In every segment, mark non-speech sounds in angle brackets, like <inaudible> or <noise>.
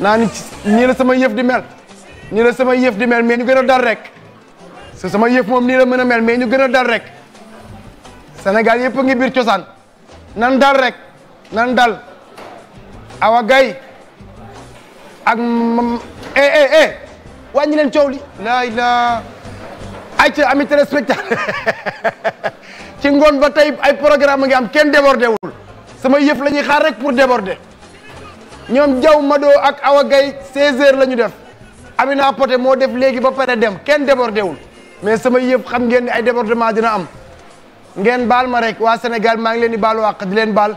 naa ni nii la sama yëf di mel nii la sama yëf di mel mais ñu gën a dal rek sa sama yëf moom nii la mën a mel mee ñu gën a dal rek Sénégal yëpp a ngi biir cosaan nan dal rek nan dal awa gay ak eh eh eh wàññi leen coow li laay la ay ci ami téléspectateur <laughs> ci ngoon ba tey ay programme ngi am kenn débordé wul sama yëf la ñuy xaar rek pour déborder ñoom jaw madoo ak Awa Gaye 16h la ñu def Amina Poté moo def léegi ba pare dem kenn débordé wul mais sama yëpp xam ngeen ni ay débordement dina am ngeen baal ma rek waa Sénégal maa ngi leen di baal wàq di leen baal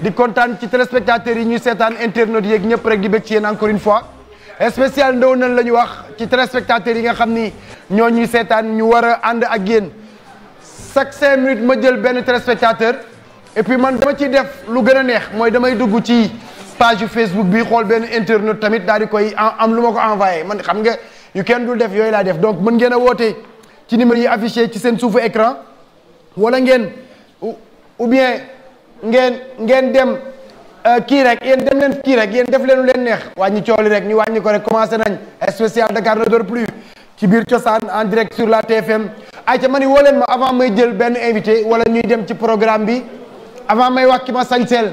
di kontaan ci téléspectateurs yi ñuy seetaan internautes yeeg ñëpp rek di bëgg ci yéen encore une fois espécial ndaw nañ la ñu wax ci téléspectateurs yi nga xam ni ñoo ñuy seetaan ñu war a ànd ak yéen chaque cinq minutes ma jël benn téléspectateur et puis man dama ciy def lu gën a neex mooy damay dugg ci. page Facebook bi xool benn internet tamit daal di koy am lu ma ko envoyé man xam nga yu kenn dul def yooyu laa def donc mën ngeen a woote ci numéro yi affiché ci seen suufu écran wala ngeen ou bien ngeen ngeen dem euh, kii rek yéen dem leen kii rek yéen def leenu leen neex wàññi cooli rek ñu wàññi ko rek commencé nañ spécial Dakar ne dort plus ci biir cosaan en direct sur la TFM ayca ma ni woo leen ma avant may jël benn invité wala ñuy dem ci programme bi avant may wax ki ma sañseel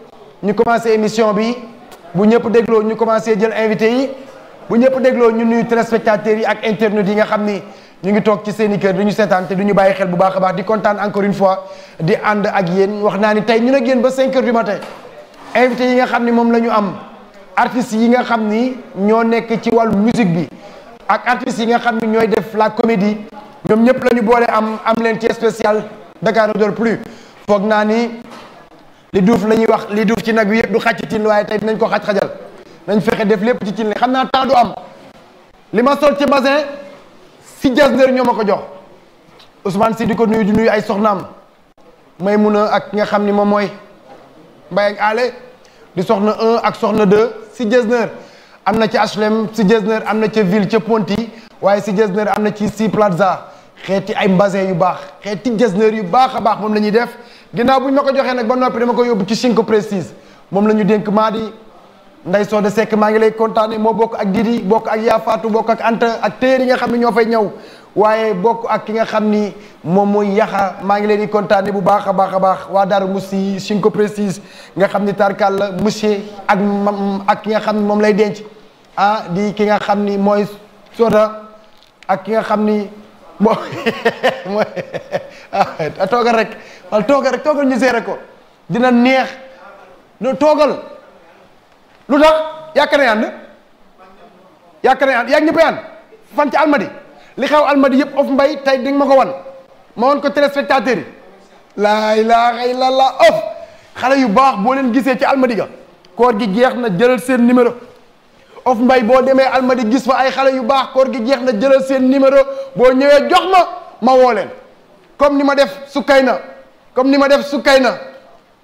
ñu commencé émission bi bu ñëpp dégloo ñu commencé jël invité yi bu ñëpp dégloo ñu nuyu téléspectateurs yi ak internautes yi nga xam ni ñu ngi toog ci seen i kër du ñu seetaan te du ñu bàyyi xel bu baax a baax di kontaan encore une fois di ànd ak yéen wax naa ni tey ñu ne yéen ba 5 heures du matin invité yi nga xam ni moom la ñu am artistes yi nga xam ni ñoo nekk ci wàllu musique bi ak artistes yi nga xam ni ñooy def la comédie ñoom ñëpp la ñu boole am am leen ci spécial Dakar ne dort plus foog naa ni. li duuf la ñuy wax li duuf ci nag wi yëpp du ci cin waaye tey dinañ ko xaj xajal nañ fexe def lépp ci cin li xam naa temps du am li ma sol ci basin si jasneer ñoom ma ko jox Ousmane si di ko nuyu di nuy ay soxnaam may mun a ak nga xam ni moom mooy Mbaye ak Ale di soxna un ak soxna deux si jasneer am na ci HLM si jasneer am na ca ville ca ponti waaye si jasneer am na ci si Plaza xeeti ay mbasin yu baax xeeti jasneer yu baax a baax moom la ñuy def ginnaaw bu ñu ma ko joxee nag ba noppi dama ko yóbbu ci cinq précise moom la ñu dénk maa di nday soo sekk maa ngi lay kontaane moo bokk ak Didi bokk ak Yaafaatu bokk ak Anta ak téer yi nga xam ne ñoo fay ñaw waaye bokk ak ki nga xam ni moom mooy yaxa maa ngi leen di kontaane bu baax a baax baax waa Darou Moussi cinq précise nga xam ni tarkal la monsieur ak ak ki nga xam moom lay denc ah di ki nga xam ni mooy soda ak ki nga xam ni moo <laughs> mooy <laughs> ah, ah, toogal rek wala toogal rek toogal ñu seere ko dina neex no toogal lu tax yaakaar naa ànd yaakaar naa ànd yaa ngi fan ci almadi li xew almadi yëpp of mbay tey di ma ko wan ma wan ko téléspectateur yi laa la illallah of xale yu baax boo leen gisee ci almadi ga koor gi jeex na jëlal seen numéro of mbay boo demee almadi gis fa ay xale yu baax koor gi jeex na jëlal seen numéro boo ñëwee jox ma ma woo comme ni ma def Sukayna comme ni ma def Sukayna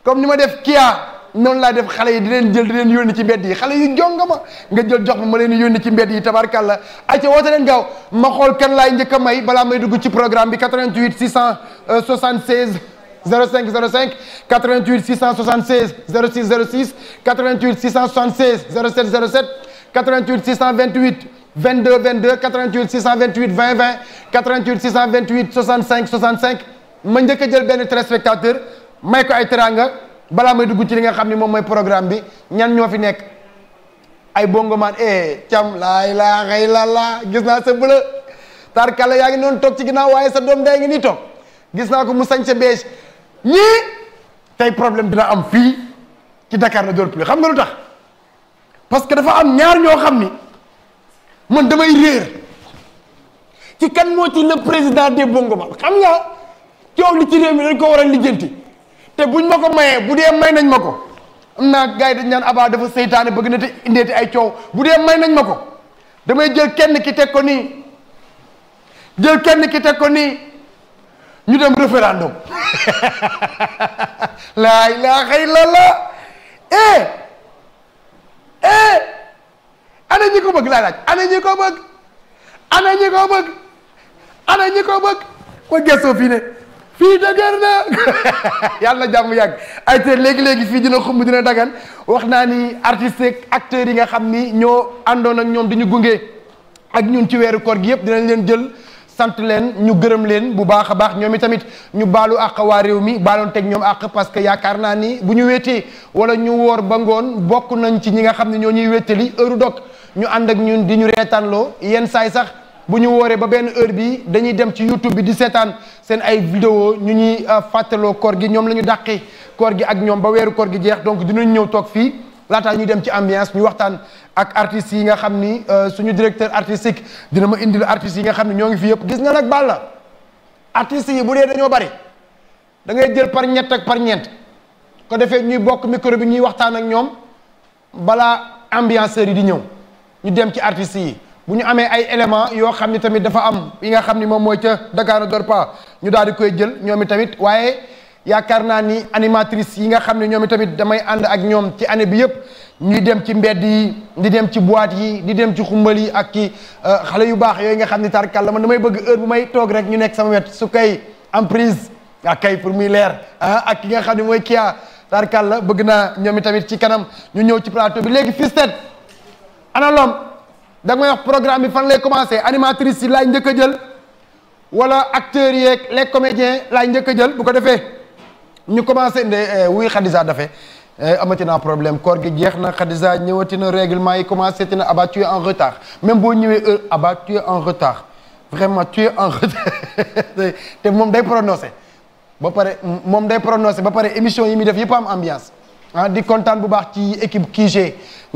comme ni ma def Kia noonu laa def xale yi di leen jël di leen yónni ci mbedd yi xale yu jonga ma nga jël jox ma ma leen yónni ci mbedd yi tabarkàlla ayca woote leen gaaw ma xool kan laay njëkk a may balaa may dugg ci programme bi 88 676 05 05 88 676 06 06 88 676 07 07 88 628 22 22 88 628 20 20 88 628 65 65 ma njëkk a jël benn téléspectateur may ko ay teraanga balaa may dugg ci li nga xam ni moom mooy programme bi ñan ñoo fi nekk ay bongomaan cam eh, laay laa xëy la laa gis naa sa bëla tarkala yaa ngi noonu toog ci ginnaaw waaye sa doom day ngi nii toog gis naa ko mu sañ sa bees ñii tey problème dina am fii ci Dakar ne dort plus xam nga lu tax parce que dafa am ñaar ñoo xam ni. man damay réer ci kan moo ci le président des ma xam nga coow li ci réew mi dañ ko war a lijjanti te buñ ma ko mayee bu dee may nañ ma ko am naa gars yi dañ naan Aba dafa seytaane bëgg na te indeeti ay coow bu dee may nañ ma ko damay jël kenn ki teg ko nii jël kenn ki teg ko nii ñu dem référendum laa <laughs> ilaaha illallah eh eh ana ñi ko bëgg laa laaj ana ñi ko bëgg ana ñi ko bëgg ana ñi ko fii ne fii dëgër na <laughs> yàlla jàmm yàgg ay léegi-léegi fii dina xumb dina dagan wax naa ni artistes acteurs yi nga xam ni ñoo àndoon ak ñoom di gunge ak ñun ci weeru koor gi yëpp dinañ leen jël sant leen ñu gërëm leen bu baax a baax ñoom tamit ñu baalu àq waa réew mi baaloon teg ñoom àq parce que yaakaar naa ni bu ñu wetee wala ñu woor ba ngoon bokk nañ ci ñi nga xam ne ñoo ñuy wéetali heure dog ñu ànd ak ñun di ñu reetaanloo yenn saay sax bu ñu wooree ba benn heure bi dañuy dem ci YouTube bi di seetaan seen ay video ñu ñuy euh, fàttaloo koor gi ñoom la ñu dàqi koor gi ak ñoom ba weeru koor gi jeex donc dinañ ñëw toog fii laataa ñuy dem ci ambiance ñu waxtaan ak artistes yi nga xam ni euh, suñu directeur artistique dina ma indil artistes yi nga xam ne ñoo ngi fi yëpp gis nga nag Balla artistes yi bu dee dañoo bari da ngay jël par ñett ak par ñeent ko defee ñuy bokk micro bi ñuy waxtaan ak ñoom balaa ambianceurs yi di ñëw ñu dem ci artistes yi bu ñu amee ay éléments yoo xam ni tamit dafa am yi nga xam ni moom mooy ca Dakar ne dort pas ñu daal di koy jël ñoom i tamit waaye yaakaar naa ni animatrice yi nga xam ne ñoom i tamit damay ànd ak ñoom ci année bi yëpp ñu dem ci mbedd yi di dem ci boîte yi di dem ci xumbal yi ak ki euh, xale yu baax yooyu nga xam ni tarkal la man damay bëgg heure bu may toog rek ñu nekk sama wet su kay am prise ak pour muy leer ah ak ki nga xam ne mooy kia tarkal la bëgg naa ñoom i tamit ci kanam ñu ñëw ci plateau bi léegi fistet ana lom da nga programme bi fan lay commencé animatrice yi laay njëkk a jël wala acteurs yeeg les comédiens laay njëkk a jël bu ko defee ñu commencé de wuy eh, Khadija dafe eh, amatina naa problème koor gi jeex na Khadija ñëwati na règlement yi commencé ti na Abba tu en retard même boo ñëwee heure Abba tu es en retard vraiment tu en retard <laughs> te moom day prononcé ba pare moom day pronose ba pare émission yi muy def yëpp am ambiance ah di kontaan bu baax ci équipe QG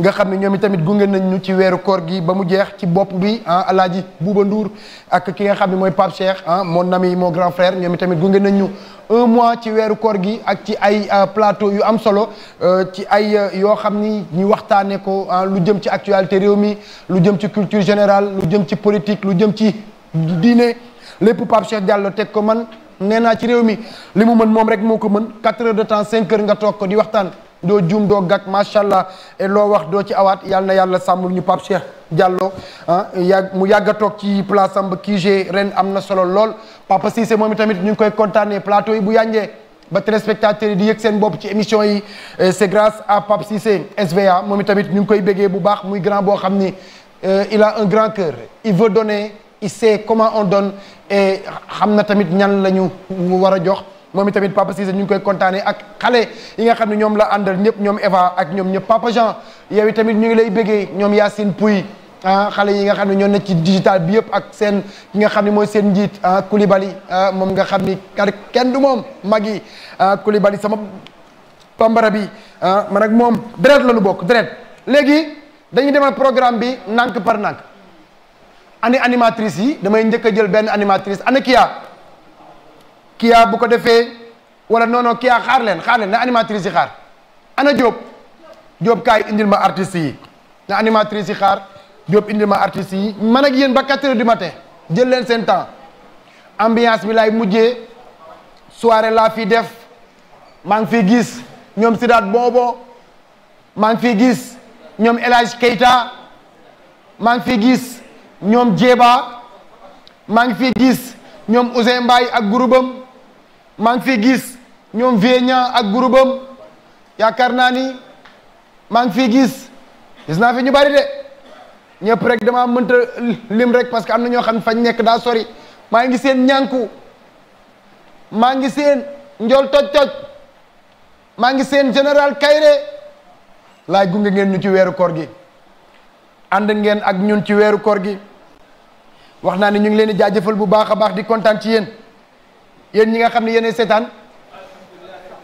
nga xam ne ñoom tamit gunge nañ ñu ci weeru koor gi ba mu jeex ci bopp bi ah alaaji Bouba Ndour ak ki nga xam ne mooy Pape Cheikh ah nami ami mon grand frère ñoom itamit gunge nañ ñu un mois ci weeru koor gi ak ci ay ah, plateau yu am solo euh, ci ay euh, yoo xam ni ñu waxtaanee ko ah, lu jëm ci actualité réew mi lu jëm ci culture général lu jëm ci politique lu jëm ci diine lépp Pape Cheikh Diallo teg ko man nee naa ci réew mi li mu mën moom rek moo ko mën 4 de temps 5 nga toog ko di waxtaan. doo juum doo gàkk macha allah loo wax doo ci awaat yal na yàlla sàmmul ñu Pape Cheikh Diallo ah, yàgg mu yàgg a toog ci place am ba QG ren am na solo lool Papa Cissé moom tamit ñu ngi koy kontaanee plateau yi bu yànjee ba téléspectateurs yi di yëg seen bopp ci émission yi c'est grâce à Pape Cissé SVA moom itamit ñu ngi koy béggee bu baax muy grand boo xam ni euh, il a un grand cœur il veut donner il sait comment on donne xam na tamit ñan la ñu war a jox. moom itamit tamit Papa Cissé ñu ngi koy kontaanee ak xale yi nga xam ne ñoom la àndal ñëpp ñoom Eva ak ñoom ñëpp Papa Jean yow i tamit ñu ngi lay bëggee ñoom Yacine Pouy ah xale yi nga xam ne ñoo nekk ci digital bi yëpp ak seen ki nga xam ne mooy seen njiit ah Koulibaly ah, moom nga xam ni kar kenn du moom mag yi ah sama bambara bi ah man ak moom deret la lu bokk deret léegi dañuy demal programme bi nànk par nànk ani animatrice yi damay njëkk a jël benn animatrice ana Kia Kia bu ko defee wala non non Kia xaar leen xaar leen na animatrice yi xaar ana Diop Diop kaay indil ma artistes yi na animatrice yi xaar Diop indil ma artistes yi man ak yéen ba 4 heures du matin jël leen seen temps ambiance bi laay mujjee soirée laa fi def maa ngi fi gis ñoom Sidaat Boobo maa ngi fi gis ñoom El Hadj Keita maa ngi fi gis ñoom Jeeba maa ngi fi gis ñoom Ousseyn ak groupam maa ngi fi gis ñoom Viéña ak groupam yaakaar naa ni maa ngi fi gis gis naa fi ñu bari de ñëpp rek dama mënta lim rek parce que am na ñoo xam ne fañ nekk daa sori maa ngi seen ñànku maa ngi seen njool toj-toj maa ngi seen général Kayre laaj gunge ngeen ñu ci weeru koor gi ànd ngeen ak ñun ci weeru koor gi wax naa ne ñu ngi leen di jaajëfal bu baax a baax di kontaan ci yéen. yéen ñi nga xam ne yéenay seetaan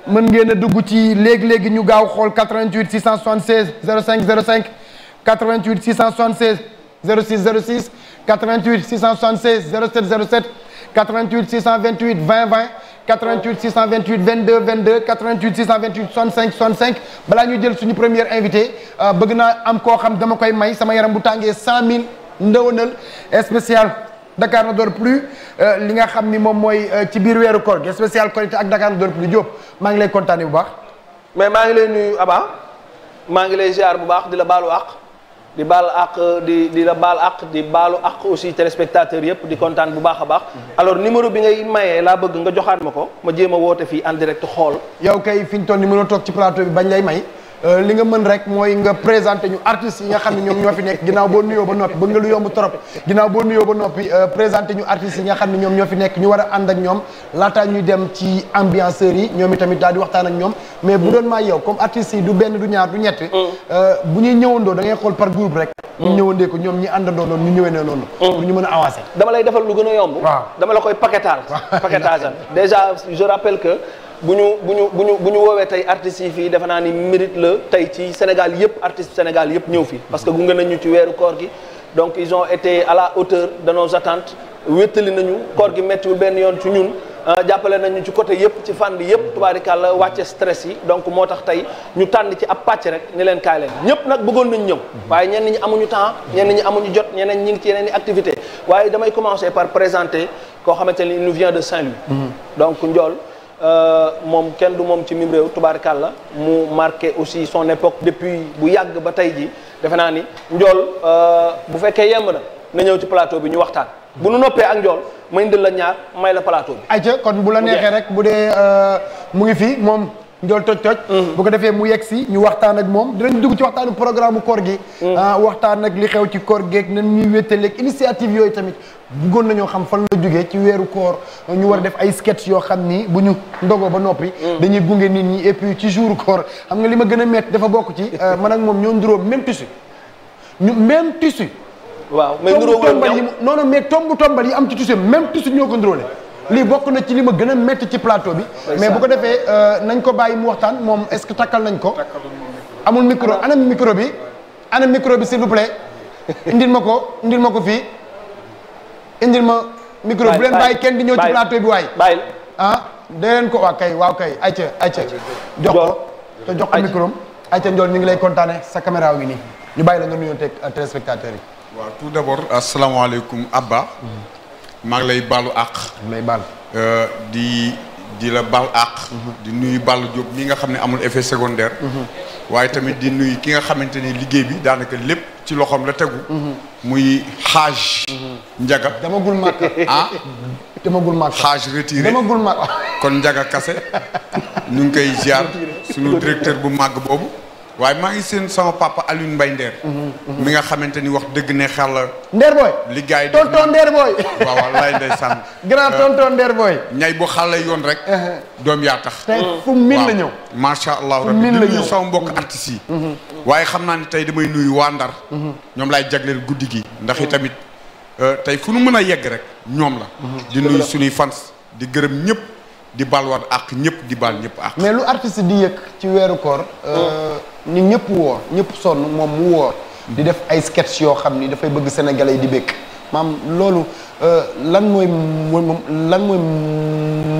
mën ngeen a dugg ci léegi-léegi ñu gaaw xool 88 676 05 05 88 676 06 06 88 676 07 07 88 628 20 20 88 628 22 22 88 628 65 65 balaa ñuy jël suñu première invité euh, bëgg naa am koo xam dama koy may sama yaram bu tàngee 100000 ndëwanal spécial Dakar ne dort plus euh, li nga xam ni moom mooy euh, ci biir weeru koor gi spécial Korité ak Dakar ne dort plus Diop maa ngi lay kontaane bu baax. mais maa ngi lay nuyu Aba maa ngi lay ziar bu baax di la baalu àq di baal àq di di la baal àq di baalu àq aussi téléspectateurs yëpp di kontaan bu baax a baax. alors numéro bi ngay mayee laa bëgg nga joxaan ma ko ma jéem a woote fii en direct xool. yow kay fi ñu toll ni mënoo toog ci plateau bi bañ lay may. Euh, li nga mën rek mooy nga présenté ñu artistes yi nga xam ne ñoom ñoo fi nekk ginnaaw boo nuyoo ba noppi bëgg nga lu yomb trop ginnaaw boo nuyoo ba noppi euh, présenté ñu artistes yi nga xam ne ñoom ñoo fi nekk ñu war a ànd ak ñoom laataa ñuy dem ci ambianceurs yi ñoom itamit daal di waxtaan ak ñoom mais bu doon maa yow comme artistes yi du benn du ñaar du ñett mm. euh, bu ñuy ñëwandoo da xool par groupe rek mm. ñu ñëwandee ko ñoom ñi àndandoo noonu ñu ñëwee noonu mm. pour ñu mën a avancer dama lay la koy paquetage <laughs> paquetage bu ñu bu ñu bu ñu bu ñu woowee tey artistes yi fii defe naa ni mérite la tey ci Sénégal yëpp artistes Sénégal yëpp ñëw fii parce que gunge nañu ci weeru koor gi donc ils ont été à la hauteur de nos attentes wéttali nañu koor gi méttiwul benn yoon ci ñun ah, jàppale nañu ci côté yëpp ci fànn yëpp tubaarikàlla wàcce stress yi donc moo tax tey ñu tànn ci ab pàcc rek ni leen kaay leen ñëpp nag bëggoon nañ ñëw waaye ñenn ñi amuñu temps ñenn ñi amuñu jot ñeneen ñi ngi ci yeneen i activité waaye damay commencer par présenter koo xamante ni il nous vient de Saint-Louis mm-hmm. donc Ndiol Euh, moom kenn du moom ci mim réew la mu marqué aussi son époque depuis bu yàgg ba tey ji defe naa ni njool euh, bu fekkee yemb na na ñëw ci plateau bi ñu waxtaan bu nu noppee ak njool ma ndil la ñaar may la plateau bi. ayca kon bu la neexee rek bu dee euh, mu ngi fi moom. njool toj toj mm-hmm. bu ko defee mu yegg si ñu waxtaan ak moom dinañ dugg ci waxtaanu programme koor gi mm-hmm. waxtaan ak li xew ci koor geeg nan ñuy wéttaleeg initiative yooyu tamit bëggoon nañoo xam fan la jógee ci weeru koor ñu war def ay sketch yoo xam ni bu ñu ndogoo ba noppi mm. dañuy gunge nit ñi et puis ci jour koor xam nga li ma gën a metti dafa bokk ci euh, man ak moom ñoo nduróo même tissu ñu même waaw mais nduróo tombal yi non non mais tomb tombal yi am ci tissu même tissu ñoo ko nduróole lii bokk na ci li ma gën a metti ci plateau bi mais bu ko defee euh, nañ ko bàyyi mu waxtaan moom est-ce que takkal nañ ko amul micro anam micro bi anam micro bi s'il vous plaît <laughs> indil ma ko indil ma ko fii indil ma micro bu leen bàyyi kenn di ñëw ci plateau bi waaye bàyyi ah dee leen ko waa kay waaw kay ayca ayca jox ko te jox ko micro am ayca njool ñu ngi lay kontaane sa caméra wi nii ñu bàyyi la nga nuyoo teg euh, téléspectateurs yi waaw tout d'abord asalaamaaleykum Abba mm-hmm. maa ngi lay baalu àq lay baal euh, di di la bal àq. di nuyu Balla Diop mi nga xam ne amul effet secondaire. waaye tamit di nuyu ki nga xamante ni liggéey bi daanaka lépp ci loxoom la tegu. muy xaaj. njaga damagul màkk ah. damagul màkk xaaj retiré kon njaga kase ñu ngi koy ziar sunu directeur bu màgg boobu. waaye maa ngi seen sama papa Alioune Mbaye Nder. Mhm, mhm. mi nga xamante ni wax dëgg ne xel la. Nder booy. li gars yi tonton Nder booy. waaw wallaay ndeysaan. <laughs> Euh, booy. ñay bu xàll yoon rek. Uh-huh. doom yaa tax. tey mm. fu min la ñëw. macha allah rabbi di sama mbokk mm-hmm. artistes yi. Mm-hmm. waaye xam naa ne tey damay nuyu waa Ndar. Mm-hmm. ñoom laay jagleel guddi gi. ndax i tamit euh, tey fu nu mën a yegg rek ñoom la. di nuyu suñuy fans di gërëm ñëpp. di balwaat ak ñëpp di bal ñëpp ak. mais lu artiste di yëg ci weeru koor. Euh, hmm. ni ñëpp woor ñëpp sonn moom mu woor. Hmm. di def ay sketch yoo xam ni dafay bëgg sénégalais yi di békk maam loolu euh, lan mooy lan mooy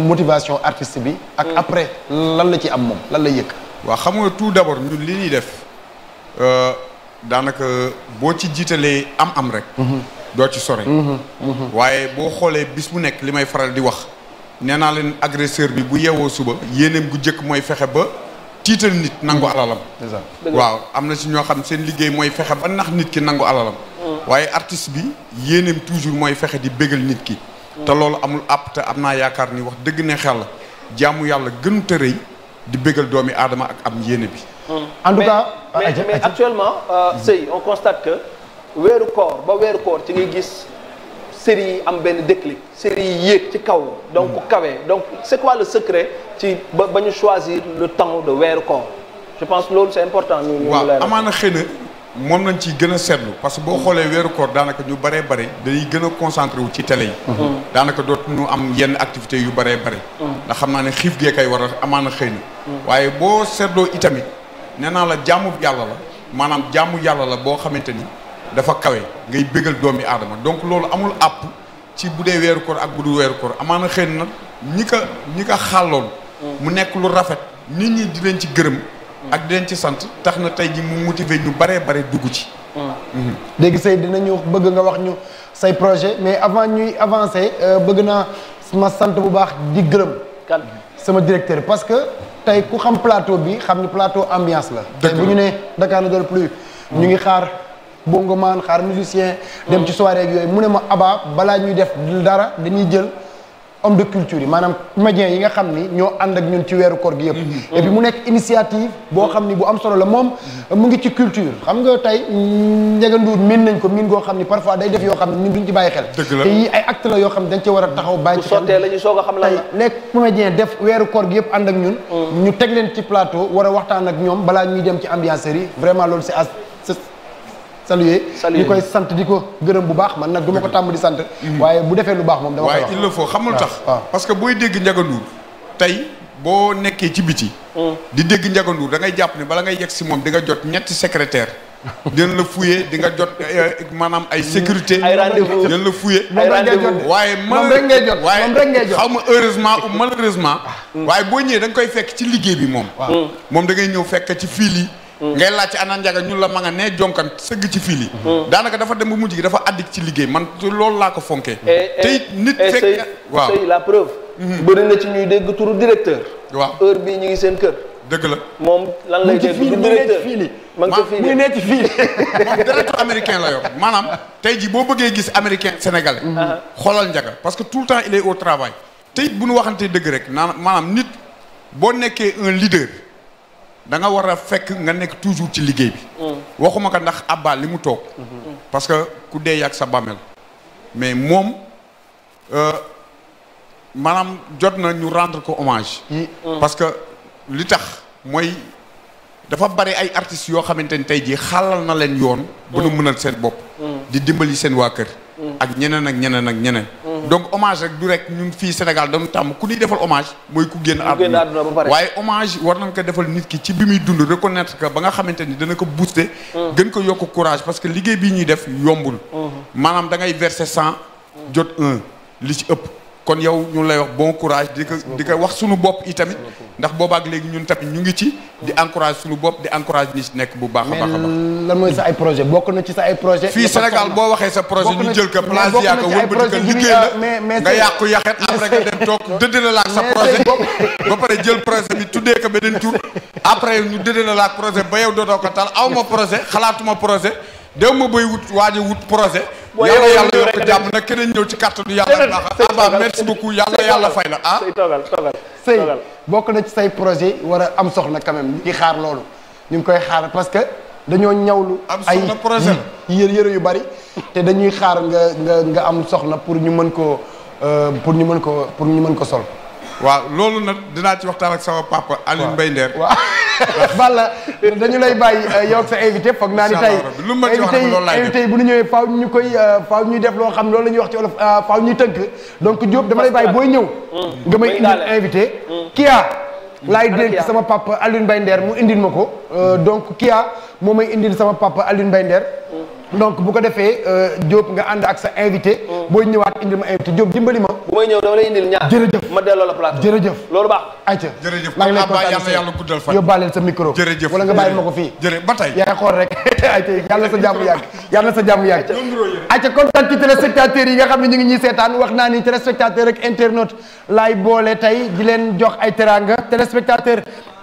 motivation artiste bi. ak hmm. après lan la ci am moom lan la yëg. waa xam nga tout d'abord ñun li ñuy def euh, daanaka boo ci jiitalee am-am rek. doo ci sore. waaye boo xoolee bis mu nekk li may faral di wax. nee naa leen agresseur bi bu yewoo suba yéeneem bu njëkk mooy fexe ba tiital nit nangu mm. alalam waaw am na si ñoo xam seen liggéey mooy fexe ba nax nit ki nangu alalam mm. waaye artiste bi yéeneem toujours mooy fexe di béggal nit ki te mm. loolu amul àpp te am naa yaakaar ni wax dëgg ne xel la jaamu yàlla gënu te rëy di béggal doomi aadama ak am yéene bi en tout cas mais sëy euh, on constate que weeru koor ba weeru koor ci ngay gis série yi am benn déclic série yi yéeg ci kaw donc hmm. kawe donc c'est quoi le secret ci ba ba ñu choisir le temps de weeru koor je pense loolu c'est important ñu ñu waaw amaana xëy na moom nañ ciy gën a seetlu parce que boo xoolee weeru koor daanaka ñu bëree bëri day gëna a wu ci tele yi hmm. Hmm. daanaka ñu am yenn activité yu bëree bëri ndax xam naa ne xiif gee kay war a amaana xëy na waaye boo seetloo itamit nee naa la jaamu yàlla la maanaam jaamu yàlla la boo xamante ni dafa kawe ngay bégal doomi aadama donc loolu amul àpp ci bu dee weeru koor ak bu du weeru koor amaana xëy na ñi ko ñi ko xàlloon mu nekk lu rafet nit ñi di leen ci gërëm ak di leen ci sant tax na tey ji mu motiver ñu baree bare dugg ci mm-hmm. léegi say dinañu bëgg nga wax ñu say projet mais avant ñuy avancer euh, bëgg naa ma sant bu baax di gërëm sama directeur parce que tey ku xam plateau bi xam ni plateau ambiance la tey bu ñu ne Dakar ne plus ñu ngi xaar maan xaar musicien dem ci soirée ak yooyu mu ne ma abaa balaa ñuy def dara dañuy jël homme de culture yi maanaam comédiens yi nga xam ni ñoo ànd ak ñun ci weeru koor gi yëpp mhm. et puis mu nekk initiative boo xam ni bu am solo la moom mu ngi ci culture xam nga tey Ndiaga Ndour miin nañ ko miin goo xam ni parfois day def yoo xam ni ñun duñ ci bàyyi xel te yii ay acte la yoo xam ne dañ ci war a taxaw bàyyi ci xel tey les comédiens yëpp ànd ak ñun mhm. ñu teg leen ci plateau war a waxtaan ak ñoom balaa ñuy dem ci ambianceurs yi vraiment loolu c'est saluer di koy sant di ko gërëm bu baax man nag du ko tàmm di sant mm-hmm. waaye bu defee lu baax moom dama koy wax waaye xamul tax parce que booy dégg Ndiaga Ndour tey boo nekkee ci biti mm. di dégg Ndiaga Ndour da ngay jàpp ni bala ngay yegg si moom di nga jot ñetti secrétaire <laughs> dina la fouillé di nga jot eh, eh, maanaam ay sécurité ay rendez-vous dina la fouillé ay rendez-vous waaye moom rek ngay jot waaye moom rek ngay ma heureusement ou malheureusement ah. mm. waaye boo ñëwee da koy fekk ci liggéey bi moom mm. moom da ngay ñëw fekk ci fiil yi ngay laaj ci ana njaga ñun la ma nga nee jonkan sëgg ci fil hmm. daanaka dafa dem bu mujj gi dafa addik ci liggéey man loolu laa ko fonkee eh, eh, te nit eh, fekk waaw sëy la preuve hmm. bëri na ci ñuy dégg turu directeur waaw heure bii ñu ngi seen kër dëgg la moom lan lay dégg ma ngi fii <laughs> américain la yor maanaam tey ji boo bëggee gis américain sénégalais hmm. xoolal njaga parce que tout le temps il est au travail te it bu ñu waxantee dëgg rek naan maanaam nit boo nekkee un leader da nga war a fekk nga nekk toujours ci liggéey bi. Mm. waxuma ko ndax Abba li mu toog. Mm-hmm. parce que ku dee yàgg sa bàmmeel. mais moom euh, maanaam jot na ñu rendre ko hommage. Mm-hmm. parce que li tax mooy dafa bari ay artistes yoo xamante ni tey jii xalal na leen yoon. bu nu mm. mënal seen bopp. Mm. di dimbali seen waa kër. ak ñeneen ak ñeneen ak ñeneen. Mm. donc hommage rek du rek ñun fii Sénégal dañu tàmm ku ñuy defal hommage mooy ku génn àdduna waaye hommage war nañ ko defal nit ki ci bi muy dund reconnaître que ba nga xamante ni dana ko booster mm. gën ko yokk courage parce que liggéey bi ñuy def yombul mm-hmm. maanaam da ngay verser cent jot un li ci ëpp kon yow ñu lay wax bon courage di ko di ko wax suñu bopp itamit ndax boobaak léegi ñun tamit ñu ngi ci di encourage suñu bopp di encourage ñi ci nekk bu baax a baax a baax ay projet bokk na ci sa ay projet fii Sénégal boo waxee sa projet ñu jël ko place yaa ko wëlbati ko liggéey la nga yàqu yaxet après nga dem toog <laughs> dëddale la ak sa projet ba pare jël projet bi tuddee ko beneen tur <laughs> après ñu dëddale la projet ba yow dootoo ko tal aw ma projet xalaatuma projet déw ma bay wut waaj a wut projet. booy yàlla yàlla yokk jàmm nag keneen ñëw ci kàttanu yàlla baax abaa ah, merci beaucoup yàlla yàlla fay la ah. toogal toogal sëy bokk na ci say projet war a am soxna quand même di xaar loolu ñu ngi koy xaar parce que dañoo ñawlu. ay yére yére yu bari. te dañuy xaar nga nga nga am soxna euh, pour ñu mën koo pour ñu mën ko pour ñu mën ko sol. waaw loolu na dinaa ci waxtaan ak sama papa Alioune Mbaye ndeer waaw <laughs> Balla dañu lay bàyyi euh, yow ak sa invité foog naa ni lu ma ci wax loolu laay invité yi bu nu ñëwee faaw ñu koy euh, faaw ñu def loo xam loolu la ñuy wax ci wolof euh, faaw ñu tënk donc Diop dama lay bàyyi booy ñëw mm. nga may indi invité mm. Kia mm. laay dénk sama papa Alioune Mbaye Nder mu indil ma ko donc Kia moom may indil sama papa Alioune Mbaye Nder donc bu ko defee euh, Diop nga ànd ak sa invité. Mm. booy ñëwaat indi ma invité Diop dimbali ma. bu may ñëw dama lay indil ñaar jërëjëf ma delloo la plateau jërëjëf. loolu baax maa ngi lay kontaan yàlla guddal sa micro. jërëjëf wala nga bàyyi ma ko fii. jërëjëf ba tey yaa xool rek ayca <laughs> yàlla sa jàmm yàgg yàlla sa jàmm yàgg. ayca kontaan ci téléspectateurs yi nga xam ne ñu ngi ñuy seetaan wax naa ni téléspectateur ak internaute laay boole tey di leen jox ay teranga téléspectateur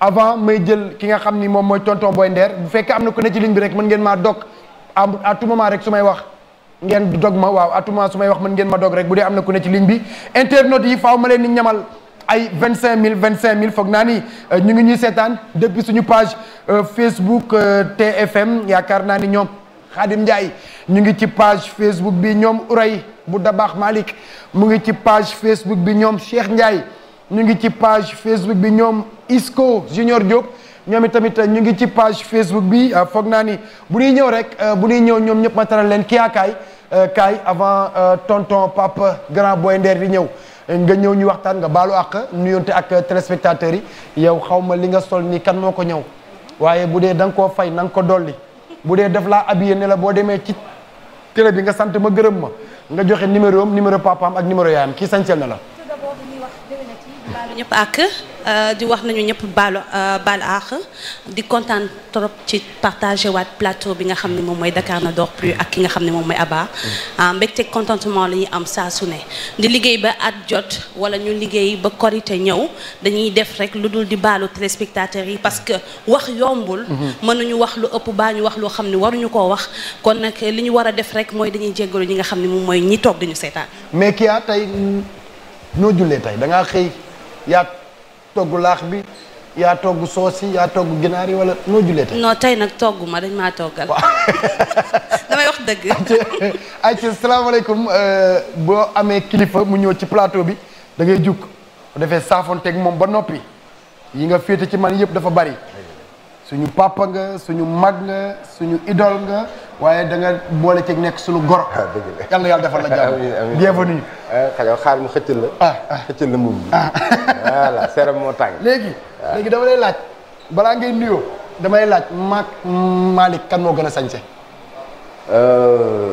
avant may jël ki nga xam ni moom mooy tonton Boy Nder bu fekkee am na ku ne ci ligne bi rek mën ngeen maa dog à tout moment rek su may wax ngeen dog ma waaw à su may wax mën ngeen ma dog rek bu dee am na ku ne ci bi internautes yi faaw ma leen di ñamal vingt cinq mille vingt cinq mille foog naa euh, ñu ngi ñuy seetaan depuis suñu page euh, Facebook euh, TFM yaakaar naa ni ñoom Khadim Ndiaye ñu ngi ci page Facebook bi ñoom Uray bu dabaax maalik mu ngi ci page Facebook bi ñoom Cheikh Ndiaye ñu ngi ci page Facebook bi ñoom Isco Junior Diop ñoom itamit euh, ñu ngi ci page Facebook bi euh, foog naa ni bu ñuy ñëw rek euh, bu ñuy ñëw ñoom ñëpp ma taral leen kii kaay kaay avant tonton papa grand boy Nder bi ñëw nga ñëw ñu waxtaan nga baalu àq nuyonte ak téléspectateurs yi yow xaw ma li nga sol nii kan moo ko ñëw waaye bu dee da nga koo fay na nga ko dolli bu dee def laa habillé ne la boo demee ci télé bi nga sant ma gërëm ma nga joxe numéro am numéro papaam ak numéro yaayam kii sañsel na la. ñëpp ak euh, di wax nañu ñëpp baalu euh, baal ak di kontaan trop ci partage waat plateau bi nga xam ne moom mooy Dakar na dort plus ak ki nga xam ne moom mooy Abba mm. ah, te contentement la ñu am saa su ne di liggéey ba at jot wala ñu liggéey ba korité ñëw dañuy def rek lu dul di baalu téléspectateurs yi parce que wax yombul mm-hmm. mënuñu wax lu ëpp baa ñu wax loo xam ne waruñu ko wax kon nag li ñu war a def rek mooy dañuy jéggalu ñi nga xam ne moom mooy ñi toog dañu seetaan yaa togg laax bi yaa togg soos yi yaa togg ginaar yi wala noo jullee tey. non tey nag togg ma dañ maa toggal. <laughs> damay wax dëgg. <laughs> ay ci salaamaaleykum euh, boo amee kilifa mu ñëw ci plateau bi da ngay jug bu defee saafoonteeg moom ba noppi yi nga féete ci man yëpp dafa bari. suñu papa nga suñu mag nga suñu idole nga waaye danga boole ceeg nekk suñu goro. Ah, dëgg la yàlla yàlla defal la jàmm. <laughs> amiin amiin bienvenue. Ah, mu xëccal la. ah ah xëccal la mbubb bi. Ah. <laughs> voilà seeram moo tàng. léegi léegi dama laaj balaa ngay nuyoo damay laaj maak Malick kan moo gën a sañse. Euh,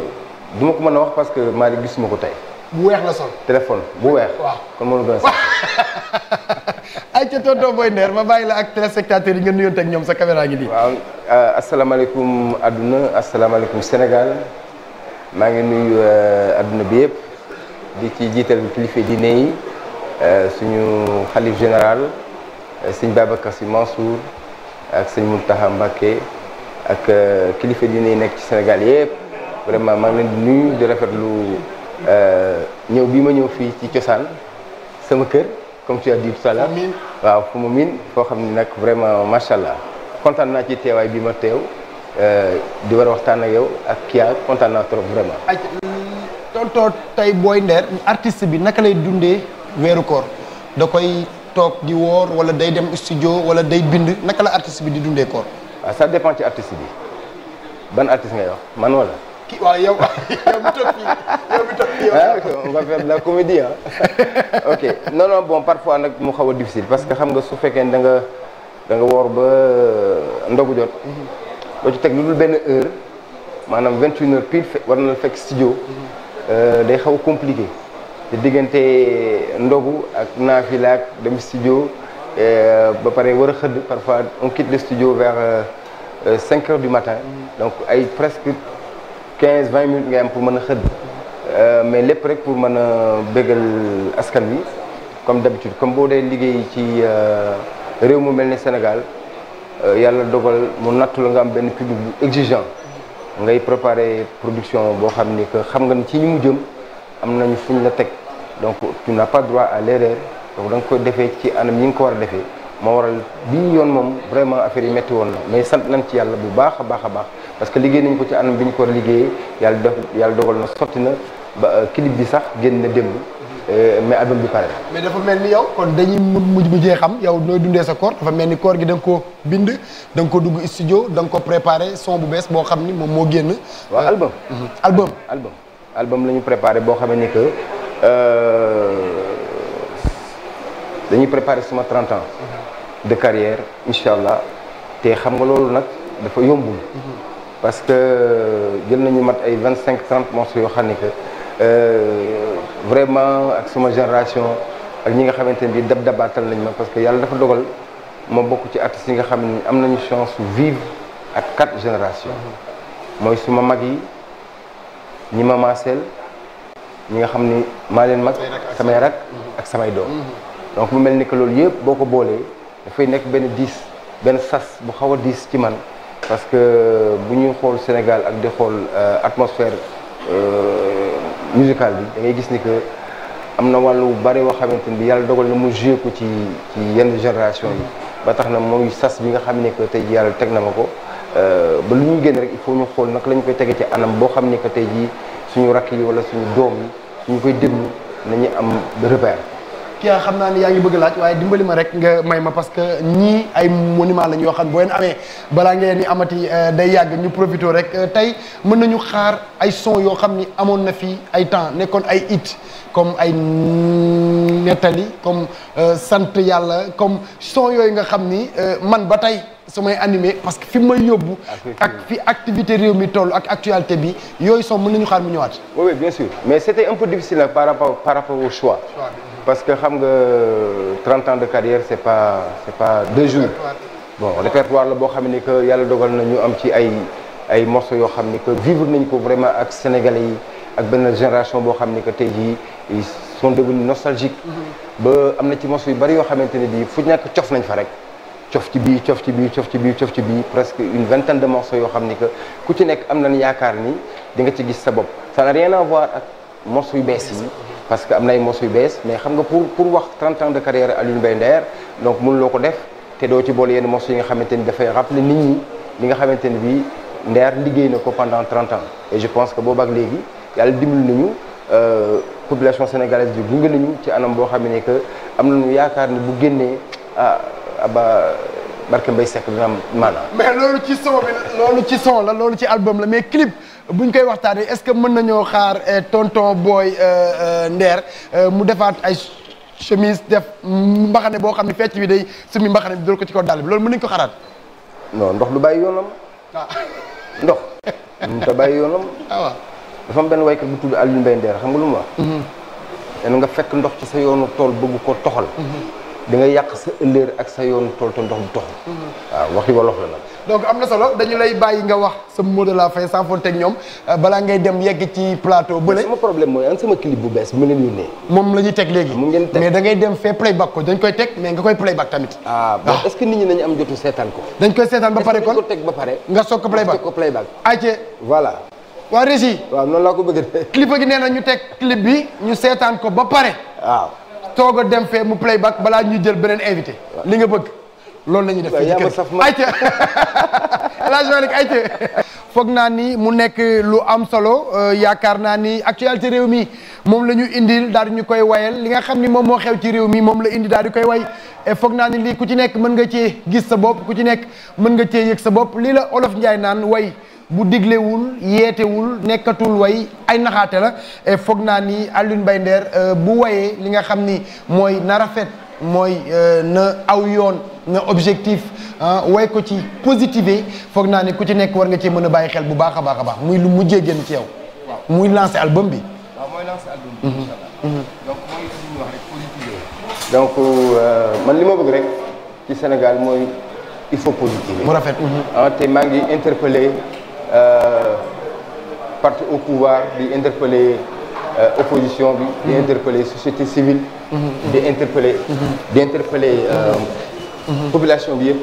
du ma ko mën a wax parce que gis gisuma ko tey. bu weex la sol. téléphone bu weex. waaw kon moo gën a. <laughs> ay ca tonton Boy Nder ma bàyyi la ak téléspectateurs yi nga nuyoonte ak ñoom sa caméra ngi ma waaw euh, asalaamaaleykum adduna asalaamaaleykum Sénégal maa ngi nuyu adduna euh, bi yëpp di ci jiital kilifa diine yi euh, suñu xalif général sëñ Babacar Sy Mansour ak sëñ Mountakha Mbacké ak kilifa diine yi nekk ci Sénégal yëpp vraiment maa ngi leen di nuyu di rafetlu. Euh, ñëw bi ma ñëw fii ci cosaan sama kër comme tu as dit tout à waaw fu ma miin foo xam ne nag vraiment macha allah kontaan naa ci teewaay bi ma teew euh, di war a waxtaan ak yow ak Kia kontaan naa trop vraiment. ay tontoo tey Boy Nder artist bi naka lay dundee weeru koor da koy toog di woor wala day dem studio wala day bind naka la artiste bi di dundee koor. waaw ah, ça dépend ci artiste bi ban artiste ngay wax man wala. waaw yow yow mi toog fii yow mi ah, la comédie ah. <laughs> ok non non bon parfois nag mu xaw a difficile parce que xam nga su fekkee ne da nga da nga woor ba euh, ndogu jot. Mhm. doo ci teg lu dul benn heure maanaam vingt une heures pile war na la fekk studio. Mhm. Euh, day xaw a compliqué. te diggante ndogu ak naafila ak dem studio euh, ba pare war a xëdd parfois on quitte le studio vers cinq heures du matin. Mhm. donc ay presque. 15 20 minutes ngay am pour mën a xëdd euh, mais lépp rek pour mën a bégal askan wi comme d'habitude comme boo dee liggéey ci euh, réew mu mel ni Sénégal euh, yàlla dogal mu nattu la nga am benn public bu exigeant ngay préparer production boo xam ni que xam nga ni ci ñu mu jëm am nañu fuñ la teg donc tu n'as pas droit à l'erreur donc da nga koy defee ci anam yi nga ko war a defee moo waral bii yoon moom vraiment affaire yi metti woon na mais sant nañ ci yàlla bu baax a baax a baax parce que liggéey nañ ko ci anam bi ñu ko war a liggéeyee yàlla def yàlla dogal na sotti na ba euh, clip bi sax génn na démb euh, mais album bi pare mais dafa mel ni yow kon dañuy mujj mujjee xam yow nooy dundee sa koor dafa mel ni koor gi da nga ko bind danga ko dugg studio da nga ko préparé son bu bees boo xam ni moom moo génn waaw euh, album album album album la ñu préparé boo xamee ni que dañuy préparé suma 30 ans mhm. de carrière incha allah te xam nga loolu nag dafa yombul mhm. parce que euh, jël nañu mat ay vingt cinq trente morceaux yoo xam ne que euh, vraiment ak suma génération ak ñi nga xamante ne bii dab dabaatal nañ ma parce que yàlla dafa dogal moo bokk ci artistes si nga xam ni am nañu chance vivre ak quatre génération mooy suma mag yi ñi ma maaseel ñi nga xam ni maa leen mag samay rak ak samay doom mm-hmm. donc mu mel ni que loolu yëpp boo ko boolee dafay nekk benn diis benn sas bu xaw a diis ci man parce que bu ñuy xool Sénégal ak di xool euh, atmosphère euh, musicale bi da ngay gis ni que am na wàll wàllu bari woo xamante ni yàlla dogal na mu joué ko ci ci yenn génération yi ba tax na mooy sas bi nga xam ne que tey jii yàlla teg na ma ko euh, ba lu ñu génn rek il faut ñu xool naka la ñu koy tege ci anam boo xam ne que tey jii suñu rakk yi wala suñu doom yi suñu koy déglu nañu am repère. ki nga xam naa ne yaa ngi bëgg laaj waaye dimbali ma rek nga may ma parce que ñii ay monument lañ yoo xam boo leen amee balaa ngeen ni amati euh, day yàgg ñu profité rek euh, tey mën nañu xaar ay son yoo xam ni amoon na fi ay temps nekkoon ay it comme ay nettali comme euh, sant yàlla comme son yooyu nga xam ni man ba tey samay animé parce que fi may yóbbu ak fi activité réew mi toll ak actualité bi yooyu son mën nañu xaar mu ñëwaat oui bien sûr parce que xam nga 30 ans de carrière c'est pas c'est pas deux jours bon répertoire la boo xam ne que yàlla dogal na ñu am ci ay ay morceaux yoo xam ni que vivre nañ ko vraiment ak sénégalais yi ak benn génération boo xam ni que tey jii ils sont devenus nostalgiques mm-hmm. ba am na ci morceaux yu bari yoo xamante ne bii fu ñàkk cof nañ fa rek cof ci bii cof ci bii cof ci bii cof ci bii presque une vingtaine de morceaux yoo xam ni que ku ci nekk am na nañ yaakaar ni di nga ci gis sa bopp mos yu bees yi parce que am na ay mos yu bees mais xam nga pour pour wax 30 ans de carrière Alioune Mbaye Nder donc mënuloo ko def te doo ci boole yenn mos yi nga xamante ni dafay rappeler nit ñi li nga xamante ni bii Nder liggéey na ko pendant 30 ans et je pense que boobu ak léegi yàlla dimbali nañu euh, population sénégalaise bi gunge nañu ci anam boo xam ne que am nañu yaakaar ne bu génnee ah aba ah, barke Mbaye Seck dina am maanaam. mais loolu ci son bi loolu ci son la loolu ci album la mais clip. bu ñu koy waxtaanee est-ce que mën nañoo xaar euh, tonton booy euh, euh, Nder mu defaat ay chemise def mbaxane boo xam ne fecc bi day sumi mbaxane bi dóor ko ci ko dàll bi loolu mën nañu ko xaraat ndox du bàyyi yoonam ah. <laughs> ndox mu ta bàyyi yoonam ah waaw dafa am benn waykat bu tudd Alioune Mbaye Nder xam nga lu mu wax mhm. nga fekk ndox ci sa yoonu tool bëgg ko toxal mhm. di yàq sa ëllëer ak sa yoonu tool te ndox du toxal mhm. waaw waxi wolof la donc am na solo dañu lay bàyyi nga wax sa mot de la fin sans faute ak ñoom euh, balaa ngay dem yegg ci plateau bële. sama problème mooy an sama clip bu bees mu leen yónnee. moom la ñuy teg léegi. mu ngeen teg mais da ngay dem fee playback ko dañ koy teg mais nga koy playback tamit. ah bon ah. est ce que nit ñi nañu am jotu seetaan ko. dañ koy seetaan ba pare kon ko teg ba pare. nga soog ko playback nga soog ko playback. ayce voilà. waa Régis. waaw noonu laa ko bëgg clip gi nee na ñu teg clip bi ñu seetaan ko ba pare. waaw toog a dem fee mu playback balaa ñuy jël beneen invité li nga bëgg loolu la ñuy def fii ci kër ayca <laughs> El Hadj Malick naa ni mu nekk lu am solo euh, yaakaar naa ni actualité réew mi moom la ñu indil daal ñu koy wayal li nga xam ni moom moo xew ci réew mi moom la indi daal di koy way foog naa ni lii ku ci nekk mën nga cee gis sa bopp ku ci nekk mën nga cee yëg sa bopp lii la olof Njaay naan way bu diglewul yeetewul nekkatul way ay naxaate la foog naa ni Alioune Mbaye euh, bu wayee li nga xam ni mooy na rafet mooy euh, na aw yoon na objectif way ko ci positiver foog naa ne ku ci nekk war nga cee mën a bàyyi xel bu baax a baax a baax muy lu mujjee gën ci yow. waaw muy lancé album bi. bi. Mhm. Mhm. mooy li ñuy wax donc euh, man li ma bëgg rek ci Sénégal mooy il faut positiver. mu rafet. Mhm. Ah, te maa ngi interpellé euh, parti au pouvoir di interpellé. Euh, opposition bi. di mhm. interpeller société civile. Mhm. Mhm. di interpeller. di interpeller euh, population bi yëpp.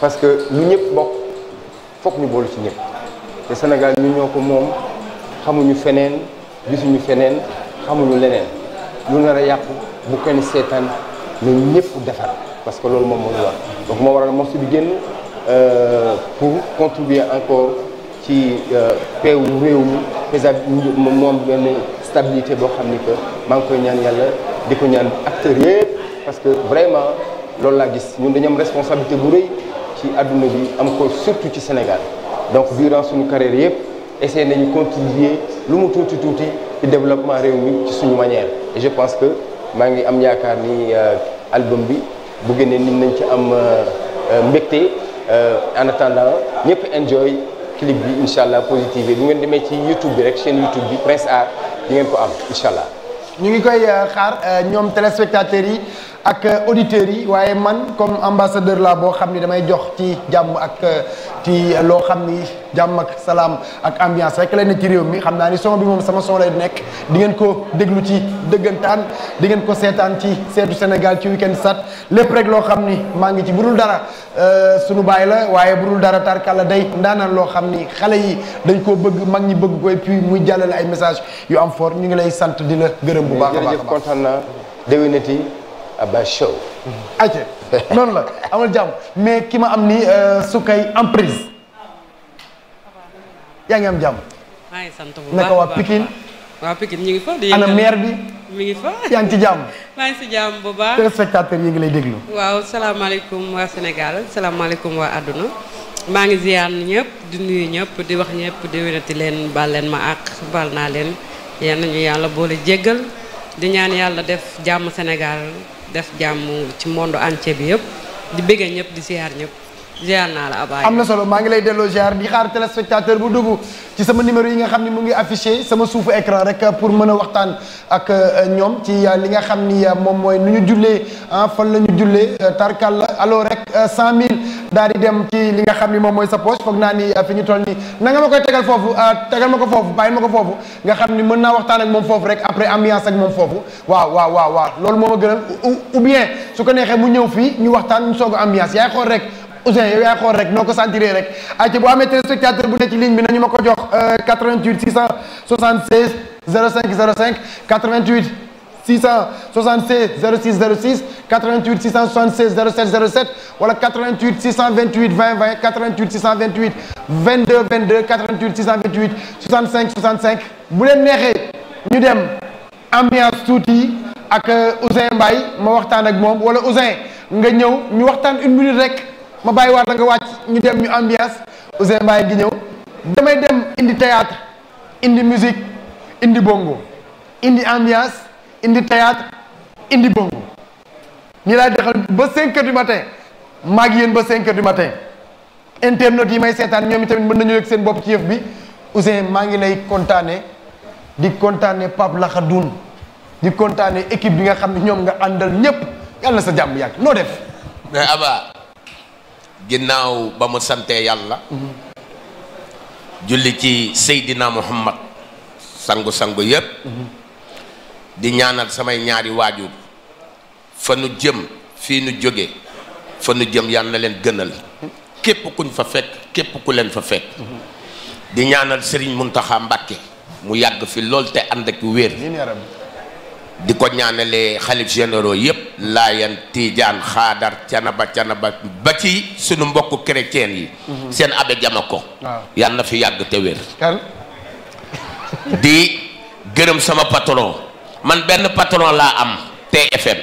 parce que lu ñëpp bokk foog ñu boolu ci ñëpp. te Sénégal ñu ñoo ko moom xamuñu feneen gisuñu feneen xamuñu leneen lu nar a yàqu bu kenn seetaan ñun ñëpp defar parce que loolu moom moo ñu war donc moo waral morceau bi génn euh, pour contribuer encore ci peewu réew mi. président moom benn. stabilité boo xam ni que maa ngi koy ñaan yàlla di ko ñaan acteur yëpp parce que vraiment loolu laa gis ñun dañu am responsabilité bu rëy ci àdduna bi am ko surtout ci Sénégal donc durant suñu carrière yëpp essayé nañu contribuer lu mu tuuti tuuti ci développement réew mi ci suñu manière et je pense que maa ngi am yaakaar ni euh, album bi bu génnee nit nañ ci am euh, euh, mbégte en attendant ñëpp enjoy clip bi incha allah positive bu ngeen demee ci YouTube bi rek chaîne YouTube bi Prince Art di ngeen ko am incha allah. koy euh, xaar euh, ñoom téléspectateurs yi. ak euh, auditeurs yi waaye man comme ambassadeur laa boo xam ni damay jox ci jàmm ak euh, ci loo xam ni jàmm ak salaam ak ambiance rek la na ci réew mi xam naa ni son bi moom sama son lay nekk di ngeen ko déglu ci dëggantaan di ngeen ko seetaan ci seetu Sénégal ci weekend sat lépp rek loo xam ni maa ngi ci budul dara euh, sunu baay la waaye budul dara tarkalla day ndaanaan loo xam ni xale yi dañ koo bëgg mag ñi bëgg ko et muy jàllale ay message yu am fort ñu ngi lay sant di la gërëm bu baax a baax a baax Abba Show. ayca la amal jàmm mais ki ma am ni euh, Soukay emprise yaa ngi am jàmm. maa ngi sant bu waa Pikine. waa Pikine ñu ngi fa di ana maire bi. mi ngi fa yaa <laughs> ngi ci jàmm. bu baax. téléspectateur yi ngi lay déglu. waaw salaamaaleykum waa Sénégal salaamaaleykum waa àdduna. maa ngi ziar ñëpp di nuyu ñëpp di wax ñëpp di wérati leen baal leen ma àq baal naa leen yal nañu yàlla boole jéggal di ñaan yàlla def jàmm Sénégal def jàmm ci monde entier bi yëpp di bëggee ñëpp di ziar ñëpp ziar naa la Ablaye. am na solo maa ngi lay delloo ziar di xaar téléspectateur bu dugg ci sama numéro yi nga xam ni mu ngi affiché sama suufu écran rek pour mën a waxtaan ak euh, ñoom ci euh, li nga xam ni euh, moom mooy nu ñu jullee ah, fan la ñu jullee tarkal la rek daal di dem ci li nga xam ni moom mooy sa poche foog naa ni euh, fi ñu toll nii na nga ma koy tegal foofu euh, tegal ma ko foofu bàyyi ma ko foofu nga xam ni mën naa waxtaan ak moom foofu rek après ambiance ak moom foofu waaw waaw waaw waaw loolu moo ma gënal ou bien su ko neexee mu ñëw fii ñu waxtaan soog ambiance yaay xool rek Ousseyn yow xool rek noo ko sentiré rek ayca bu amee téléspectateur bu ne ci ligne bi nañu ma ko jox 88 676 05 05 88 676 06 06 88 676 07 07 wala 88 628 20 20 88 628 22 22 88 628 65 65 bu leen neexee ñu dem ambiance tuuti ak euh, Ouzin Mbaye ma waxtaan ak moom wala Ouzin nga ñëw ñu waxtaan une minute rek ma bàyyi waat la nga wàcc ñu dem ñu ambiance Ouzin Mbaye ngi ñëw damay dem indi théâtre indi musique indi bongo indi ambiance indi théâtre indi bongo ñi laay dexal ba cinq heures du matin maa ngi yéen ba 5 heures du matin internet yi may seetaan ñoom itamit mën nañu yëg seen bopp ci yëf bi Ousseyn maa ngi lay kontaane di kontaane Pape Laxadoun di kontaane équipe bi nga xam ne ñoom nga àndal ñëpp yàlla sa jàmm yàgg noo def. mais Aba ginnaaw ba mu santee yàlla. julli ci Seydina Muhammad sangu sangu yëpp. di ñaanal samay ñaari waajur fa nu jëm fii nu jóge fa nu jëm yàlla na leen gënal képp kuñ fa fekk képp ku leen fa fekk di ñaanal Serigne Mountakha Mbacké mu yàgg fi lool te ànd ak wér di ko ñaanale xalif généraux yépp laayan tiijaan xaadar canaba canaba ba ci sunu mbokk chrétien yi mhm. seen abe jama ko yàlla na fi yàgg te wér di gërëm sama patron man benn patron laa am TFM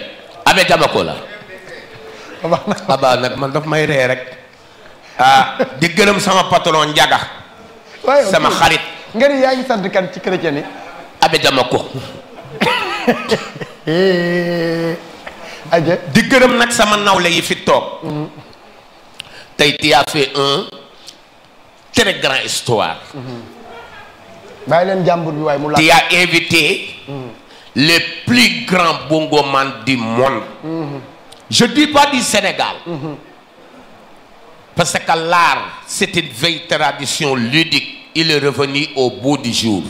Abe Dabako la abaa nag man daf may ree rek ah, di gërëm sama patron Njaga sama xarit nga ni yaa ngi sant kan ci chrétien yi Abe Dabako <laughs> eh, aja di gërëm nag sama nawle yi fi toog mm-hmm. tey tu as fait un très grand histoire mm-hmm. bàyyi leen jàmbur bi waaye mu la tu as invité mm-hmm. les plus grands bongoman du monde. Mmh. Je dis pas du Sénégal. Mm-hmm. Parce que l'art, c'est une vieille tradition ludique. Il est au bout du jour.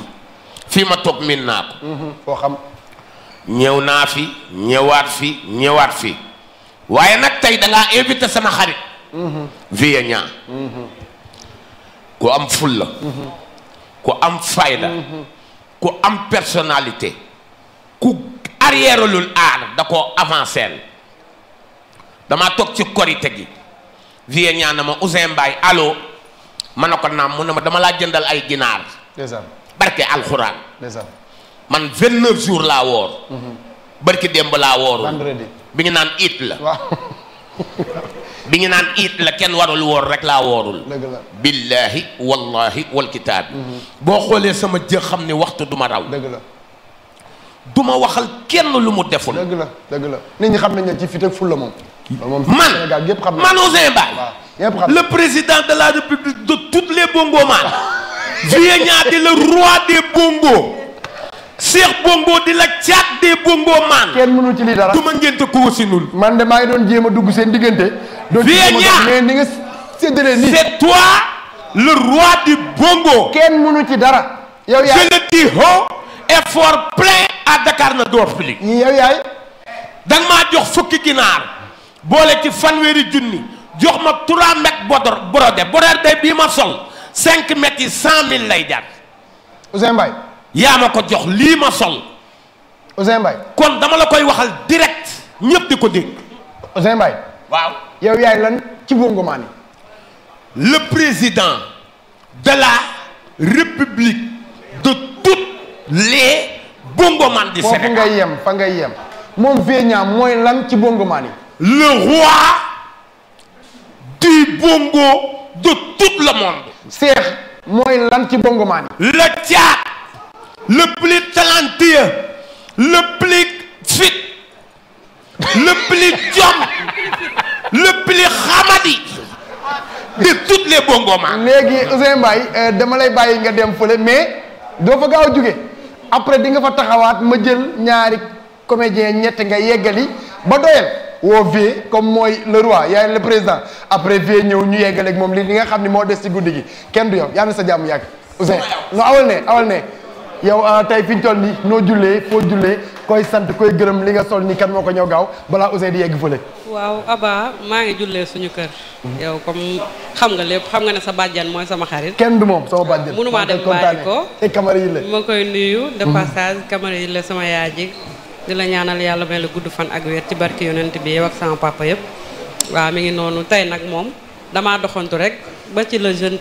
fii ma toog miin naa ko. Mm-hmm. foo naa fi ñëwaat fi ñëwaat fi waaye nag tey da ngaa sama xarit. Mm-hmm. Vieux Niang. ku am fulla ku am fayda. ku am personnalité. ku arrière lul aar da koo avancé damaa toog ci korite gi vie ñaan na ma Ousseyn Mbaye allo ma ne ko naam mu ne ma dama laa jëndal ay ginaar. barke alxuraan. man vingt neuf jours laa woor. Mhm. barke démb laa woorul. bi ñu naan it la. bi ñu naan it la kenn warul woor rek laa woorul. dëgg la billaahi wallaahi mhm. boo xoolee sama jë xam ne waxtu du ma raw. dëgg la. du ma waxal kenn lu mu deful. dëgg la dëgg la nit ñi xam nañ ne ci fit ak ful la moom. man man Ouzin Mbaye. le président de la république de toutes les bongoman. <laughs> Vieux di le roi des bongo. Cheikh Bongo di la caat des bongo man. kenn mënu ci lii dara du ma ngénte ko sinul man de maa ngi doon jéem a dugg seen diggante. doon ni nga séddalee nii. c'est toi le roi du bongo. kenn mënu ci dara. yow yaa effort plein à Dakar na door fili. ñii yaay. da nga jox fukki ginaar boole ci fanweeri junni jox ma 3 mètres bodor borode borode bii ma sol 5 yi lay jar. Ousseyn yaa ma ko jox lii ma sol. kon dama la koy waxal direct ñëpp ko dégg. Ousseyn Mbaye. waaw yow yaay lan ci bongomaani. le président de la république de toute. les bongoman du Sénégal foofu ngay yem fa ngay yem moom Vienya mooy lan ci bongoman yi. le roi du bongo de tout le monde. Cheikh mooy lan ci bongoman yi. le Thiat le plus talentueux le plus fit le plus jom le plus xamadi. de toutes les bongoman. léegi Ousseyn Mbaye euh, dama lay bàyyi nga dem fële mais doo fa gaaw a jóge après di nga fa taxawaat ma jël ñaari comédien ñett nga yeggali ba doyal woo vie comme mooy le roi yaay le président après vie ñëw ñu yeggaleeg moom li li nga xam ne moo des ci guddi gi kenn du yow yal na sa jàmm yàgg Ouzin non awal ne awal ne yow ah, tey fi ñu toll nii noo jullee foo jullee koy sant koy gërëm li nga sol ni kan moo ko ñëw gaaw balaa Ouzin di yegg fële. waaw Aba maa ngi jullee suñu kër. Mhm. yow comme xam nga lépp xam nga ne sa bàjjan mooy sama xarit. kenn du moom sama bàjjan. mënumaa dem bàyyi ko te Camara yi la koy nuyu. de mhm. passage Camara yi sama yaay ji di la ñaanal yàlla may la gudd fan ak wér ci barki yonent bi yow ak sama papa yëpp. waaw mi ngi noonu tey nag moom damaa doxantu rek ba ci la jeune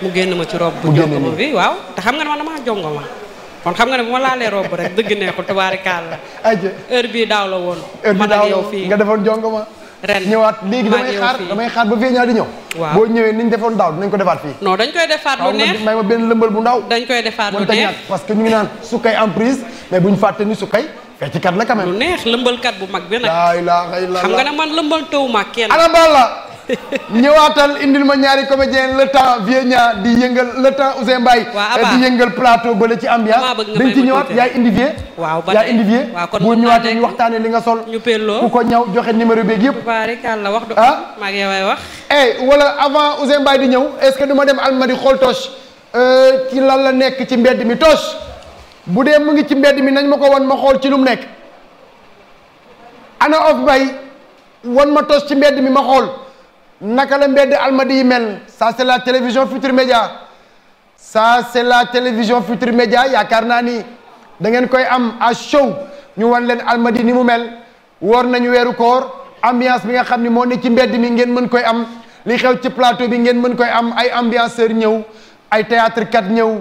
mu génn ma ci rob bu jongoma bi waaw te xam nga ne man ma laalee rob rek dëgg neexul tubaarikaal la aja heure bii daaw la woon heure bii daaw yow fii nga defoon jongoma ren ñëwaat léegi damay xaar damay xaar ba fii ma benn bu ndaw la quand même lu xam nga ne man lëmbal taw ma kenn ana balla ñëwaatal indil ma ñaari comédien la temps di yëngal le temps Ousseyn Mbaye di yëngal plateau bële ci ambiance dañ ci ñëwaat yaay indi vie waaw yaay indi vie bu ñëwaatee ñu waxtaanee li nga sol ñu pelloo ku ko ñaw joxe numéro beeg yëpp ah maa ngi lay wax eh, wala avant Ousseyn Mbaye di ñëw est-ce que du ma dem Almadies xool Toch euh, ci lan la nekk ci mbedd mi Toch bu dee mu ngi ci mbedd mi nañ ma ko wan ma xool ci lu mu nekk ana of bay wan ma Toch ci mbedd mi ma xool naka la mbedd almadi yi mel ça c'est la télévision Futur Média ça c'est la télévision Futur Média yaakaar naa ni da ngeen koy am à show ñu wan leen almadi ni mu mel woor nañu weeru koor ambiance bi nga xam ni moo ne ci mbedd mi ngeen mën koy am li xew ci plateau bi ngeen mën koy am ay ambianceur ñëw ay théâtre kat ñëw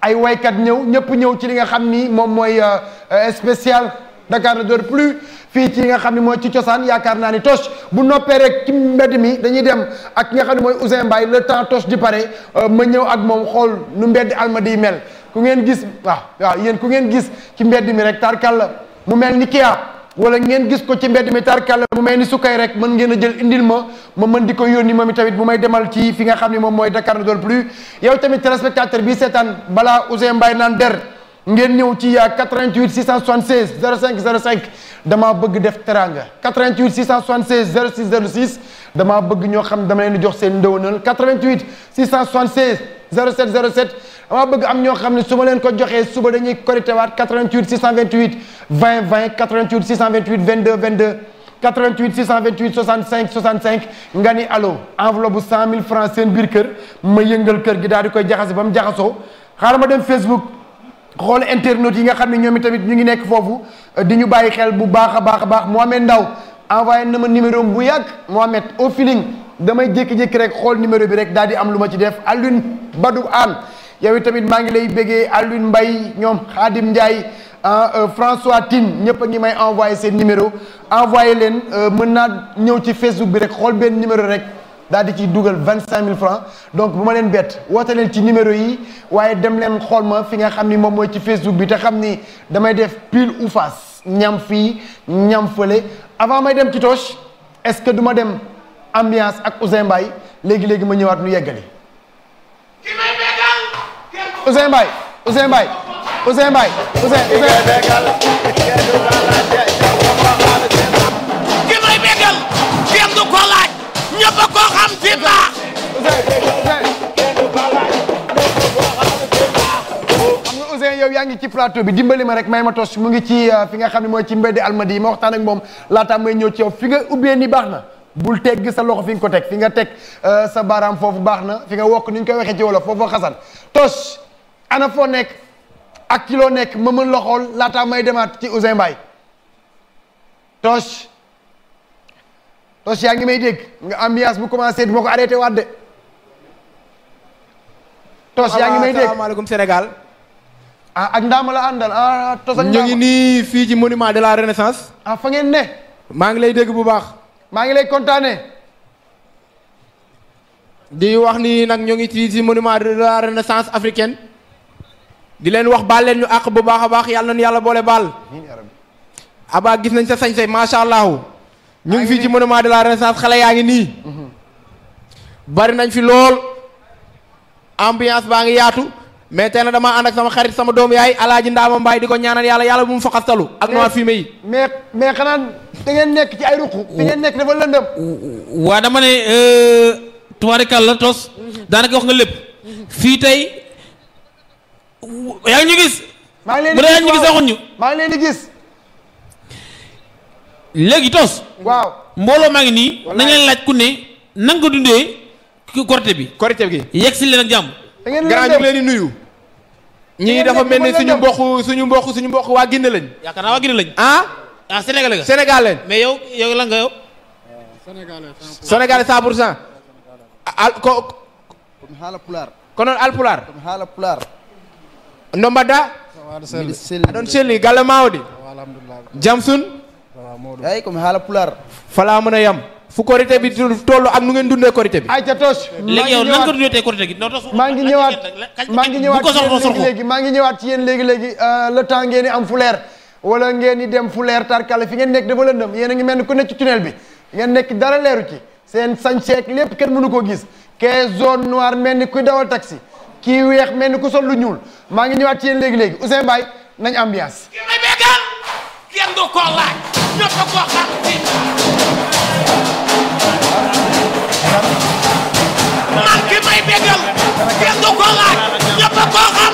ay waykat ñëw ñëpp ñëw ci li nga xam ni moom mooy euh, spécial Dakar ne dort plus fii ci nga xam ne mooy ci cosaan yaakaar naa ni Toch bu noppee rek ci mbedd mi dañuy dem ak ki nga xam ne mooy Ousseyn Mbaye le temps Toch di pare euh, ma ñëw ak moom xool nu mbedd almadi mel ku ngeen gis waaw waaw yéen ku ngeen gis ci mbedd mi rek tarkal la mu mel ni Kia wala ngeen gis ko ci mbedd mi tarkal la mu mel ni sukkay rek mën ngeen a jël indil ma ma mën di ko yónni moom tamit bu may demal ci fi nga xam ne moom mooy Dakar ne dort plus yow tamit téléspectateur bi seetaan balaa Ousseyn Mbaye naan der ngeen ñëw ci yaa 88 676 05 05 damaa bëgg def teranga 88 676 06 06 damaa bëgg ñoo xam dama leen di jox seen ndëwënal 88 676 07 07 damaa bëgg am ñoo xam ne su ma leen ko joxee suba dañuy koritewaat 88 628 20 20 88 628 22 22 88 628 65 65 nga ni allo enveloppe bu 100000 francs seen biir kër ma yëngal kër gi daal di koy jaxase ba mu jaxasoo xaaral ma dem Facebook. xool internautes yi nga xam ne ñoom itamit ñu ngi nekk foofu euh, di ñu bàyyi xel bu baax a baax a baax Mohamed Ndaw envoyé na ma numéro bu yàgg Mohamed o feeling damay jékki-jékki rek xool numéro bi rek daal di am lu ma ci def ba du Anne yow tamit maa ngi lay béggee Alioune mbay ñoom Khadim Ndiaye ah, euh, François Tine ñëpp a ngi may envoyé seen numéro envoyé leen euh, mën naa ñëw ci Facebook bi rek xool benn numéro rek. daal di ci dugal vingt cinq mille francs donc bu ma leen bett woote ci numéro yi waaye dem leen xool ma fi nga xam ni moom mooy ci Facebook bi te xam ni damay def pile ou fas ñam fii ñam fële avant may dem ci Toch est-ce que du dem ambiance ak Ouzin léegi léegi ma ñëwaat nu yeggali. ki may bégal. am Siteu yow yaa ngi ci plateau bi dimbali ma rek may ma tos mu ngi ci euh, fi nga xam ne mooy ci mbedd almadi yi ma waxtaan ak moom laataa may ñëw ci yow fi nga ubbee ni baax na bul tegg sa loxo fi nga ko teg fi nga teg euh, sa baaraam foofu baax na fi nga wokk ni ñu koy wexee ci wolof foofu xasan tos ana foo nekk ak ci nekk ma mën la xool may demaat ci Ouzin Mbaye tos tos yaa ngi may dégg nga am ambiance bu commencé duma ko arrêté waat de tos yaa ngi may dégg ah ak ndaama la àndal ah tos ak ñu ngi nii fii ci monument de la renaissance ah fa maa ngi lay dégg bu baax maa ngi lay kontaane di wax ni nag ñoo ngi ci ci monument africaine di leen wax baal leen ñu àq bu baax a baax yàlla na yàlla boole baal abaa gis nañ sa sañ-sañ macha allah. ñu ngi fii ci monument de la renaissance xale yaa ngi nii. bari nañ fi lool ambiance baa ngi yaatu mais tey na dama ànd ak sama xarit sama doom yaay alaaji Ndaama Mbaay di ko ñaanal yàlla yàlla bu mu faxastalu ak noir fumé yi. mais mais xanaa da ngeen nekk ci ay ruq. da ngeen nekk dafa lëndëm. waa dama ne euh, tubaarikàlla tos. daanaka wax nga lépp. fii tey yaa ngi ñu gis. maa ngi leen di gis bu dee ñu leen gis. léegi tos. waaw mbooloo maa ngi nii. nañ leen laaj ku ne nan dundee korite bi. korite bi yegg si leen ak jàmm. da ngeen grand ñu ngi leen di nuyu. ñii dafa mel ni suñu mbokk suñu mbokk suñu mbokk waa Guinée lañ. yaakaar naa waa Guinée lañ. ah. ah Sénégal mais yow yow lan nga yow. Sénégal 100 pour cent. Ah, al ko. konoon alpulaar. Nombada. aɗon selli galle mawo de ay comme xaala pulaar falaa mën a yam fu korité bi toll ak nu ngeen dundee korité bi. ay ca tos. léegi yow nan nga dundee korité gi noo tos. maa ngi ñëwaat maa ngi ñëwaat ci léegi ci yéen léegi léegi euh, le temps ngeen di am fu leer wala dem fu leer tarkale fi ngeen nekk dafa lëndëm yéen a ngi mel ni ku nekk ci tunnel bi ngeen nekk dara ci seen sañseek lépp kenn mënu koo gis kee zone noire mel ni kuy dawal taxi ki weex mel ni ku sol lu ñuul maa ngi ñëwaat ci yéen léegi léegi Ousseyn Mbaye nañ ambiance. nga koo laaj jot nga koo xam si man ki may bégal kenn du koo laaj jot nga koo xam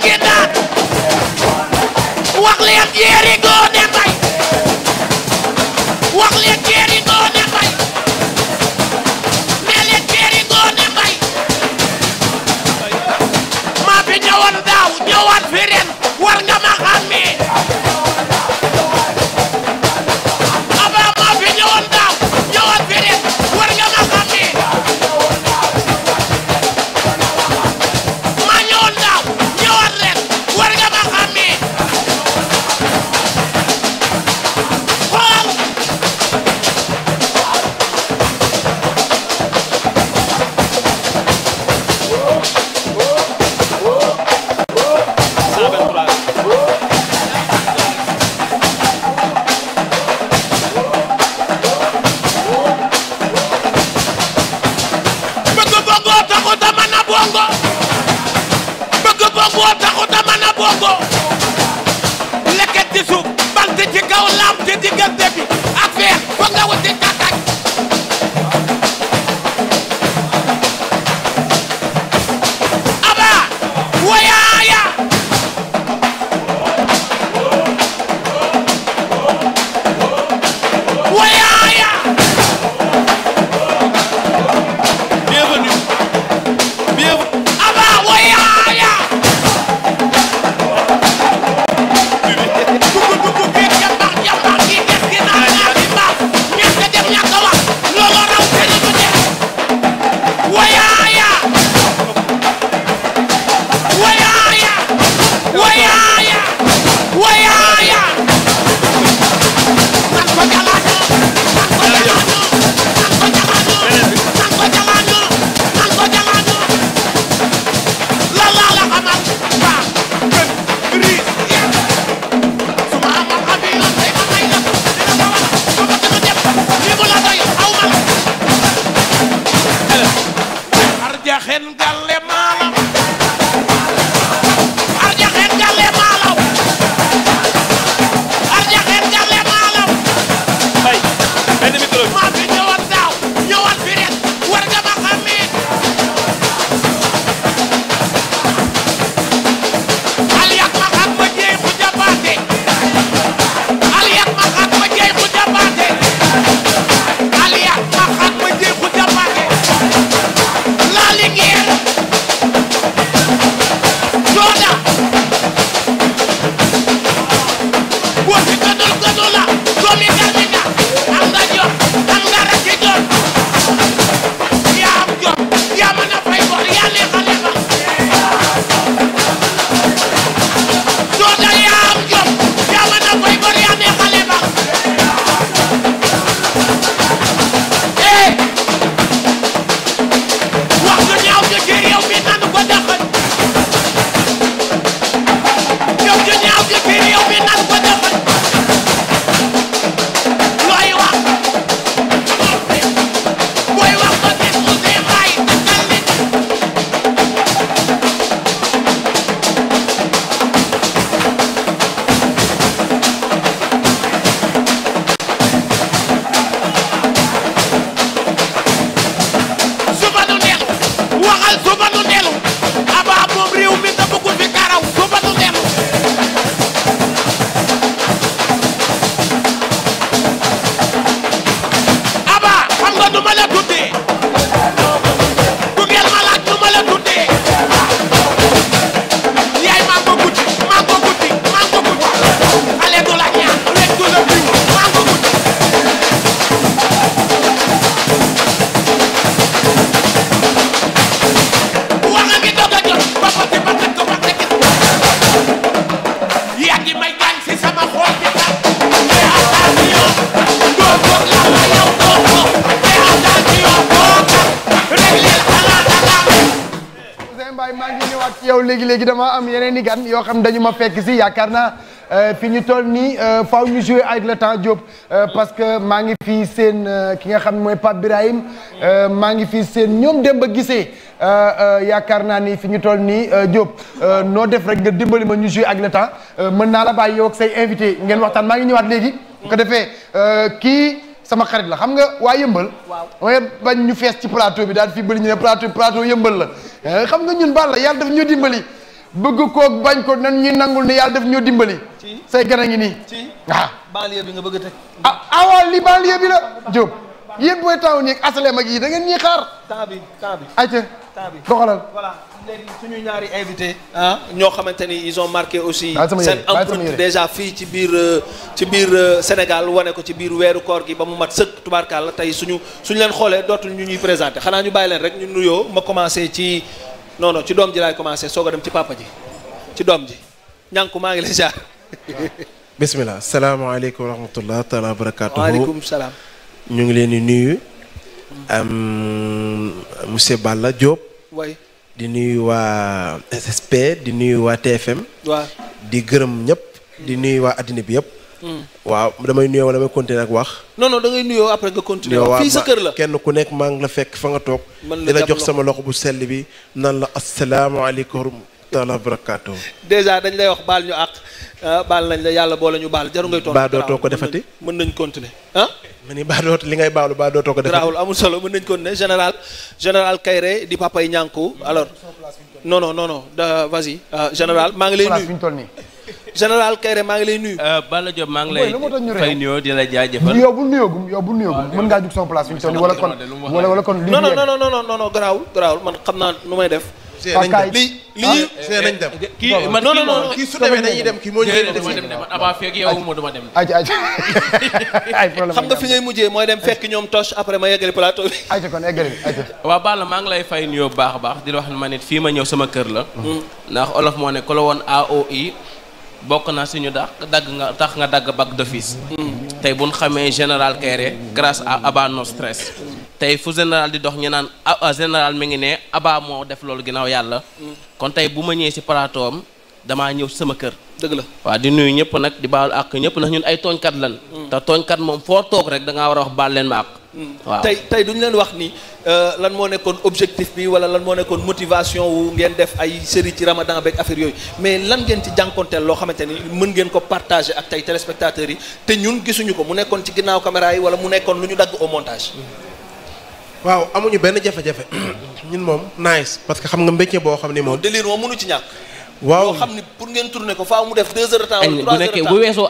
ki daan wax leen yéeri ngoone tey wax leen yéeri ngoone tey ne leen maa fi ñëwoon daaw ñëwaat fi yaakaar naa euh, fi ñu toll nii euh, faw ñu jouer avec le temps euh, parce que maa ngi fi seen ki nga xam ne mooy Pape Birahim maa ngi fi seen ñoom dem ba gisee yaakaar naa ni fi ñu toll nii Diop noo def rek nga dimbali ma ñu jouer avec le temps mën naa la bàyyi yow ak say invité ngeen waxtaan maa ngi ñëwaat léegi. bu ko defee kii. sama xarit la xam nga waa yëmbal waaye bañ ñu fees ci plateau bi daal fii bëri ñu ne plateau plateau yëmbal la xam nga ñun baal la yàlla daf ñu dimbali bëgg koog bañ ko nan ñu nangul ne yàlla daf ñoo dimbali. ci say gan a ngi nii. ci waaw ah. banlieue bi nga bëgg a teg. ah ah waaw li banlieue bi la. Diop yéen mooy taw nii ak asalem ak yi da ngeen ñuy xaar. temps bi temps bi. ayca temps bi doxalal voilà. léegi suñu ñaari invité ah ñoo xamante ni ils ont marqué aussi seen empreinte déjà fii ci biir euh, ci biir euh, Sénégal wane ko ci biir weeru koor gi ba mu mat sëkk la tey suñu suñu leen xoolee dootul ñu ñuy présenté xanaa ñu bàyyi leen rek ñu nuyoo ma commencé ci non ci doom ji laay commencé soog a dem ci papa ji ci doom ji ñànku maa ngi lay jaar. <laughs> bisimilah salaamaaleykum wa rahmatulah taala wa barakaatu. waaleykum salaam. ñu ngi leen di nuyu. monsieur Balla Diop. way di nuyu waa SSP di nuyu waa TFM. di gërëm ñëpp. di nuyu waa àddina bi yëpp. waaw damay nuyoo damay continuer ak wax. non non da ngay nuyoo après nga continuer wax sa kër la kenn ku nekk maa ngi la fekk fa nga toog. di la jox sama loxo bu sell bi nan la asalaamaaleykum taala barakaatu. dèjà dañ lay wax baal ñu àq ah, baal nañ la yàlla boole ñu baal jaru ngay tontu. dootoo ko defati mën nañ continuer ah. ma ni baa doot li ngay baalu baa dootoo ko defati. raawul amul solo mën nañ continuer général général kayre di papay ñànku alors non non non non vas-y ah, général maa ngi lay nuyu. général Kairé maa ngi lay nuyu. Euh, Balla Diop maa ngi lay fay nuyoo di la jaajëfal. yow bu nuyoogum yow bu nuyoogum mën ngaa jug sama place fi mu toll kon wala wala kon. man xam naa nu may def. li li dem ah, kii su demee dañuy dem kii moo ñu dem man avant fekk yow <laughs> xam nga fi mooy dem fekk ñoom tosh après ma yeggali plateau bi ay maa ngi lay fay nuyoo bu baax a baax di la wax man ma nit fii ma ñëw sama kër la hmm. ndax olof moo ne ko la woon AOI bokk na suñu dàq dagg nga tax nga dagg bac d'office tey bu ñu xamee général Kéré grace à Abba no stress tey fu général di dox ñu naan ah, ah, général mi ngi ne Abba moo def loolu ginnaaw yàlla kon tey bu ma ñëwee si plateau am damaa ñëw sama kër dëgg la waaw di nuyu ñëpp nag di baalu àq ñëpp nag ñun ay tooñkat lan mm. te tooñkat moom foo toog rek da ngaa war a wax baal leen ma àq waaw tey tey duñu leen wax ni euh, lan moo nekkoon objectif bi wala lan moo nekkoon motivation wu ngeen def ay série ci ramadan beeg affaire yooyu mais lan ngeen ci jànkonteel loo xamante ni mën ngeen ko partager ak tey téléspectateurs yi te ñun gisuñu ko mu nekkoon ci ginnaaw caméra yi wala mu nekkoon lu ñu dagg au montage. waaw amuñu benn jafe-jafe <clears throat> ñun moom nice parce que xam nga mbéccee boo xam ni moom. délire moom mënu ci ñàkk. waaw loo xam ni pour ngeen tourner ko fa mu def de temps wala trois heures de temps bu nekkee bu weesoo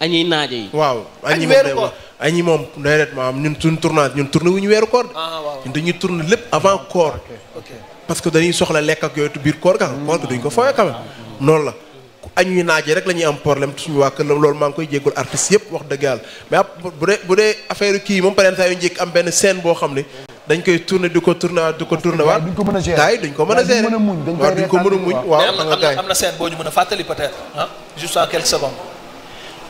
añi naaje yi waaw añi weeru koor añi moom deret maam ñun suñ tournage ñun tourné wu ñu weeru koor ah, ñun dañuy tourné lépp avant koor parce que dañuy soxla lekk ak yooyu tu biir koor ga koor ga duñ ko fooye quand noonu la añuy naaje rek la ñuy am problème suñu waa loolu maa ngi koy jéggul artistes yëpp wax dëgg yàlla mais bu dee bu kii moom par exemple saa yu njëkk am benn scène boo xam ne dañ koy tourné di ko tourné waat di ko tourné duñ ko mën a gérer waaye duñ ko mën a gérer waaw duñ ko mën a muñ waaw am na mën a fàttali peut-être ah juste en quelques secondes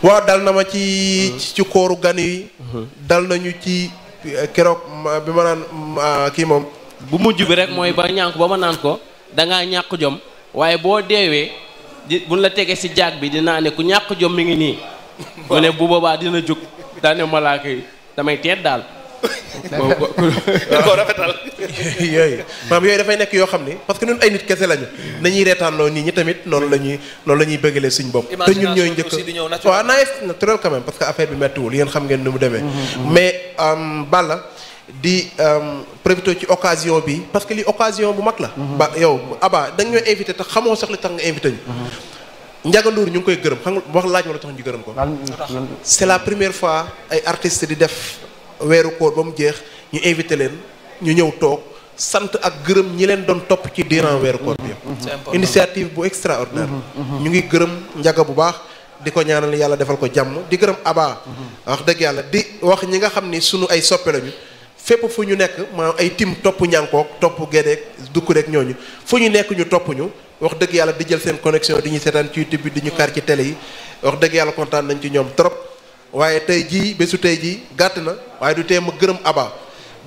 waaw dal na ma ci mm-hmm. ci kooru gan yi mm-hmm. dal nañu ci eh, keroog bi ma naan mm, ah, kii moom bu mujj bi rek mooy ba ñànk ba ma naan ko dangaa ñàkk jom waaye boo deewee bu buñ la tegee si jaag bi dinaa ne ku ñàkk jom mi ngi nii <laughs> mu ne bu boobaa dina jóg daane malaaka yi damay teet daal <laughs> ko rafetal <laughs> yooyu maanaam yooyu dafay nekk yoo xam ne parce que ñun ay nit kese lañu nañuy reetaanloo nii ñi tamit noonu la ñuy noonu la ñuy bëggalee bopp te ñun ñooy njëkk waaw nice naturel quand même parce que affaire bi méttiwul yéen xam ngeen ni mu demee mm-hmm, mm-hmm. mais euh, bala di euh, profité ci occasion bi parce que li occasion bu mag la mm-hmm. ba yow Abba da nga ñoo invité te xamoo sax li tax nga invité ñu Ndiaga ñu ngi koy gërëm xam wax laaj ma la tax ñu gërëm ko c'est la première fois ay artistes di def weeru koor ba mu jeex ñu invité leen ñu ñëw toog sant ak gërëm ñi leen doon topp ci durant weeru koor bi yëpp mm-hmm. initiative bu extraordinaire mm-hmm. ñu ngi gërëm njaga bu baax di ko ñaanal yàlla defal ko jàmm di gërëm abaa mm-hmm. wax dëgg yàlla di wax ñi nga xam ni sunu ay soppe lañu fépp fu ñu nekk maanaam ay tim topp ñànkook topp gédeek dukk rek ñooñu fu ñu nekk ñu topp ñu wax dëgg yàlla di jël seen connexion di ñu seetaan ci YouTube bi di ñu kar ci télé yi wax dëgg yàlla kontaan nañ ci ñoom trop waaye tey jii bésu tey jii gàtt na waaye du tee ma gërëm Abba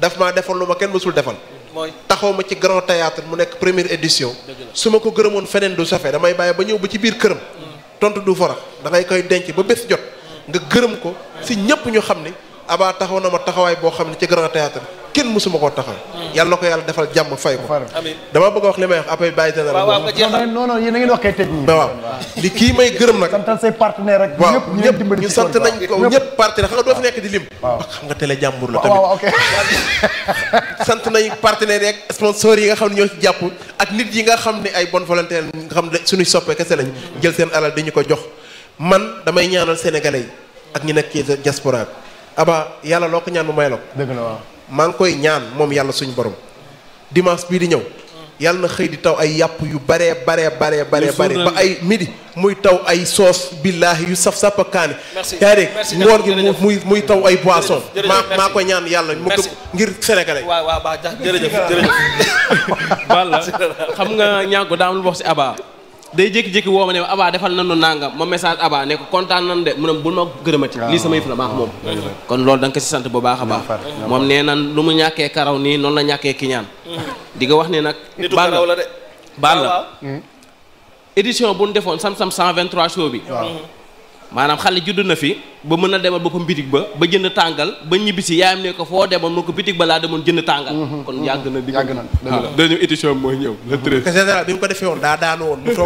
daf maa defal lu ma kenn mësul defal. mooy taxaw ma ci grand théâtre mu nekk première édition. su ma ko gërëmoon feneen du safee damay bàyyi ba ñëw ba ci biir këram. Mm. tontu du farax dangay koy denc ba bés jot. Mm. nga gërëm ko si ñëpp ñu xam ni. abaa taxaw na ma taxawaay boo xam ne ci grand théâtre kenn mësuma koo taxaw hmm. yàlla na ko yàlla defal jàmm fay ko dama bëgg a wax li may wax après bàyyi dana la a ngi wax kay tëj waaw li kii may gërëm nag santal partenaire rek waaw ñëpp ñu sant nañ ko ñëpp partenaire xam nga doo fi nekk di lim wax xam nga télé jàmbur la tamit <laughs> sant nañ partenaire yeeg sponsor yi nga xam ne ñoo ci jàpp ak nit yi nga xam ne ay bonne volonté nga xam ne suñuy soppee kese lañ jël seen alal di ñu ko jox man damay ñaanal sénégalais yi ak ñi nekk ci diaspora bi aba yàlla loo ko ñaan mu may la maa ngi koy ñaan moom yàlla suñu borom. dimanche bii di ñëw. yàlla na xëy di taw ay yàpp yu baree baree baree baree bare ba ay midi muy taw ay soos billaahi yu saf sàppa kaani yaa dégg ngoor gi muy muy taw ay boisson maa maa ko ñaan yàlla mu ko ngir sénégalais waaw <laughs> xam nga ñànko daa am lu wax si Abba day jékki-jékki woo ma ne Aba defal nañu nangam ma message Aba ne ko kontaan nan de mu ne bul ma gërëmati ah. lii sama yëf la maax kon loolu da nga sant bu baax a baax moom ne nan lu mu ñàkkee karaw nii noonu la ñàkkee kiñaan mm. di nga wax ne nag baal la baal la mm. édition bu ñu defoon sam-sam 123 show bi maanaam xale judd na fi ba mën a demal boppam bitig ba ba jënd tàngal ba ñibbisi yaayam ne ko foo demoon mu ko bitig ba laa demoon jënd tàngal mm-hmm. kon yàgg na di yàgg na ah, deuxième édition mooy ñëw le treize général bi mu ko defee woon daa daanu woon mu <laughs> mm-hmm.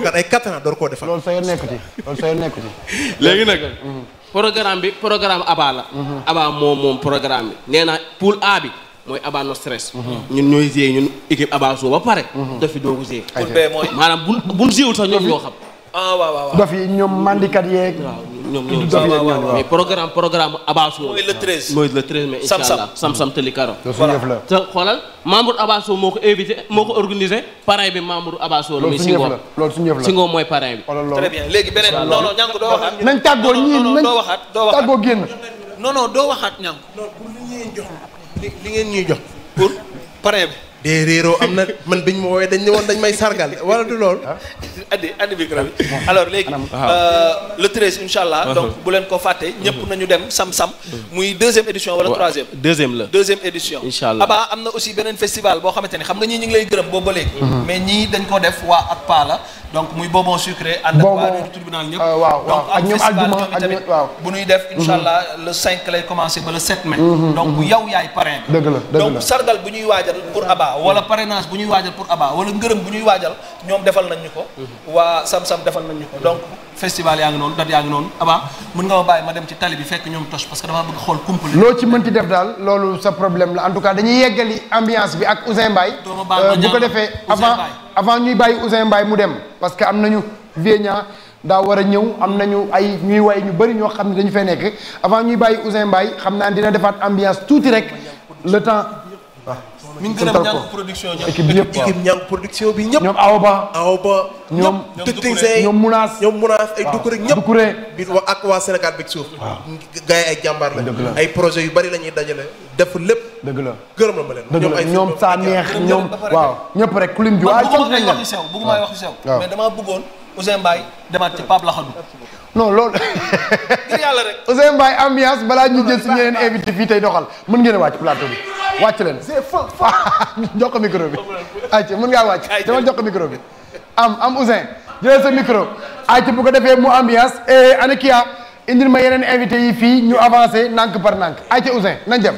programme bi programme aba la mm-hmm. aba moom moom programme bi nee naa poule A bi mooy aba no stress ñun ñooy géey ñun équipe aba soo ba pare dafi doogu géey maanaam bu buñ géewul sax ñoom ñoo xam ah waaw waaw dof ñoom mandikat yeeg. ñoom mais programme programme Abasso. mooy le treize mooy le treize mais incha allah Sam Sam Tali Karo. voilà te xoolal membre Abasso moo ko invité moo ko organisé parrain bi membre Abasso la. muy si loolu suñu yëf la Singo mooy parrain bi. très bien léegi beneen non non ñànk doo waxaat. nañ tàggoo ñii nañ tàggoo génn. non doo waxaat ñànk. pour li ngeen jox li ñuy jox pour parrain bi. dee réeroo am na man biñ ma woowee dañ may sargal wala du loolu. Ah. andi andi micro bi alors léegi. Euh, le treize incha allah. Ah. donc bu leen ko fàtte. ñëpp mm-hmm. nañu dem sam-sam. muy deuxième édition wala troisième. deuxième la deuxième édition. incha allah abaa am na aussi beneen festival boo xamante ne xam nga ñii ñu ngi lay gërëm boobu ba léegi. Mm-hmm. mais ñii dañ ko def waa APPA la. donc muy bonbon sucré. ànd ak waa tribunal ñëpp. Ah, waaw waaw ak ñoom aljuma ak ñoom tamit bu ñuy def. Mm-hmm. incha allah le 5 lay commencé ba le 7 mai. donc yow Aba wala parrainage bu ñuy waajal pour Aba wala ngërëm bu ñuy waajal ñoom defal nañ ko waa sam-sam defal nañ ñu ko donc festival yaa ngi noonu dat yaa ngi noonu Aba mën nga ma bàyyi ma dem ci tali bi fekk ñoom tos parce que dama bëgg xool kumpale loo ci mënti def daal loolu sa problème la en tout cas dañuy yeggali ambiance bi ak Ousseyn Mbaye euh, bu ko defee avant avant ñuy bàyyi Ousseyn Mbaye mu dem parce que am nañu Vienna daa war a ñëw am nañu ay ñuy way ñu bëri ñoo xam ne dañu fee nekk avant ñuy bàyyi Ousseyn Mbaye xam naa dina defaat ambiance tuuti rek le temps mu gërëm ñang production équipe bi production bi ñëpp ñoom Awoba Awoba ñoom Tëtëse ñoom Munaas ñoom Munaas ay Dukure ñëpp Dukure bi wa ak waa Sénégal bi suuf gars ay jàmbaar la ay projet yu bari la ñuy dajale def lépp dëgg la gërëm la ma leen ñoom ay ñoom saa neex ñoom waaw ñëpp rek ku lim bi waaw bëgguma ngay wax ci sew bëgguma wax ci sew mais dama bëggoon Ousseyn Mbaye demaat ci Pape Laxadu non loolu. ngir yàlla rek. Ousseyn Mbaye ambiance balaa ñu jël si ñeneen invité fii tey doxal mën ngeen a wàcc plateau bi wàcc leen. <laughs> jox ko micro bi. ayca mën ngaa wàcc dama jox ko micro bi. am am Ousseyn sa micro ayca bu ko defee mu ambiance et eh, ana Kia indil ma yeneen invité yi fii ñu avancé nank par nank ayca Ousseyn nañ dem.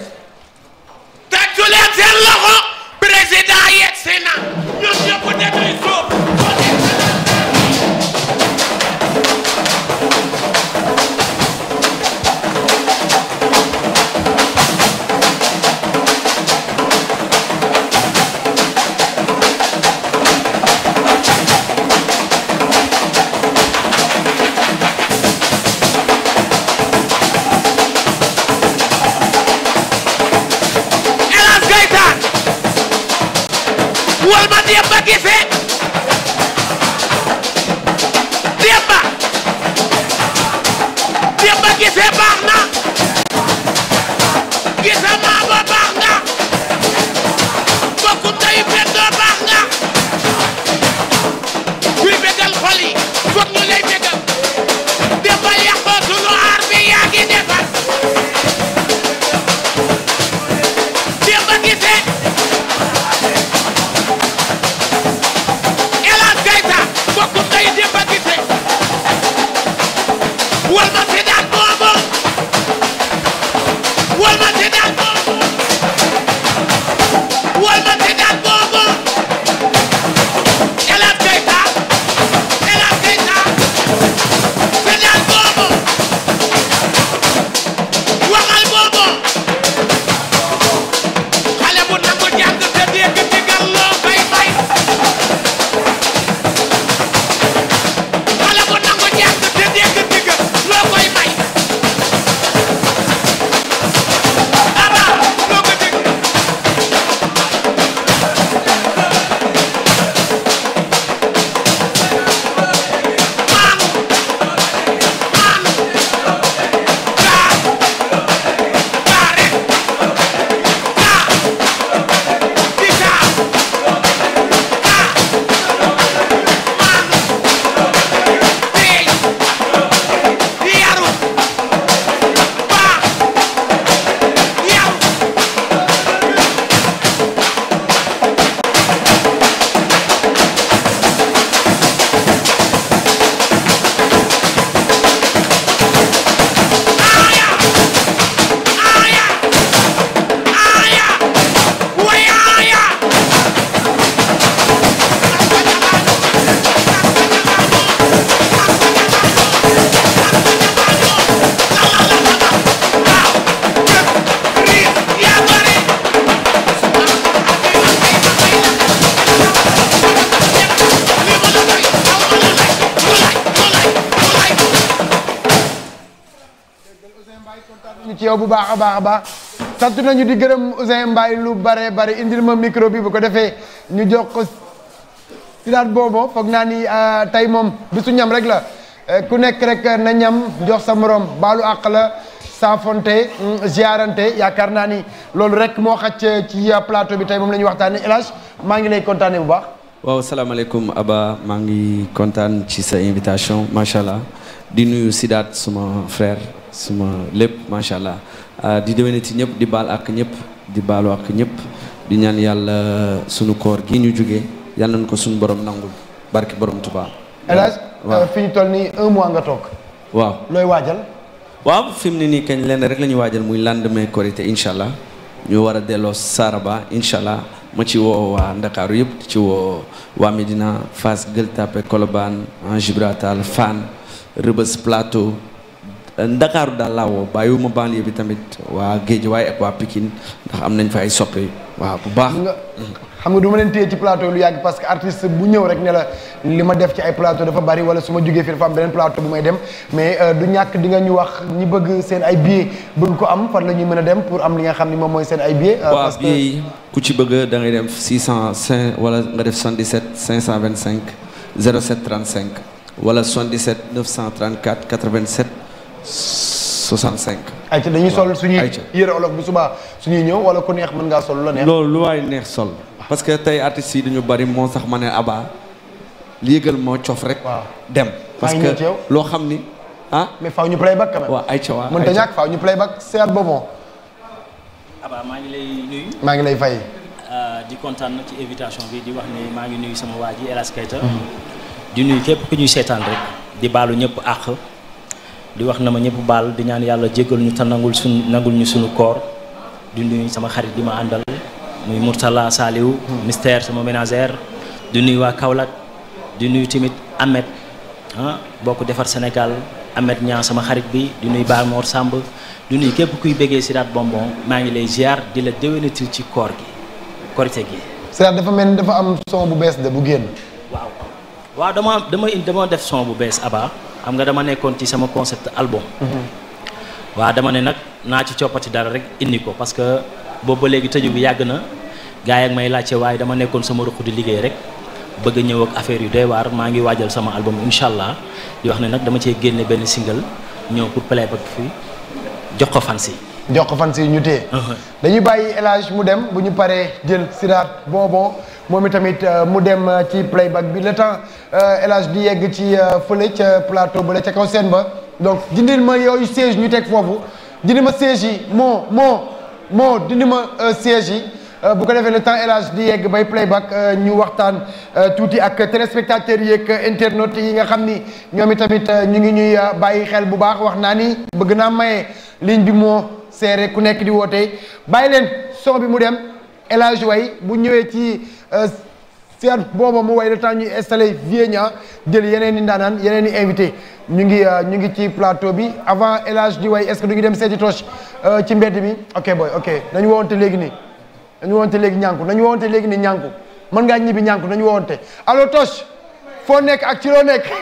baax a baax sant nañu di gërëm Ousseyn lu bare bare indi ma micro bi bu ko defee ñu jox ko sidaat boobo foog naa ni euh, tey moom bisu ñam rek la euh, ku nekk rek na ñam jox sa morom baalu àq la saafonte mm, ziarante yaakaar naa ni loolu rek moo xaj ci plateau bi tey moom la ñuy waxtaane El maa ngi lay kontaane bu baax waaw salaamaaleykum Abba maa ngi kontaan ci sa invitation macha allah di nuyu Sidaat suma frère suma lépp macha allah Euh, di déwénati ñëpp di baal ak ñëpp di baalo ak ñëpp di ñaan yàlla sunu koor gi ñu jóge yal nañ ko suñu borom nangul barki borom Tuubaa. hélas euh, fi ñu toll nii un nga toog. waaw looy waajal. waaw fi mu ne nii kañ lenn rek la ñuy waajal muy lendemain korite incha allah ñu war a delloo Saraba incha allah ma ci woo waa Ndakaaru yëpp di ci woo waa Medina Fass Gueule Tapée Colobane en Gibraltar Fann Plateau. ndakaaru euh, daal laa woo bàyyiwuma banlieue bi tamit waa Guédiawaye ak waa Pikine ndax am nañ fa ay soppe waaw bu baax. xam nga du ma leen téye ci plateau lu yàgg parce que artiste bu ñëw rek ne la li ma def ci ay plateau dafa bari wala su ma jógee fii dafa am beneen plateau bu may dem mais euh, du ñàkk di nga ñu wax ñi bëgg seen ay billets bëgg ko am fan la ñuy mën a dem pour am li nga xam ni moom mooy seen ay billets. Euh, parce que yi ku ci bëgg da dem 605 wala nga def 77 525 07 35 wala 77 934 87. 65. ayca dañuy sol suñuy yëre olof bu subaa suñuy ñëw wala ku neex mën ngaa sol lu neex. loolu lu waay neex sol. parce que tey artistes yi dañu bari moo sax ma ne Abba li yëgal moo cof rek. dem parce que loo xam ni ah. mais faaw ñu play back quand même. waaw ayca waaw mënta ñàkk maa ngi lay nuyu. maa ngi lay fay. Euh, di kontaan ci invitation bi di wax ne maa ngi nuyu sama waa ji El Hadj Keita mhm. di nuyu képp ku ñuy seetaan rek di baalu ñëpp àq. di wax na ma ñëpp baal di ñaan yàlla jéggal ñu te nangul suñ nangul ñu suñu koor du nuyu sama xarit bi ma àndal muy Mourtala saaliw mystère sama menager du nuyu waa Kaolack di nuyu tamit Ahmed ah bokk defar Sénégal Ahmed ñaa sama xarit bi du nuy Ba Mor sàmb du nuyu képp kuy bëggee Sidath Bonbon maa ngi lay ziar di la déwénati ci koor gi korite gi. Sidath dafa mel ni dafa am son bu bees de bu génn. waaw waaw dama dama dama def son bu bees Aba. xam nga dama nekkoon ci sama concept album. Mhm. waaw dama ne nag naa ci coppati dara rek indi ko parce que boobu ba léegi tëju bi yàgg na gars yi ak may laajte waaye dama nekkoon sama ruq di liggéey rek bëgg a ñëw ak affaire yu doy waar maa ngi waajal sama album incha allah di wax ne nag dama cee génne benn single ñëw pour playback fii jox ko fans yi jox ko ñu téye. Uh-huh. dañuy bàyyi El Hadj mu dem bu ñu paree jël siraat bonbon. moom itamit euh, mu dem euh, ci playback bi le temps euh, El Hadj di yegg ci fële ca plateau ba la ca kaw seen ba donc dindil ma yooyu siège ñu teg foofu dindi ma siège yi moo moo moo dindi ma siège yi bu ko defee le temps El Hadj di yegg bay playback ñu waxtaan tuuti ak téléspectateurs yi ak internautes yi nga xam ni ñoom itamit ñu ngi ñuy bàyyi xel bu baax wax naa ni bëgg naa maye ligne bi moo seere ku nekk di woote bàyyi leen son bi mu dem. El Way bu ñëwee ci euh, seet booba mu way le temps ñuy installé Viegna jël yeneen i ndaanaan yeneen i invité ñu ngi euh, ñu ngi ci plateau bi avant El Hadj di way est-ce que du ngi dem seeti Toch euh, ci mbedd mi ok boy ok nañu woowante léegi nii nañu woowante léegi ñànku nañu woowante léegi nii ñànku mën ngaa ñibbi ñànku nañu woowante allo Toch foo nekk ak ci loo nekk <laughs>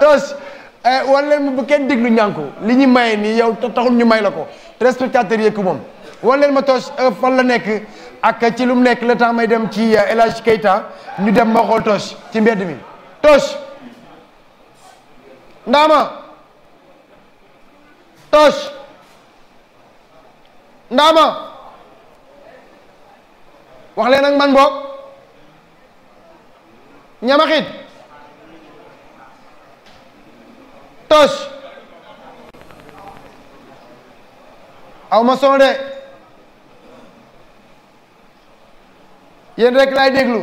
Toch Eh, wala leen bu kenn déglu ñànku li ñu maye nii yow taxul ñu may la ko téléspectateurs yeeg moom wala leen ma toog eh, fan la nekk ak ci lu mu nekk le temps may dem ci eh, El Hadj ñu dem ma xool toog ci mbedd mi toog ndaama toog ndaama wax leen ak man boog ñamaxit toos awma ma son de yéen rek laay déglu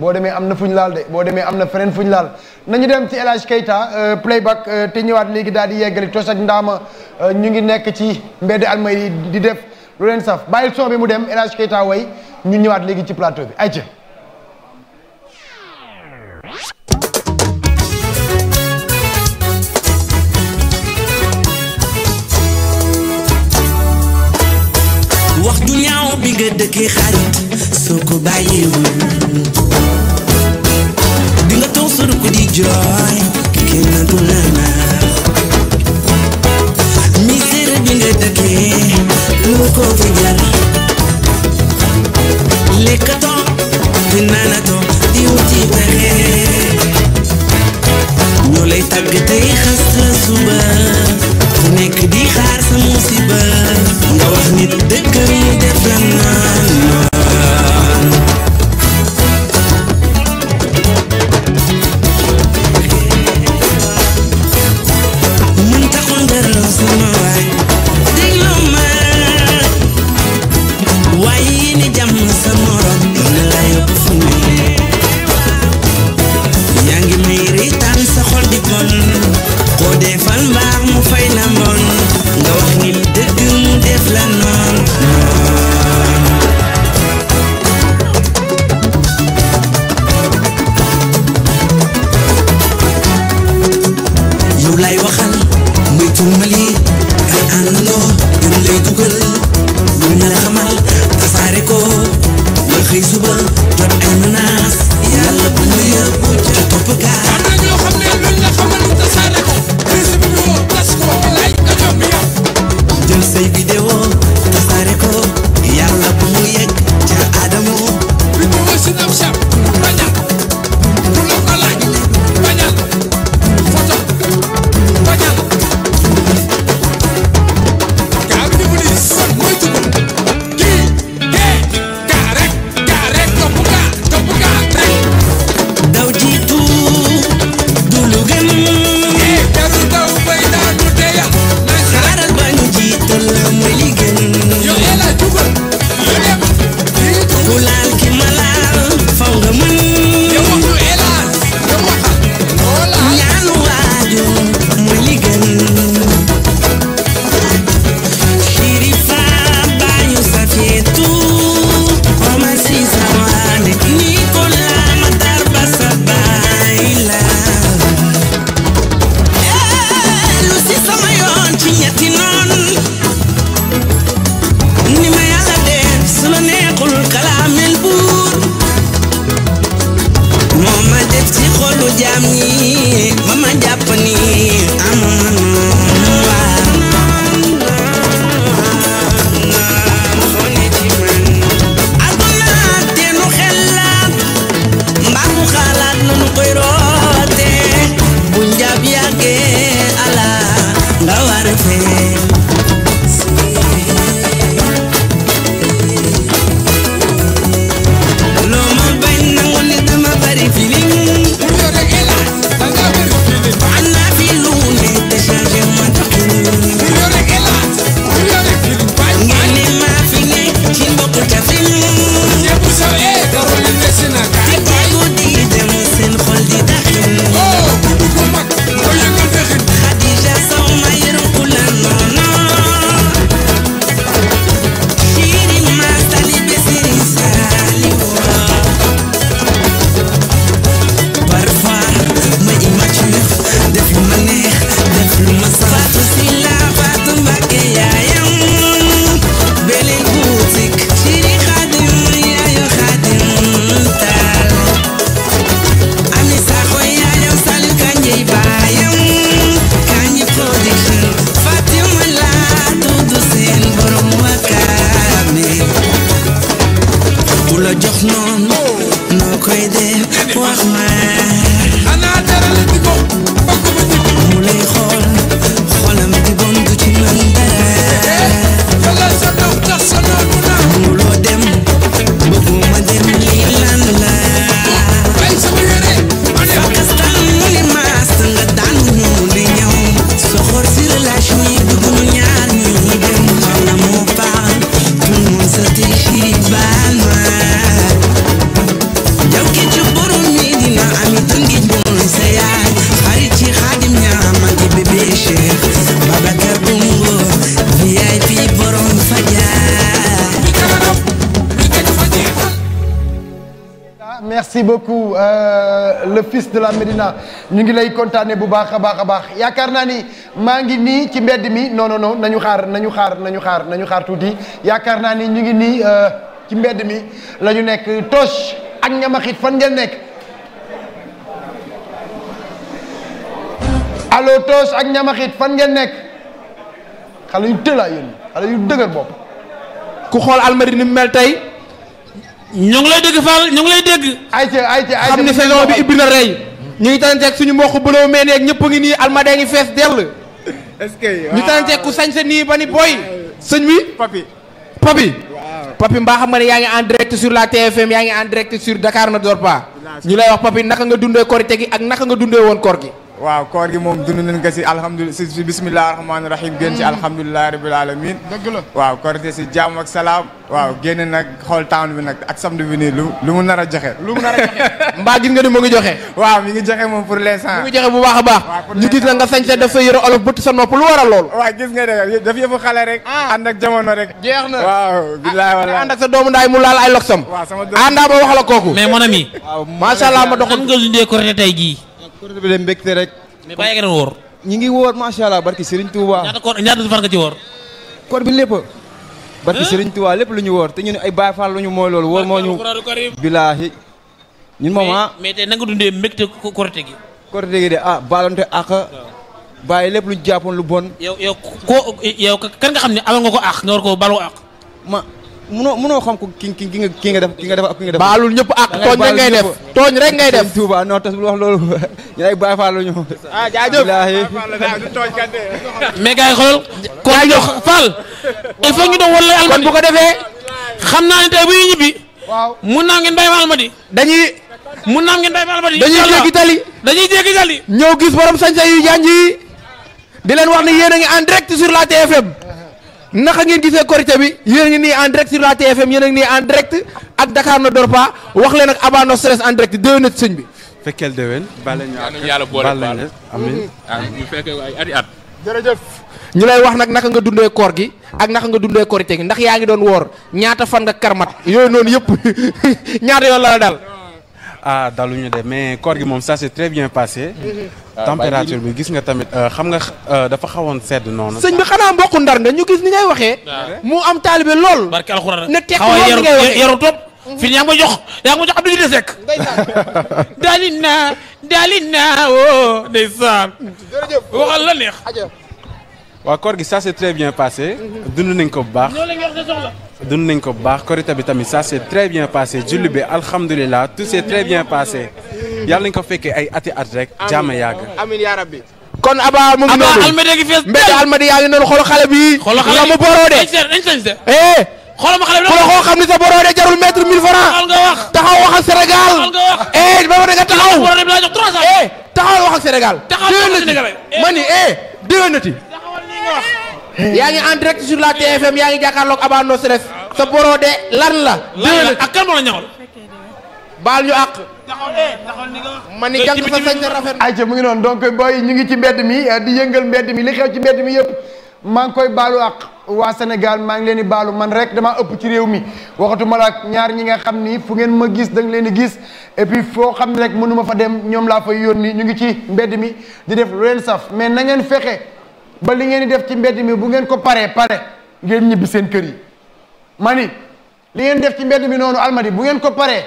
boo demee am na fu ñu laal de boo demee am na feneen fu ñu laal nañu dem ci El Hadj Keita euh, playback euh, te ñëwaat léegi daal di yeggali tos ak ndaama euh, ñu ngi nekk ci mbedd almay di def lu leen saf bàyyil son mu dem El Hadj way ñu ñëwaat léegi ci plateau bi ayca bi nga dëkkee xarit soo ko bàyyiwul di nga toog sa rukk di jooy kenn du la naax bi nga lu ko fi jar lekkatoo di naanatoo di wuti pexe ñoo lay tàgg tey xas sa suba ku nekk di xaar sa musiba nga wax nit dëkkam def la naan Somebody kontaane bu baax a baax a baax yaakaar naa ni maa ngi nii ci mbedd mi non non non nañu xaar nañu xaar nañu xaar nañu xaar tuuti yaakaar naa ni ñu ngi nii euh, ci mbedd mi la ñu nekk Toch ak Ñamaxit fan ngeen nekk allo Toch ak Ñamaxit fan ngeen nekk xale yu tëlaa yéen xale yu dëgër bopp ku xool Almadies ni mu mel tey ñu ngi lay dégg Fall ñu ngi lay dégg. ayca ayca ayca xam ni saison bi ibbi na rey. ñu ngi tanteeg suñu mboq bëloo mee neeg ñëpp ngi nii almadee ngi fees dell. est-ce que ñu tanteeg ku sañ sa nii ba ni booy. sëñ bi papi papi papi mbaa xam nga ne yaa ngi en direct sur la TFM yaa ngi en direct sur Dakar na dort pas ñu lay wax papi naka nga dundee korite gi ak naka nga dundee woon koor gi. waaw koor gi moom dund nañ ko si alhamdulilah si bisimilah rahmaani rahim génn si mm. alhamdulilah rabil alamin dëgg la waaw korite si jàmm ak salaam. waaw génn nag xool town bi nag ak samedi bi nii lu lu mu nar a joxe. lu mu nar a joxe <laughs> mbaa joxe. waaw mi ngi joxe moom pour l'instant. mu ngi bu baax a baax. ñu la nga sañse def sa yëre olof bëtt sa nopp lu waral lool. waaw gis nga de daf yëfu xale rek. Ah. ànd ak jamono rek. jeex na waaw ah, bilaay wala ànd ak sa doomu ndaay mu laal ay loxam. waaw sama doomu àndaa ba wax la kooku. mais mon ami. waaw macha allah ma doxal nga dundee korite tey gii côté bi de mbégte rek. mais bàyyi nga doon wóor. ñi ngi wóor macha allah barki Serigne Touba. ñaata koor ñaata fan ci wóor. koor bi lépp. barki Serigne Touba lépp lu ñu wóor te ñun ay Baye Fall lu ñu mooy loolu wóor moo ñu. bilaahi ñun moom ah. mais tey na nga dundee mbégte korite gi. korite gi de ah baalante ak. bàyyi lépp lu jàppoon lu bon. yow yow ko yow kan nga xam ne amal nga ko ak nga war koo baalu ak. munoo munoo xam ko ki ki nga ki nga def ki nga def ak nga def. baalul ñëpp ak tooñ rek ngay def tooñ rek ngay def. Touba non tas bu wax loolu <laughs> ñu lay bàyyi Fall ñu. ah jaajëf mais gars yi xoolal. jaajëf Fall. il faut ñu doon wala almadi kon bu ko defee. xam naa ni tey bu ñibbi. waaw mun naa ngeen bàyyi ma almadi. dañuy. mun naa ngeen bàyyi ma almadi. dañuy jéggi tali. dañuy jéggi tali. ñëw gis borom sañ-sañ yu yi di leen wax ni yéen a ngi en direct sur la TFM naka ngeen gisee korité bi yéen ngi nii en direct sur la TFM yéen a ngi nii en direct ak Dakar ne dort wax leen ak Aba No Stress en direct déwén ci sëñ bi. fekkeel déwén. bàle ñu àq yàlla boole baal amiin ñu ah, fekkee ay at at. jërëjëf. ñu lay wax nag naka nga dundee koor gi ak naka nga dundee korité gi ndax yaa ngi doon woor ñaata fan nga karmat yooyu noonu yëpp <laughs> ñaata yoon la la daal. ah daluñu de mais koor gi moom ça s'est très bien passé. Mhm. Ah, euh, température bi gis nga tamit euh, xam nga euh, dafa xawoon sedd noonu. sëñ bi xanaa mbokku ndar nga ñu gis ni ngay waxee. Ah. mu am taalibe lool. barke alxuraan ne tekk lool ni ngay yaru topp. fii yaa ngi ma jox yaa ngi ma jox Abdou Diouf de Seck. daalinaa <laughs> daalinaa woo ndeysaan. jërëjëf waxal la neex. waa koor gi ça s'est très bien passé. Mhm. dund nañ ko bu baax. ñoo dund nañ ko bu baax korité bi tamit ça s'est très bien passé julli bi alhamdulilah tout s'est très bien passé yàlla ko fekke ay ati at rek. jaama yàgg kon Aba mu ngi noonu Aba Almadi gi fees. noonu xool xale bi. mu boroode. Eh. xoolal ma xale ne sa boroode jarul mètre mille francs. taxaw wax Sénégal. eh ba nga taxaw. Sénégal. taxawal wax ak Sénégal. yaa ngi en direct sur la TFM yaa ngi jàkkaarloog Aba No Stress ah. sa borode lan la. lan la ak ah, kan moo la baal ñu àq. ma ni jàng sa sañ sa rafet. ayca mu ngi noonu donc booy ñu ngi ci mbedd mi eh, di yëngal mbedd mi li xew ci mbedd mi yëpp maa ngi koy baalu àq waa Sénégal maa ngi leen di baalu man rek damaa ëpp ci réew mi waxatuma la ak ñaar ñi nga xam ni fu ngeen ma gis da leen di gis et puis foo xam ne rek mënuma fa dem ñoom laa fay yónni ñu ngi ci mbedd mi di def lu leen saf fexe. ba li ngeen di def ci mbedd mi bu ngeen ko paree pare ngeen ñibbi seen kër yi ma li ngeen def ci mbedd mi noonu almadi bu ngeen ko paree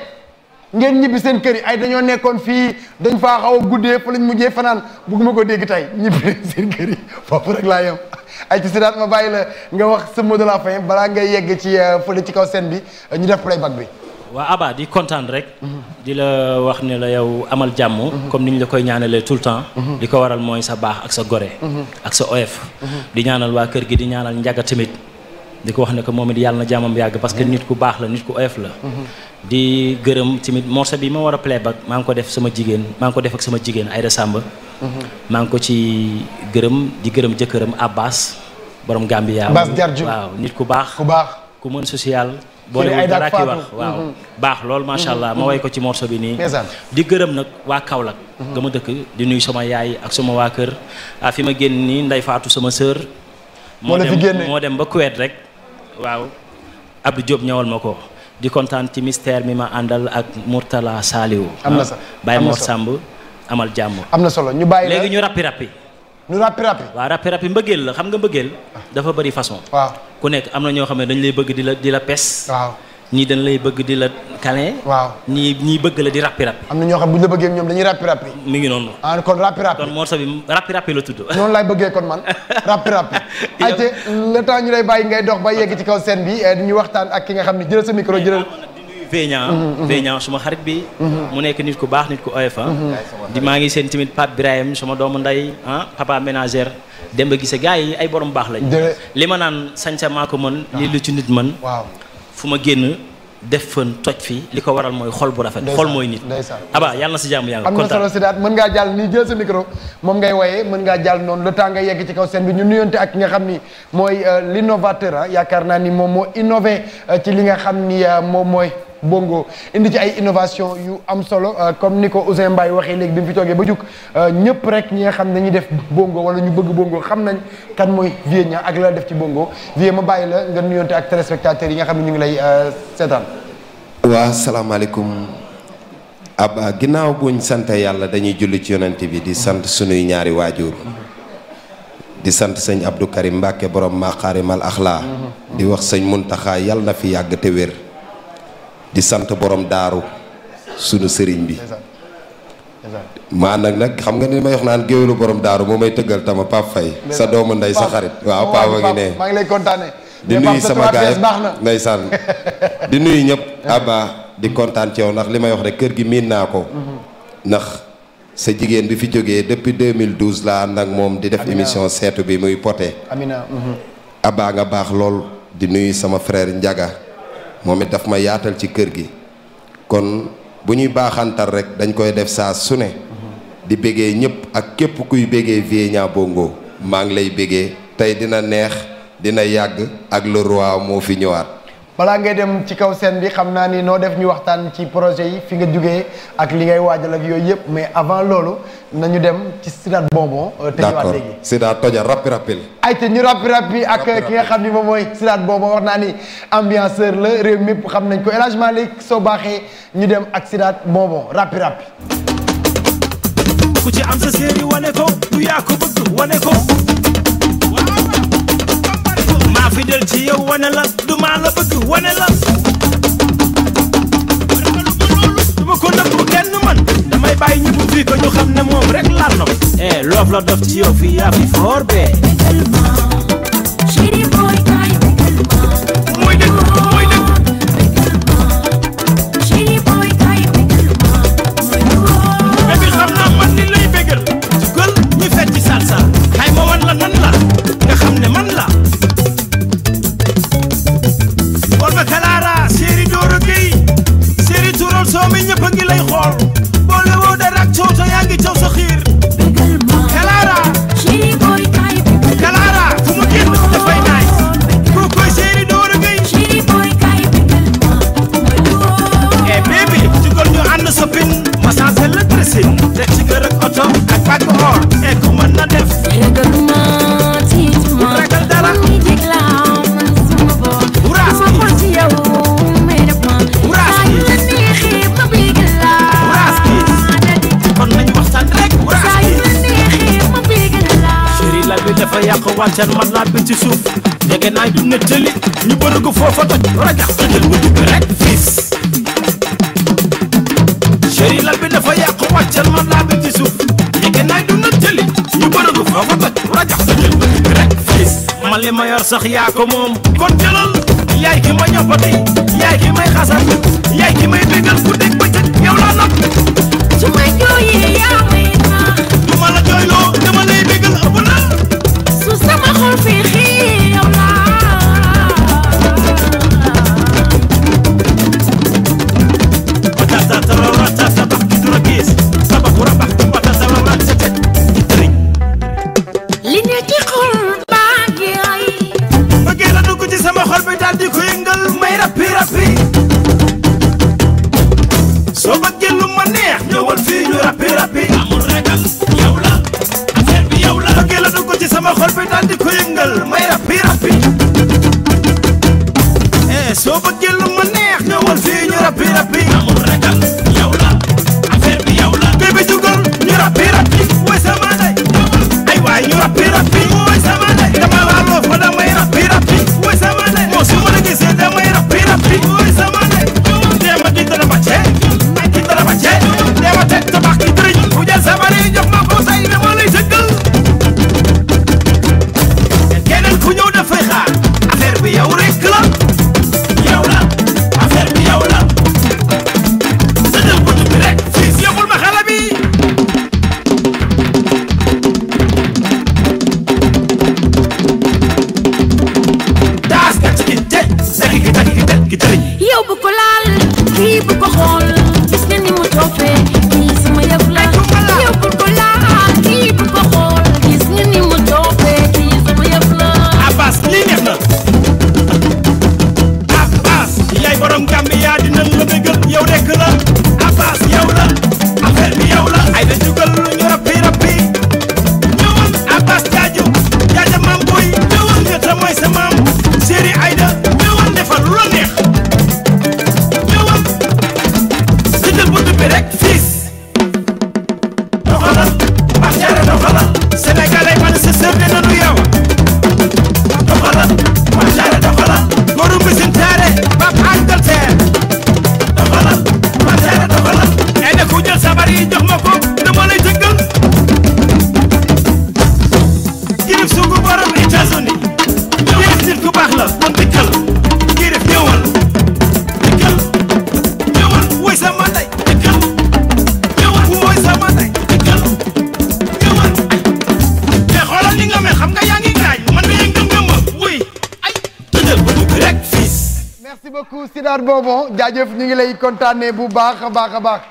ngeen ñibbi seen kër yi ay dañoo nekkoon fii dañ faa xaw a guddee fa lañ mujjee fanaan bugguma ko dégg tey <laughs> ñibbi seen kër yi foofu rek laa yem <laughs> ay ci sidaat ma bàyyi la nga wax sa mot de la balaa ngay yegg ci euh, fële ci kaw seen bi euh, ñu def bag bi waa Aba di kontaan rek. di la wax ne la yow amal jàmm. comme ni ñu la koy ñaanalee tout le temps. li ko waral mooy sa baax ak sa gore. ak sa oyof. di ñaanal waa kër gi di ñaanal njaga tamit. di ko wax nit ku baax la nit ku oyof la. di gërëm tamit morceau bi ma war a playback maa ngi ko def sama jigéen maa ngi ko def ak sama jigéen Aïda Samba. maa ngi ko ci gërëm di gërëm jëkkëram Abbas borom Gambia. Abbas Jarju waaw nit ku baax ku mën social. boolewul dara ki wax waaw mm-hmm. baax loolu macha mm-hmm. allah ma way ko ci morso bi nii di gërëm nag waa Kaolack nga mm-hmm. ma dëkk di nuyu sama yaay ak sama waa kër ah fi ma génn nii nday faatu sama sœur moo dem moo dem ba Kuwait rek waaw Abdou Diop ñawal ma ko di kontaan ci mystère mi ma àndal ak Mourtala Saliou am na ah, sa Baye Mor Samb amal jàmm am na solo ñu bàyyi léegi ñu rappi rappi ñu ràppi ràppi waaw ràppi mbëggeel la xam nga mbëggeel dafa bëri façon waaw ku nekk am na ñoo xam ne dañu lay bëgg di la di la pes waaw ñii dañ lay bëgg di la câlin waaw ñii ñii bëgg la di ràppi ràppi am na ñoo xam bu ñu la bëggee ñoom dañuy ràppi ràppi mi ngi noonu ah kon ràppi ràppi kon morceau ràppi la tudd noonu laay bëggee kon man <laughs> ràppi ràppi ayte le temps ñu lay bàyyi ngay dox ba yegg ci kaw scène bi eh, ñu waxtaan ak ki nga xam ne jëlal sa micro jëlal Véñan Véñan mm-hmm, mm-hmm. suma xarit bi mm-hmm. mu nekk nit ku baax nit ku oyof di maa ngi seen tamit Pape Birahim suma doomu nday ah papa ménagère a Gise gars yi ay borom baax lañ li ma naan sañsa maa ko mën lii lu ci nit mën fu ma génn def fan toj fi li ko waral mooy xol bu rafet xol mooy nit aba yàlla na si jàmm yàlla am na solo si daat mën ngaa jàll nii jël sa micro moom ngay woyee mën ngaa jàll noonu le temps nga yegg ci kaw seen bi ñu nuyonte ak nga xam ni mooy euh, l'innovateur a ah. yaakaar naa ni moom moo innové euh, ci bongo indi ci ay innovation yu am solo euh, comme ni ko Ousseyn Mbaye waxee léegi bi mu fi toogee ba jug euh, ñëpp rek ñi nga xam ne ñu def bongo wala ñu bëgg bongo xam nañ kan mooy Vieux Niang ak la def ci bongo Vieux ma bàyyi la nga nuyoonte ak téléspectateurs yi nga xam ne ñu ngi lay euh, seetaan. waa salaamaaleykum Abba ginnaaw buñ sant yàlla dañuy julli ci yonent bi di sant suñuy ñaari waajur. di sant sëñ Abdou Karim Mbacke borom Makarimal Akhla. Mm-hmm. di wax sëñ Muntaxa yàlla na fi yàgg te wér. di sant borom daaru sunu sëriñ bi maa nag nag xam nga ni may wax naan géwélu borom daaru moo may tëggal tama Pape Faye sa doomu ndey sa xarit waaw Pape a ngi ne maa ngi lay kontaane di nuyu sama gaay ndeysaan <laughs> di nuyu ñëpp abba di kontaan ci ndax li may wax rek kër gi miin naa ko mhm. ndax sa jigéen bi fi jógee depuis 2012 la ànd ak moom di def émission seetu bi muy poté Amina mhm. abba nga baax lool di nuyu sama frère Ndiaga moom it daf ma yaatal ci kër gi kon bu ñuy baaxantal rek dañ koy def saa su ne di bégee ñëpp ak képp kuy bégee Vieux Bongo maa ngi lay bégee tey dina neex dina yàgg ak le moo fi ñëwaat balaa ngay dem ci kaw scène bi xam naa ni noo def ñu waxtaan ci projet yi fi nga jugee ak li ngay waajal ak yooyu yëpp mais avant loolu na ñu dem ci Stade Bonbon. Euh, te ñëwaat léegi d'accord Stade toja rappi rappel. ay te ñu rappi rappi ak ki nga xam ni moom mooy Stade Bonbon wax naa ni ambianceur la réew mi yëpp xam nañ ko El Hadj Malick soo baaxee ñu dem ak Stade Bonbon rappi rappi. ku ci am sa série wane ko yaa ko bëgg wane naa fidèle ci yow wane la du maa la bëgg wane la duma ko nëbb kenn man damay bàyyi ñëpp fii ko ñu xam ne moom rek laa nopp eh, loof la dof ci yow fii yaa fi foor bee wàccal man laa bi ci suuf jege naay du nettali ñu bërëgu foofa toj rajax tëjal wu dugg rek fiis chéri lal bi dafa yàqu wàccal man laa bi ci suuf jege naay du nettali ñu bërëgu foofa toj rajax tëjal wu dugg rek fiis man li ma yor sax yaa ko moom kon jëlal yaay ki ma ñoppati yaay ki may xasal yaay ki may bégal guddeeg bëccëg yow laa nopp su ma jooyee yaa kontaanee bu baax a baax a baax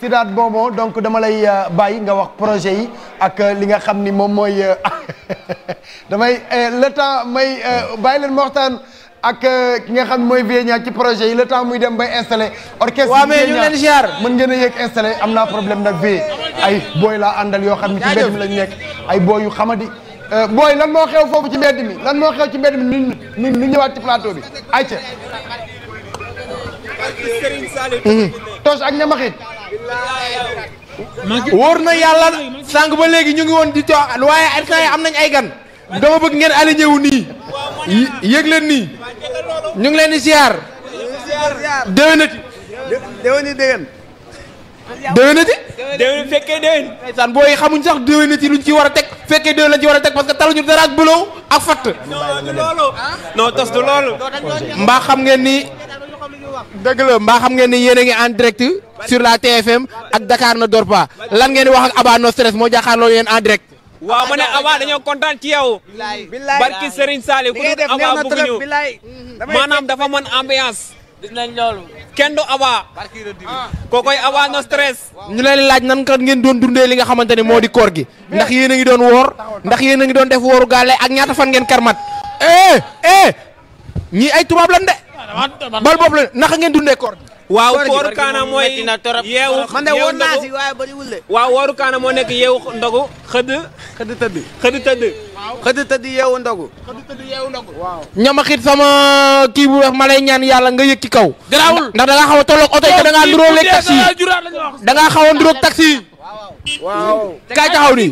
Sidaat Bobo donc dama lay euh, bàyyi nga wax projet yi ak euh, li nga xam ni moom mooy euh, <laughs> damay le temps may bàyyi leen moo waxtaan ak ki nga xam ne mooy Vienya ci projet yi le temps muy dem bay installé. orchestre waaw mais ñu leen ziar mën ngeen a yéeg installé naa problème nag fii ay booy laa àndal yoo xam ne ci mbedd mi lañ nekk ay booy yu xamadi. booy lan moo xew foofu ci mbedd mi lan moo xew ci mbedd mi nu ñu nu ñëwaat ci plateau bi ayca. Mhm. toos ak ñamaxit wóor na yàlla sànq ba léegi ñu ngi woon di toog waaye instant yi am nañ ay gan dama bëgg ngeen aligné wu nii yëg leen nii ñu ngi leen di ziar déwénati déwénati déwén déwénati déwén fekkee déwén ndeysaan booy xamuñ sax déwénati luñ ci war a teg fekkee déwén lañ ci war a teg parce que taluñu dara ak bëloo ak fatt non tos du loolu mbaa xam ngeen ni dëgg la mbaa xam ngeen ni yéen a ngi en direct sur la TFM ak Dakar ne dort pas lan ngeen di wax ak Aba No Stress moo en direct. waaw ma ne Aba dañoo kontaan ci yow. barki Serigne Saliou ku dul Aba bëgguñu dafa mën ambiance. kenn du Aba. Ah. kookoy Aba No Stress. ñu leen laaj nan kat ngeen doon dundee li nga xamante ne moo di koor gi ndax yéen a ngi doon woor ndax yéen a ngi doon def wooru gaale ak ñaata fan ngeen karmat eh eh ñii ay tubaab lan de. bal bopp la naka ngeen dundee koor gi waaw kooru kaana mooy yeewu man de woon naa si moo nekk yeewu ndogu xëdd xëdd tëdd xëdd tëdd xëdd tëdd yeewu ndogu xëdd tëdd yeewu ndogu waaw ñama xit sama kii bu ma lay ñaan yàlla nga yëg ci kaw ndax da ngaa xaw a tolloog oto yi da ngaa nduróog taxi da a waaw kaay taxaw nii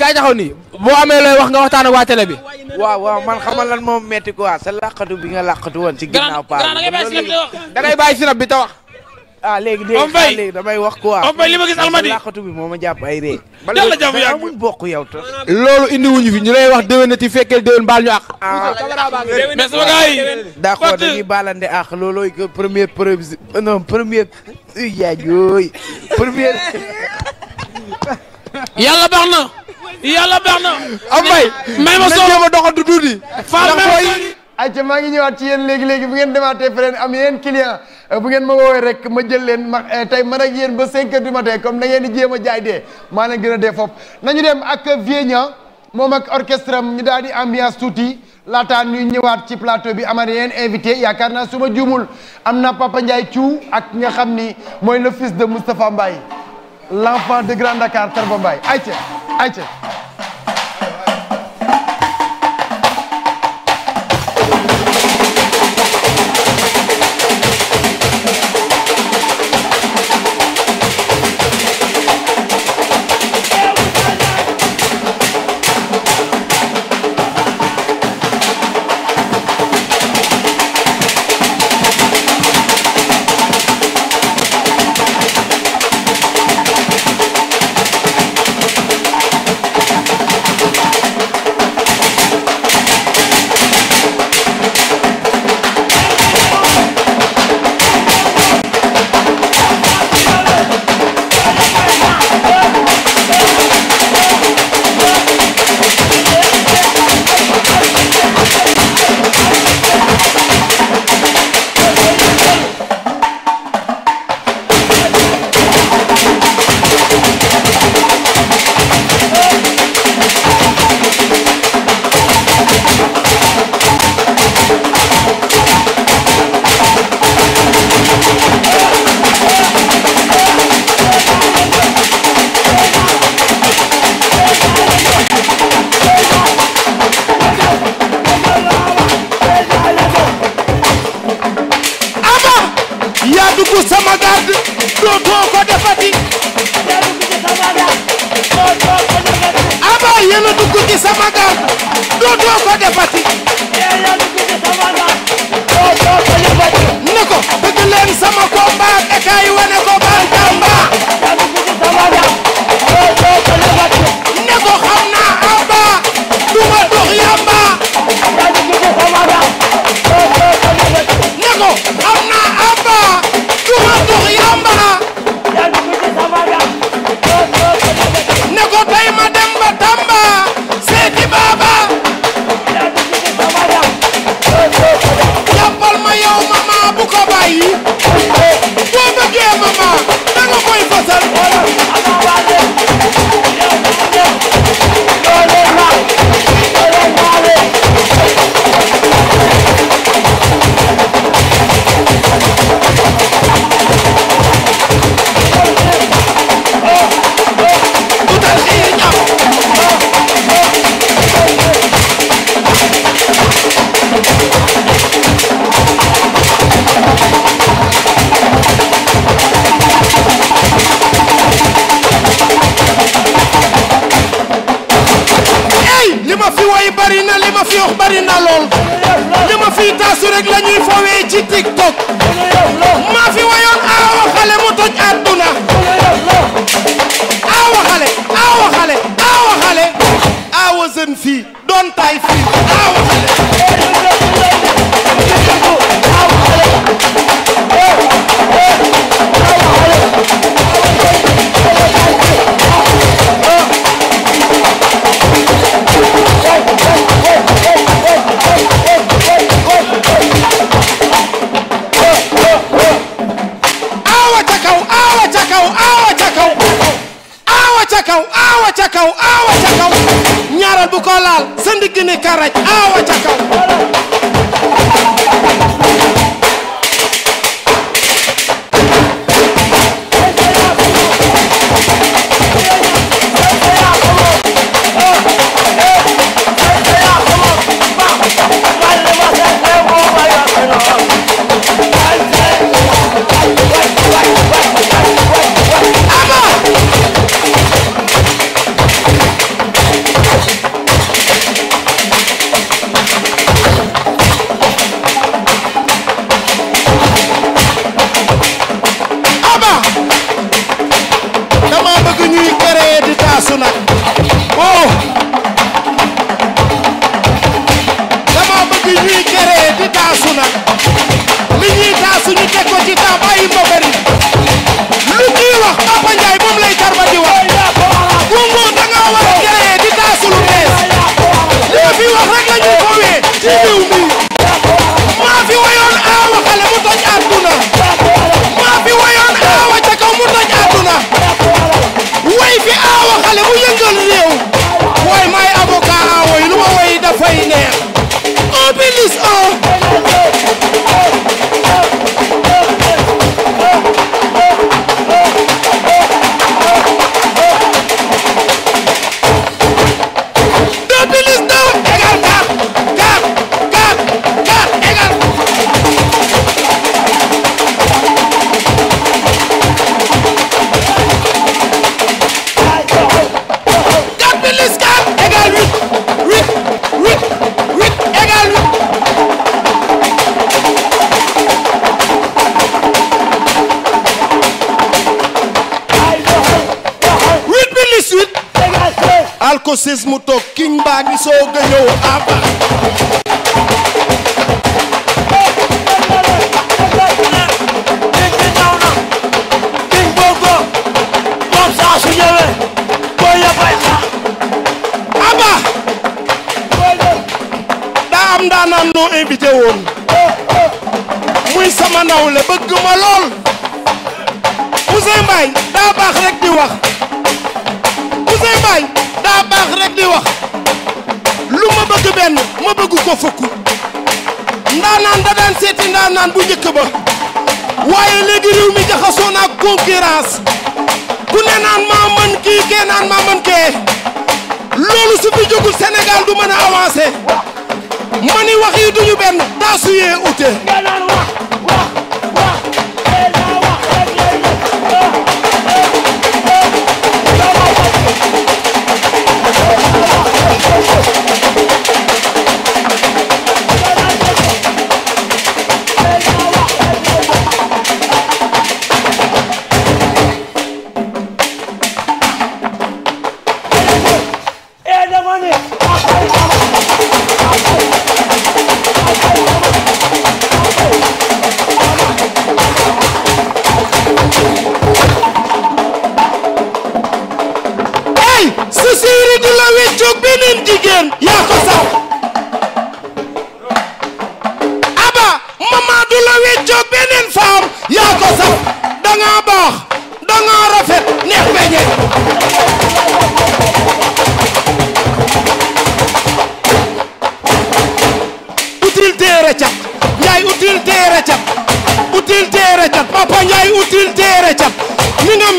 kaay taxaw nii boo amee looy wax nga waxtaan ak waa télé bi. waaw waaw man xamal lan moom metti quoi sa làqatu bi nga làqatu wan ci ginnaaw paa da ngay bàyyi sinap bi ta wax. ah léegi léegi ah, damay wax quoi. on li ma gis almadi làqatu bi moo ma jàpp ay ree. yàlla jàmm yaa ngi yow te. loolu indi wuñu fi ñu lay wax déwénati fekkeel déwén baal ñu àq. ah mais sama gars yi. d'accord dañuy baalante àq loolooy que première preuve non <laughs> yaay yooyu première. <laughs> yàlla baax na yàlla baax na. am may may ma solo ma doxantu tuuti. faal may ayca maa ngi ñëwaat ci yéen léegi léegi bu ngeen demaatee feneen am yeneen client euh, bu ngeen ma woowee rek ma jël leen ma euh, tey man ak yéen ba 5 heures du matin comme na ngeen di jéem a jaay dee maa leen gën a dee foofu nañu dem ak Vienya moom ak orchestre am ñu daal di ambiance tuuti laataa ñuy ñëwaat ci plateau bi amal yeneen invité yaakaar naa su ma juumul am na Papa Ndiaye ak nga xam ni mooy le fils de Moustapha Mbaye l'enfant de Grand Dakar Tarba Mbaye ayca ayca bu ko laal sa ndigg ni karaj aawa ca ko sës mu toog king baa ngi soog a ñëw aba ndaanaan noo invité woon muy sama nawle bëgg ma lool Ouzin Mbaye daa baax rek di wax Ouzin Mbaye daa baax rek di wax lu ma bëgg benn ndaanaan da seeti ndaanaan bu njëkk waaye léegi réew mi jaxasoo na ak maa mën maa mën loolu su fi jógul Sénégal du mën a yi duñu benn daa ute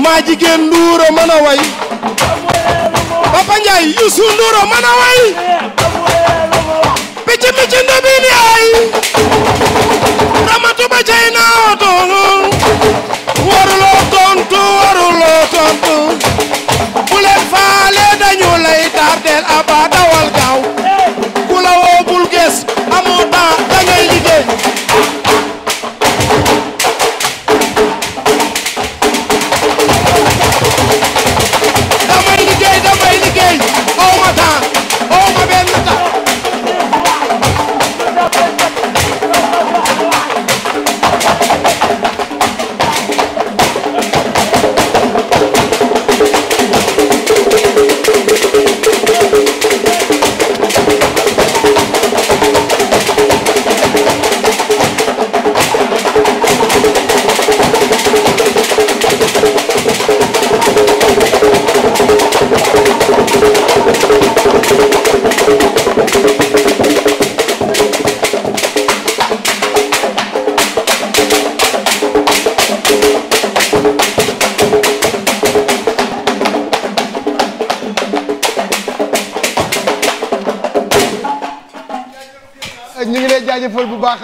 maa jigéen nduuro a way Papa Ndiaye Youssou nduuro a way picc picc yaay ramatu ba cay naa waruloo tontu waruloo tontu bu leen faale dañu dawal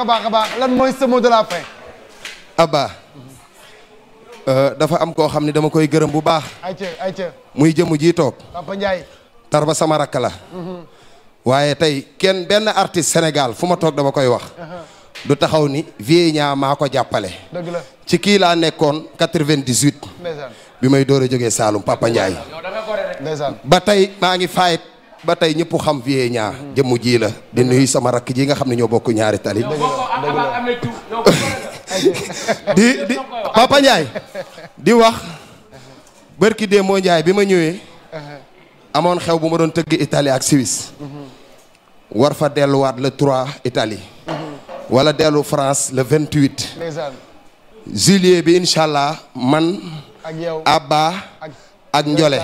baax a a mooy sa mot de la fin. Abba. Euh, dafa am koo xam ne dama koy gërëm bu baax. ayca ayca. muy jëmu ji toog. Papa Ndiaye. Tarba sama rakk la. Mm-hmm. waaye tey kenn benn artiste Sénégal fu ma toog dama koy wax. Uh-huh. du taxaw ni Vieux maa ko jàppale. dëgg la ci kii laa nekkoon 98. bi may door a jógee Saalum Papa Ndiaye. ba tey maa ngi fayit ba tey ñëpp xam vie ñaa jëmm ji la di mm-hmm. nuyu sama rakk ji nga xam ne ñoo bokk ñaari tali <laughs> di di Papa Ndiaye di wax uh-huh. bërki dee moo Ndiaye bi ma ñëwee uh-huh. amoon xew bu ma doon tëgg itali ak Suisse mm-hmm. war fa delluwaat le 3 Italie mm-hmm. wala dellu France le vingt 28 juillet bi incha allah man Abba ak njole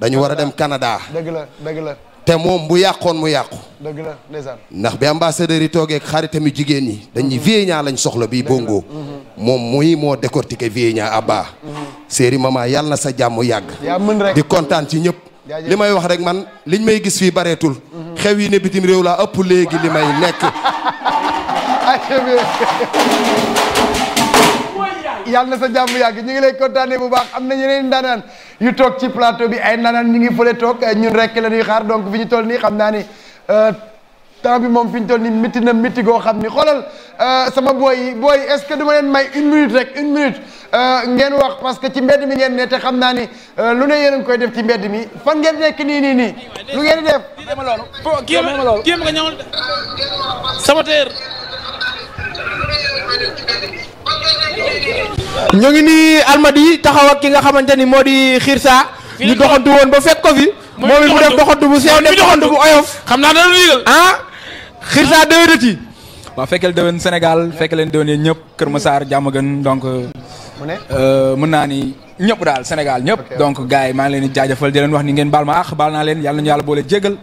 dañu war a dem Canada dëgg la dëgg la te moom bu yàqoon mu yàqu dëgg la ndeysaan ndax bi ambassadeur yi toogee xaritam yu jigéen ñi dañuy mhm. Vieyña lañ soxla bii bongo mhm. moom muy moo décortiqué Vieyña Abba mhm. séeri mama yàlla sa jàmm yàgg di kontaan ci ñëpp li may wax rek man liñ may gis fii bareetul xew yi ne bitim réew laa ëpp léegi li may nekk <laughs> yàlla na sa jàmm yàgg ñu ngi lay kontaane bu baax am na ñeneen ndaanaan yu toog ci plateau bi ay ndaanaan ñu ngi fële toog ñun rek la ñuy xaar donc fi ñu toll nii xam naa ni euh, temps bi moom fi ñu toll nii métti na métti goo xam ni xoolal euh, sama booy yi booy est ce que du ma leen may une minute rek une minute euh, ngeen wax parce que ci mbedd mi ngeen ne te xam naa lu ne yéen a koy def ci mbedd mi fan ngeen nekk nii nii nii lu ngeen di def. kii ma loolu kii ma nga ñëwal sama teer. ñoo ngi nii almadi taxaw ak ki nga xamante ni moo di Xirsa. ñu doxantu woon ba fekk ko fi. moom it mu def doxantu bu sew def doxantu bu oyof. xam naa dana yëgal ah. Xirsa déwénati. waaw fekkeel déwén Sénégal fekkeel leen déwén ñëpp Kër Massar jàmm gën donc. Euh, mu ne euh, mën naa ni ñëpp daal Sénégal ñëpp. donc gars yi maa ngi leen di jaajëfal di leen wax ni ngeen baal ma àq baal naa leen yàlla nañu yàlla boole jégal.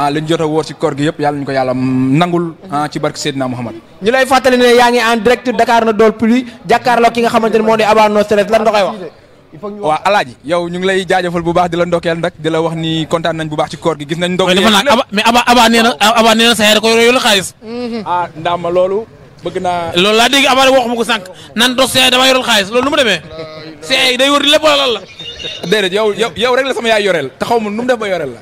ah li ñu a ci koor gi yëpp yàlla nañu ko yàlla nangul ah, ci barke Seydina Muhammad. ñu lay fàttali ne yaa ngi en direct Dakar na dool plus jàkkaarloo ki nga xamante ne moo di Aba No Stress lan nga koy wax. ñu lay jaajëfal bu baax di la ndokkeel nag wax ni kontaan nañ bu ci koor gi gis nañ. ndokkeel mais aba aba nee na koy royal xaalis. Ah, bëgg naa loolu laa dégg abal waxuma ko sànq nan dos yaay dama yorel xaalis loolu nu mu demee si day wër di lépp la déedéet yow yow rek la sama yaay yoreel te xaw ma nu mu def ba yoreel la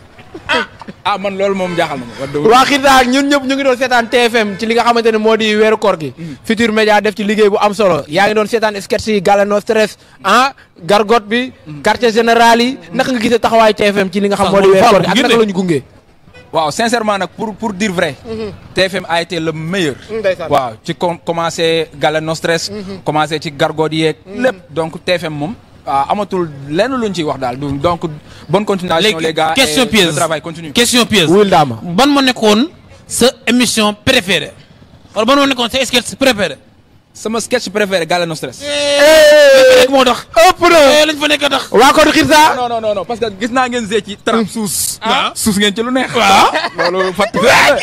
ah, ah man loolu moom jaaxal na ma waa xitaa ñun ñëpp ñu ngi doon seetaan TFM ci li nga xamante ne moo di weeru koor gi mm. Futurs Médias def ci liggéey bu am solo yaa ngi doon seetaan sketch yi stress ah gargote bi mm. quartier général yi mm. naka nga gisee taxawaay TFM ci li nga xam moo di waaw sincèrement nag pour pour dire vrai. TFM mhm. a été le meilleur. Mm, waaw ci com commencé Gala Stress. Mhm. commencé ci gargode yeeg. Mhm. lépp donc TFM moom. Ah, amatul lenn luñ ciy wax daal donc bonne continuation. les gars question piège le travail continue. question piège wul daama ban ma nekkoon sa émission préférée wala ban ma nekkoon sa sketch sama sketch préféré gala no stress. rek eh! eh! moo tax. ëpp na eh, lañ fa nekk tax. waa kon xir saa. non non non parce que gis naa ngeen zee hmm. suus. Ah. ah suus ngeen ci lu neex. waaw ah. loolu fàttali. <laughs>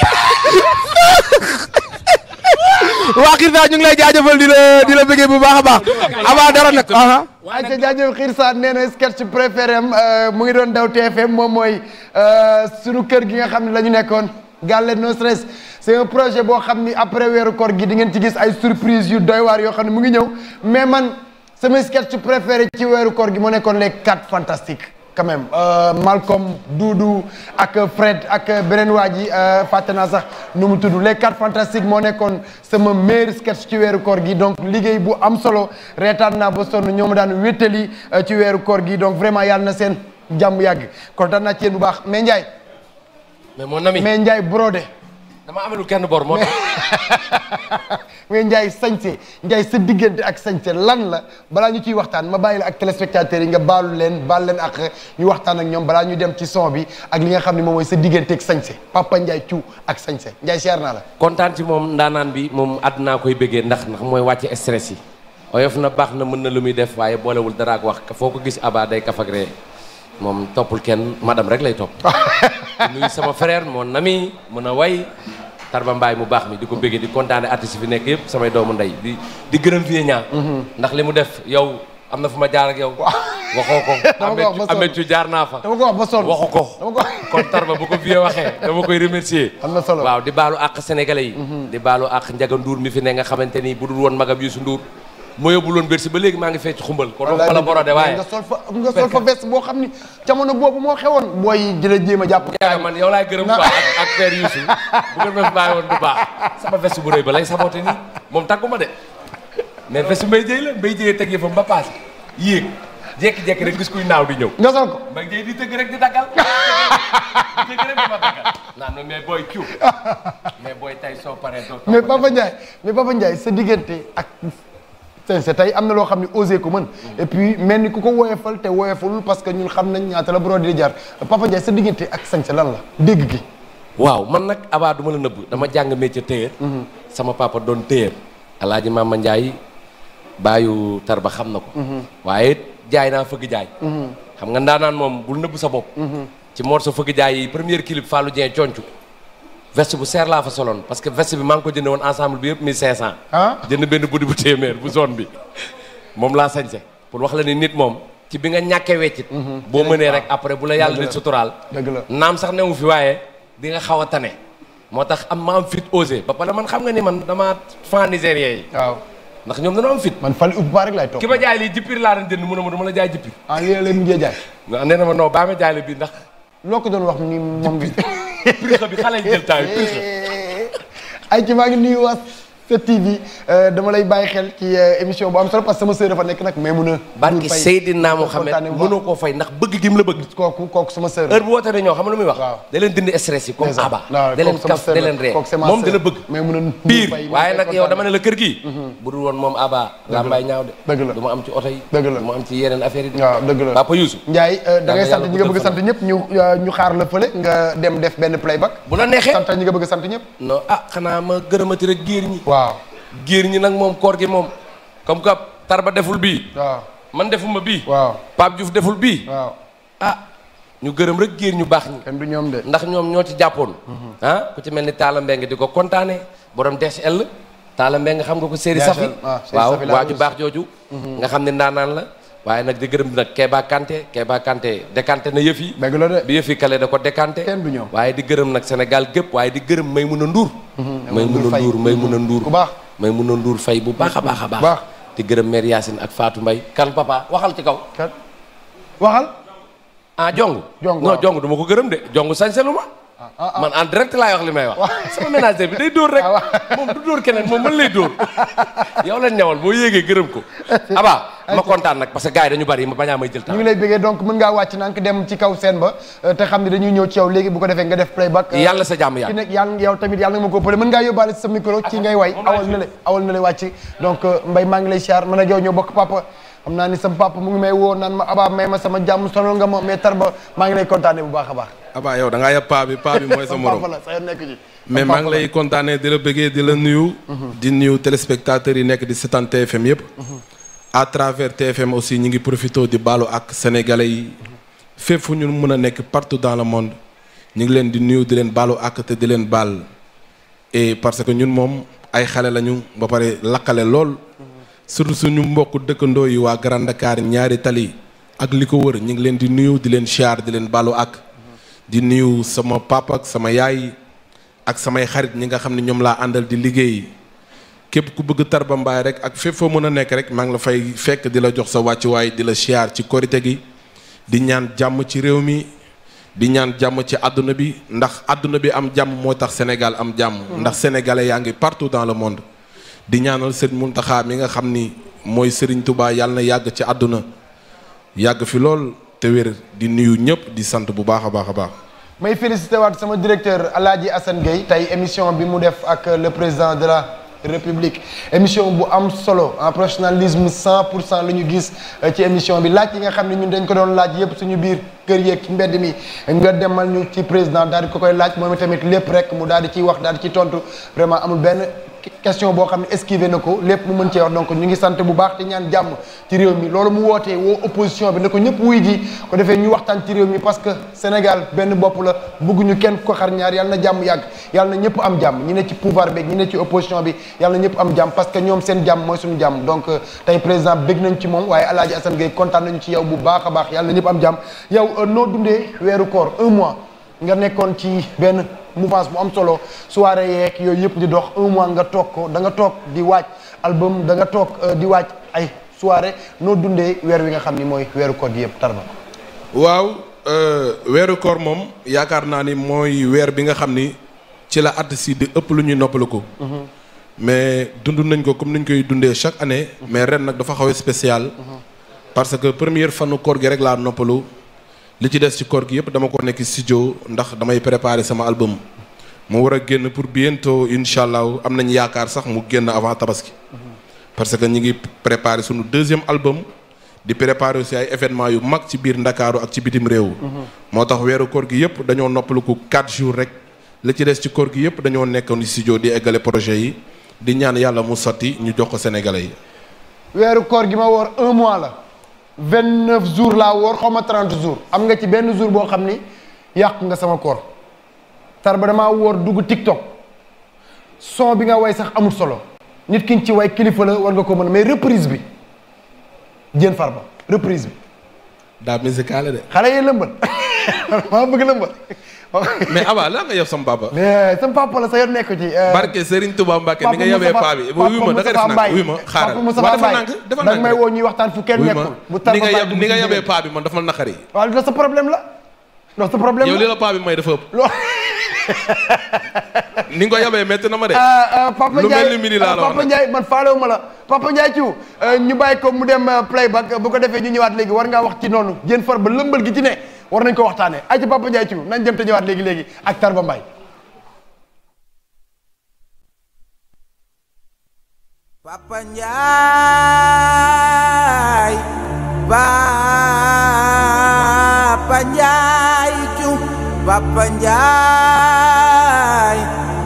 Xirsa ñu ngi lay jaajëfal di la di la baax a baax avant dara nag aha waaye ca jaajëf Xirsa nee sketch préféré euh, mu ngi doon daw TFM moom mooy euh, sunu kër gi nga xam ne la ñu nekkoon gàlle no stress c'est un projet boo xam ni après weeru koor gi di ngeen ci gis ay surprise yu doy waar yoo xam ne mu ngi ñëw mais man sama sketch préféré ci weeru koor gi moo nekkoon les quatre fantastiques quand même euh, Malcolm Doudou ak Fred ak beneen waa ji euh, fàtte naa sax nu mu tudd les quatre fantastiques moo nekkoon sama meilleur sketch ci weeru koor gi donc liggéey bu am solo reetaan naa ba sonn ñoo ma daan wéttali euh, ci weeru koor gi donc vraiment yàlla na seen jàmm yàgg kontaan naa ci yéen bu baax mais Ndiaye. mais mon ami mais Ndiaye brodé. dama amelul kenn bor moo tax <laughs> mais Ndiaye sañse Ndiaye sa diggante ak sañse lan la balaa ñu ciy waxtaan ma bàyyi la ak téléspectateurs yi nga baalu leen baal leen ak ñu waxtaan ak ñoom balaa ñu dem ci son bi ak li nga xam ne moom mooy sa diggante ak sañse papa Ndiaye Thiou ak sañse Ndiaye siyaar naa la kontaan ci moom naan bi moom àddinaa koy bëggee ndax ndax mooy wàcce stress yi oyof na baax na mën na lu muy def waaye boolewul dara ak wax foo ko gis abaa day kaf moom toppul kenn madame rek lay topp <laughs> nuyu sama frère mon ami mën a way Tarba Mbaay mu baax mi di ko bëggee di kontaane artiste fi nekk yëpp samay doomu ndey di di gërëm vie ñaa mhm. ndax li mu def yow am na fu ma jaar ak yow waxoo ko <laughs> amet yu jaar naa fa dama ko wax ba sol waxu ko kon Tarba bu ko vie waxee dama koy remercier na solo waaw di baalu àq sénégalais yi mhm. di baalu àq Njaga Nduur mi fi ne nga xamante ni bu dul woon magam su Nduur moo yóbbu loon Bercy ba léegi maa ngi fecc xumbal kon doo boo xam ni jamono boobu moo xewoon booy di la a jàpp man yow laay gërëm quoi ak père Youssou bu ngeen ma bàyyi woon du baax sama moom tàggu de mais veste mbay jëy la mbay jëyee teg yëfam ba paas yéeg jékki-jékki rek gis kuy naaw di ñëw nga soon ko mbay jëy di tëgg rek di daggal di tëgg rek di ma daggal naan non mais mais booy tay <laughs> soo paree mais Papa Ndiaye mais Papa Ndiaye sa diggante ak c'est tey am na loo xam ne ose ko mën et mel ni ku ko woyefal te woyefalul parce que ñun xam nañ ñaata la brodi di jaar Papa Ndiaye sa diggante ak sañse lan la dégg gi waaw man nag abaa du ma la nëbb dama jàng ca téyër mhm. sama papa doon téyër alaaji Mama Ndiaye baayu tarba xam na ko mhm. waaye jaay naa fëgg jaay mhm. xam nga ndaanaan moom bul nëbb sa bopp ci moo sa fëgg jaay yi première clip Fallou Dieng concu veste bu seer laa fa soloon parce que veste bi maa ngi ko jënd woon ensemble bi yëpp 1500. ah jënd benn buddi bu téeméer bu zone bi moom laa sañse pour wax la ni nit moom ci bi nga ñàkkee weccit mhm. boo mënee rek après bu la yàlla di suturaal naam sax newu fi waaye di nga xaw a moo tax am ma am fit osé ba pare man xam nga ni man dama fan nigérien yi waaw ndax ñoom dañoo am fit man fal ubba rek lay toog ki ma jaay lii jippir laa doon jënd mu la jaay jippir ah yéen la mujjee jaay nee na ma non baa ma jaay la prix bi xale jël temps yi prix ay ci maa ngi nuyu waat. TV euh, dama lay bàyyi xel ci euh, émission bu am solo parce que sama sœur dafa nekk nag mais mun a. barki Seydina Mohamed mënoo koo fay ndax bëgg gi la bëgg. kooku kooku sama sœur heure bu wax. waaw da leen dindi a ne la kër gi. Mm-hmm. bu dul woon moom Aba. laa mbay ñaaw de. dëgg la du ma am ci oto yi. dëgg la du ma am ci yeneen affaire yi. waaw dëgg la Papa Youssou. Ndiaye euh, da sant ñi nga bëgg sant ñëpp ñu xaar la fële nga dem def benn playback bu la neexee sant ñi nga bëgg sant waaw giir ñi nag moom koor gi moom comme que ba deful bii waaw man defuma bii waaw Pape Diouf deful bii waaw ah ñu gërëm rek giir ñu baax ñi kenn du ndax ñoom ñoo ci jàppoon mhm. ah ku ci mel ni Talla Mbengue di ko kontaane boroom borom DSL Talla Mbengue xam nga ko séeri safi ah, waaw waa ju baax jooju mhm. nga xam ne ndaanaan la waaye nag di gërëm nag Keba Kanté Keba Kanté décanté na yëf yi. dëgg la de bi yëf yi ko décanté. kenn waaye di gërëm nag Sénégal gépp waaye di gërëm Maymuna Ndour. Mhm. may Ndour Maymuna mhm. nduur bu baax Maymuna nduur fay bu baax a baax a baax. di gërëm mère Yacine ak faatu Mbaye kan papa waxal ci kaw. waxal. ah jong jong non du ma ko gërëm de jong sañseluma Ah, ah. man en direct laay wax li may wax. sama ménager bi day dóor rek. Ah, moom du dóor keneen moom mën lay dóor. <laughs> yow lañ ñawal boo yéegee gërëm ko. aba ma kontaan nag parce que gars dañu bari ma bañaa may jël temps. donc mën ngaa wàcc nank dem ci kaw seen ba euh, te xam ne dañuy ñëw ci yow léegi bu ko defee nga def playback. Euh, yàlla sa jàmm yàlla ki nekk yàlla yow tamit yàlla nga ma ko pële mën ngaa yóbbaale sa micro ci ngay way awal na la awal na la wàcc donc euh, Mbaye maa ngi lay siyaar mën a jow ñoo bokk papa xam naa ni sama papa mu ngi may woo naan ma abaa may ma sama jàmm sonal nga ma mais Tarba maa ngi lay kontaane bu baax a baax abaa yow da ngaa yab paa bi paa mooy sa morom la sa yoon nekk ci mais maa ngi lay kontaane di la bëggee di la nuyu mhm. di nuyu téléspectateurs yi nekk di seetaan TFM yëpp mhm. à travers TFM aussi ñi ngi profité di baalu ak sénégalais yi mhm. fépp fu ñu mun a nekk partout dans le monde ñu ngi leen di nuyu di leen baalu ak te di leen baal et parce que ñun moom ay xale lañu ba pare lakkale lool surtout suñu mbokku dëkkandoo yi waa Grand Dakar ñaari tali ak li ko wër ñu ngi leen di nuyu di leen siyaar di leen baalu ak di nuyu sama papa ak sama yaay ak samay xarit ñi nga xam ne ñoom laa àndal di liggéey képp ku bëgg Tarba Mbaye rek ak fépp foo mën a nekk rek maa ngi la fay fekk di la jox sa wàcc wàccuwaay di la siyaar ci korite gi di ñaan jàmm ci réew mi di ñaan jàmm ci àdduna bi ndax àdduna bi am jàmm moo tax Sénégal am jàmm mm. ndax sénégalais yaa ngi dans le monde di ñaanal sëriñ Muntaxa mi nga xam ni mooy sëriñ Touba yàlla na yàgg ci àdduna yàgg fi lool te wér di nuyu ñëpp di sant bu baax a baax a baax. may félicité waat sama directeur El Hadji Assane Gueye tey émission bi mu def ak le président de la. république émission bu am solo en professionnalisme cent pour cent la ñu gis euh, ci émission bi laaj yi nga xam ne ñun dañ ko doon laaj yépp suñu biir kër yeeg ci mbedd mi nga demal ñu ci président dal di ko koy laaj moom tamit lépp rek mu daal di ciy wax daal ciy tontu vraiment amul benn question boo xam ne esquivé na ko lépp mu mën cee wax donc ñu ngi sant bu baax te ñaan jàmm ci réew mi loolu mu wootee woo opposition bi na ko ñëpp wuy ji ko defee ñu waxtaan ci réew mi parce que Sénégal benn bopp la bëgguñu kenn ko xar ñaar yàlla na jàmm yàgg yàlla na ñëpp am jàmm ñi ne ci pouvoir bi ñi ne ci opposition bi yàlla na ñëpp am jàmm parce que ñoom seen jàmm mooy suñu jàmm donc euh, tey président bëgg nañ ci moom waaye Alaaji Assane kontaan nañu ci yow bu baax a baax yàlla na am jàmm yow euh, noo dundee weeru koor un mois nga nekkoon ci benn mouvance bu am solo soirée yeeg yooyu yëpp di dox un mois nga toog ko da nga toog di waaj album da nga toog euh, di waaj ay soirée noo dundee weer wi nga xam ni mooy weeru koor yëpp tarba waaw euh, weeru koor moom yaakaar naa ni mooy weer bi nga xam ni ci la artiste yi di ëpp lu ñuy noppalu ko mhm. mais dund nañ ko comme nuñ koy dundee chaque année mhm. mais ren nag dafa xaw spécial mhm. parce que première fanu koor gi rek laa noppalu li ci des ci cor gi yëpp dama ko nekk studio ndax damay préparer sama album mu war a génn pour bientôt incha allah am nañ yaakaar sax mu génn avant tabaski parce que ñu ngi préparer suñu deuxième album di préparer su ay événements yu mag ci biir ndakaaru ak ci bitim réew. moo tax weeru koor gi yëpp dañoo noppalu ko 4 jours rek li ci des ci cor gi yëpp dañoo nekkoon studio di eggale projet yi di ñaan yàlla mu sotti ñu jox ko sénégalais yi. weeru koor gi vingt neuf jours laa woor xaw ma trente jours am nga ci benn jour boo xam ni yàq nga sama koor tar ba damaa woor dugg TikTok son bi nga way sax amul solo nit ki ci way kilifa la war nga ko mën mais reprise bi jën Diène Farba reprise bi. daa musicale de. xale yi lëmbal <laughs> maa bëgg lëmbal. <laughs> mais Aba lan nga yab sama papa. mais euh, la sa yoon nekk ci. Euh, barke Serigne Touba Mbacke ni nga yabee paa bi. papa Moussa Ba Mbaye wuyu ma xaaral waaw dafa nànk dafa nànk may woo ñuy waxtaan fu sa problème la. loolu sa problème li la paa bi ëpp. <laughs> ni nga ko yabee métti na ma de. <laughs> Ah, ah, lu mel ni laa ah, la wax Papa Ndiaye man faalewu ma la Papa Ndiaye Thiou euh, ñu bàyyi ko mu dem playback bu ko defee ñu ñëwaat léegi war ngaa wax ci noonu jën far ba lëmbal gi ci war nañ ko waxtaane ay ci Papa Ndiaye Thiou nañ dem ak Tarba Mbaye. Papa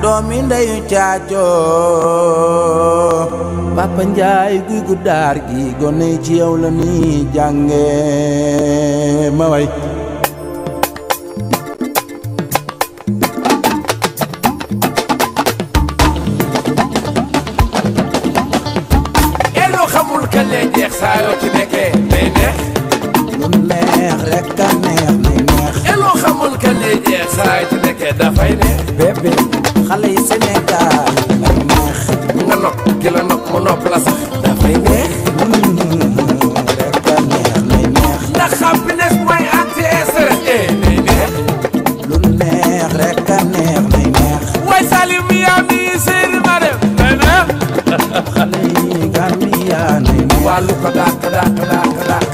doomi ndeyu caacoo Papa Ndiaye guy guddaar gi gone ci yow la ni jànge ma ñuy jeex saa ci nekkee dafay ne. bébé xale yi Sénégal lay neex. nga nopp ki la nopp mu nopp la sax dafay neex. rek a neex lay neex. ndax happiness mooy anti stress eh lay neex. lu neex rek a neex lay neex. waay Salim yaa mi Seydou Marème lay neex. xale yi Gambia lay neex. wàllu ko dàq dàq dàq dàq.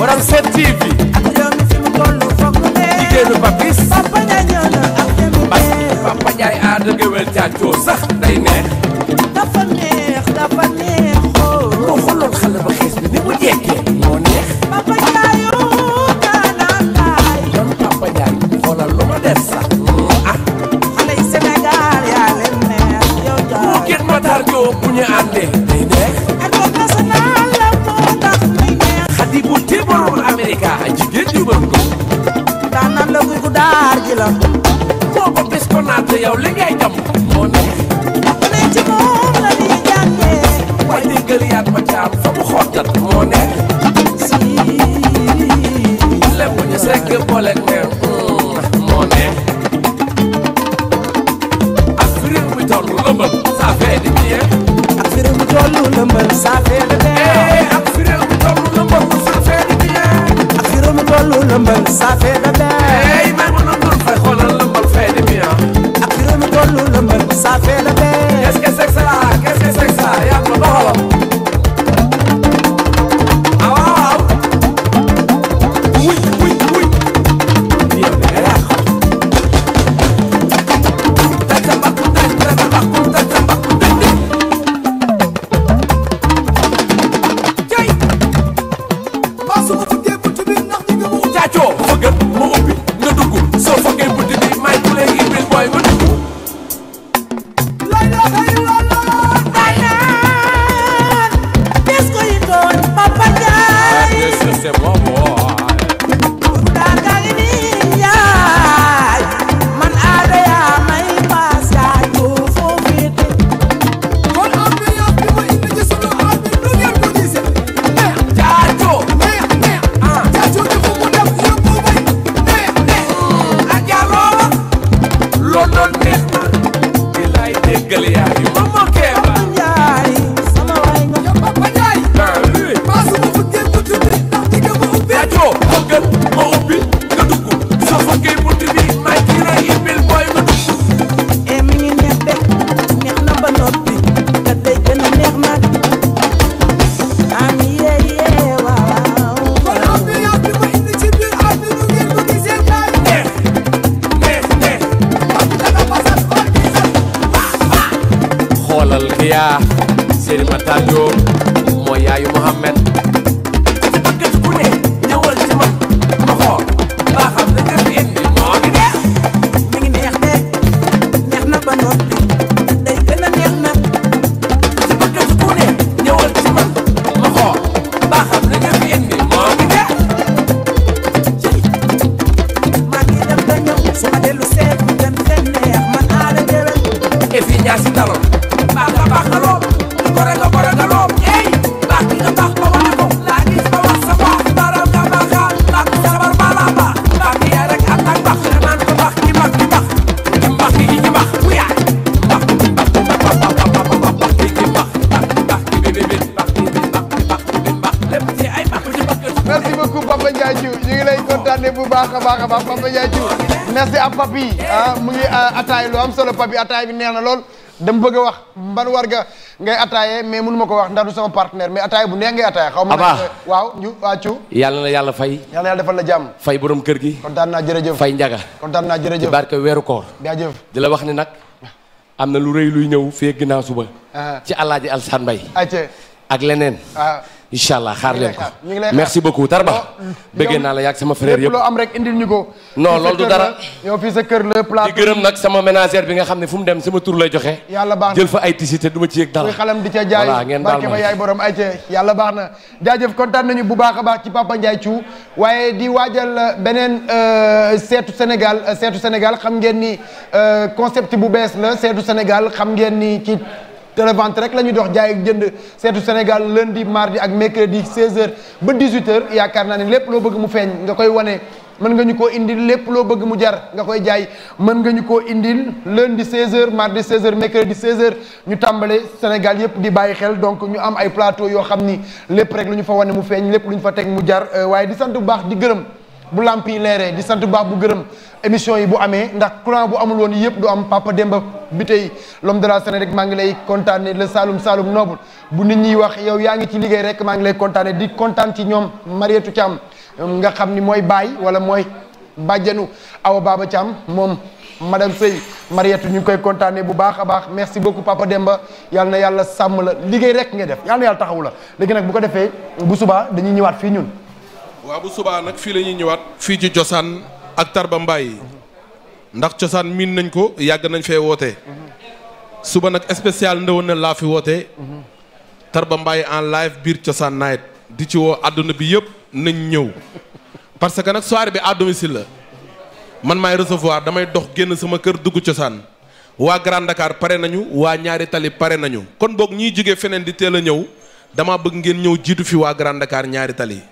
borom 7TV. ak réew mi fi mu toll foog mu dee. jigéenu Papis. Papa Ndiaye ñëw na ak démb bee. Papa Ndiaye aada géwél caacoo sax day neex. la boo ko bis ko naat yow li ngay jam moo neex ne ci moom la ñuy jàngee way di gël yaat ma caam fa mu xottat moo neex si lem bu ñu sekk boole neex mm, moo neex ak fi réew mi tollu lëmbal ça fait du bien ak fi réew mi tollu lëmbal ça fait du bien eh, ak fi réew mi tollu lëmbal ça fait du bien ak fi réew mi tollu lëmbal ça fait du bien ça fait le ataay bi neex na lool dama bëgg a wax ban warga ngay ataayee mais munuma ma ko wax ndax du sama partenaire mais ataay bu neex ngay ataay xaw ma euh, waaw ñu wàccu yàlla na yàlla fay yàlla na yàlla defal la jàmm fay borom kër gi kontaan naa jërëjëf fay njaga kontaan naa jërëjëf barke weeru koor jaajëf la wax ni nag am na lu rëy luy ñëw fee ginnaaw suba ah. ci alaaji alsan mbay ak leneen ah. incha allah xaar leen ko merci beaucoup Tarba. bëggee naa la yàgg sama frère yëpp loo am rek indil ñu ko non loolu du dara yow fii sa kër la plat di gërëm nag sama ménagère bi nga xam ne fu mu dem sama tur lay joxe yàlla baax na jël fa ay tisite du ma ci yëg dara muy xalam di ca jaay voilà ma yaay borom ay ca yàlla baax na jaajëf kontaan nañu bu baax baax ci Papa Ndiaye Thiou waaye di waajal la euh, beneen euh, seetu Sénégal euh, seetu Sénégal xam ngeen ni concept bu bees la seetu Sénégal xam ngeen ni ci télévente rek la ñuy dox jaay ak jënd seetu Sénégal lundi mardi ak mercredi 16h ba 18h yaakaar naa ne lépp loo bëgg mu feeñ nga koy wane mën nga ñu ko indil lépp loo bëgg mu jar nga koy jaay mën nga ñu koo indil lundi 16h mardi 16h mercredi 16 ñu tàmbale Sénégal yëpp di bàyyi xel donc ñu am ay plateau yoo xam ni lépp rek lu ñu fa wane mu feeñ lépp lu ñu fa teg mu jar euh, waaye di sant bu baax di gërëm. bu làmp yi leeree di sant bu baax bu gërëm émission yi bu amee ndax courant bu amul woon yëpp du am Papa Demba bi tey l'homme de la scène rek maa ngi lay kontaane le saalum saalum noble bu nit ñiy wax yow yaa ngi ci liggéey rek maa ngi lay kontaane di kontaan ci ñoom Marietou Thiam nga xam ni mooy baay wala mooy bàjjanu Awa Baba Thiam moom madame Seye Mariette ñu ngi koy kontaanee bu baax a baax merci beaucoup papa Demba yàlla na yàlla sàmm la liggéey rek ngay def yàlla na yàlla taxawu la léegi nag bu ko defee bu subaa dañuy ñëwaat fii ñun. waaw bu subaa nag fii la ñuy ñëwaat. fii ci cosaan ak Tarba Mbaye ndax cosaan miin nañ ko yàgg nañ fee woote. suba nag spécial ndawoon na laa fi woote. Mhm. Tarba Mbaye en live biir cosaan night di ci woo àdduna bi yëpp nañ ñëw parce que nag soirée bi à domicile la man maay resevoir damay dox génn sama kër dugg cosaan waa Grand Dakar pare nañu waa ñaari tali pare nañu kon boog ñuy jógee feneen di teel a ñëw dama bëgg ngeen ñëw jiitu fi waa Grand Dakar ñaari tali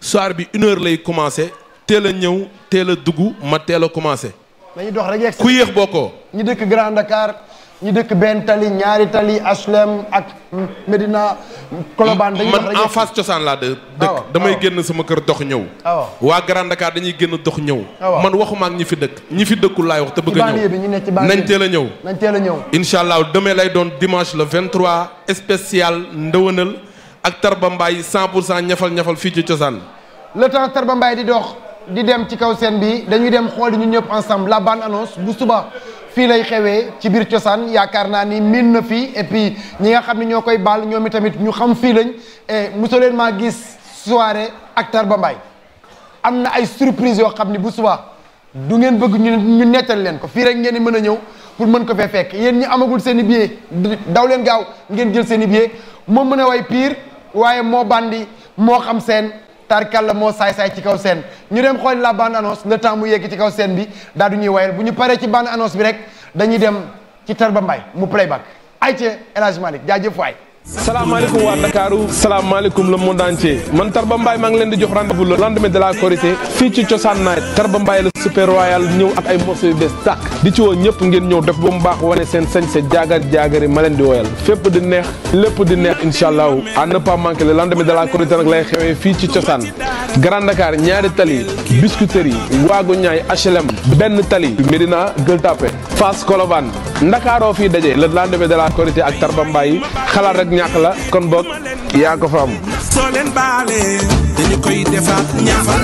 soir bi une lay commencé teel a ñëw teel a dugg ma teel a commencé. dañuy dox rek ku yéex bokkoo. ñi dëkk benn tali ñaari tali HLM ak Medina. Colobane dañuy man en face cosaan laa de. dëkk ah damay ah génn sama kër dox ñëw. Ah waa Grand Dakar dañuy génn dox ñëw. man waxuma ak ñi fi dëkk. ñi fi dëkkul laay wax te bëgg a ñëw nañ teel a ñëw. nañ teel a ñëw. incha allah demain lay doon dimanche le 23 spécial ndëwënal ak Tarba Mbaye 100 pour cent ñafal ñafal fii ci cosaan. la temps Tarba Mbaye di dox di dem ci kaw seen bi dañuy dem xool ñu ñëpp ensemble la bande annonce bu suba. fii lay xewee ci biir cosaan yaakaar naa ni miin na fii et puis ñi nga xam ne ñoo koy baal ñoom itamit ñu xam fii lañ mu mosoo leen maa gis soirée ak ba Mbaye am na ay surprise yoo xam ne bu subaa du ngeen bëgg ñu ñu nettal leen ko fii rek ngeen di mën a ñëw pour mën ko fee fekk yéen ñi amagul seen i billet daw leen gaaw ngeen jël seen i billet moo mën a way piir waaye moo bandi moo xam seen. tarkalla moo saay-saay ci kaw seen ñu dem xool la annonce le temps mu yegg ci kaw seen bi daal du ñuy wayal bu ñu paree ci bande annonce bi rek dañuy dem ci Tarba Mbaye mu playback ayca El Hadj Malick jaajëf ay salaamaaleykum waa Ndakaaru salaamaaleykum la monde entier man Tarba Mbaye maa ngi leen di jox rendez-vous le lendemain de la Korité fii ci Cosaan Night Tarba Mbaye la super royal ñëw ak ay morceaux yu bees tàkk di ci woo ñëpp ngeen ñëw def ba mu baax wane seen sañ sa jaagar jaagari ma leen di woyal fépp di neex lépp di neex incha allahu à ne pas manquer le lendemain de la Korité nag lay xewee fii ci Cosaan Grand Dakar ñaari tali Biscuiterie waagu ñaay HLM benn tali Médina Gueule Tapée Fass Colobane Ndakaaroo fii daje le lendemain de la Korité ak Tarba Mbaye xalaat rek ñàkk la kon boog yaa ko fa am soo leen baale dañu koy defaat ñaafal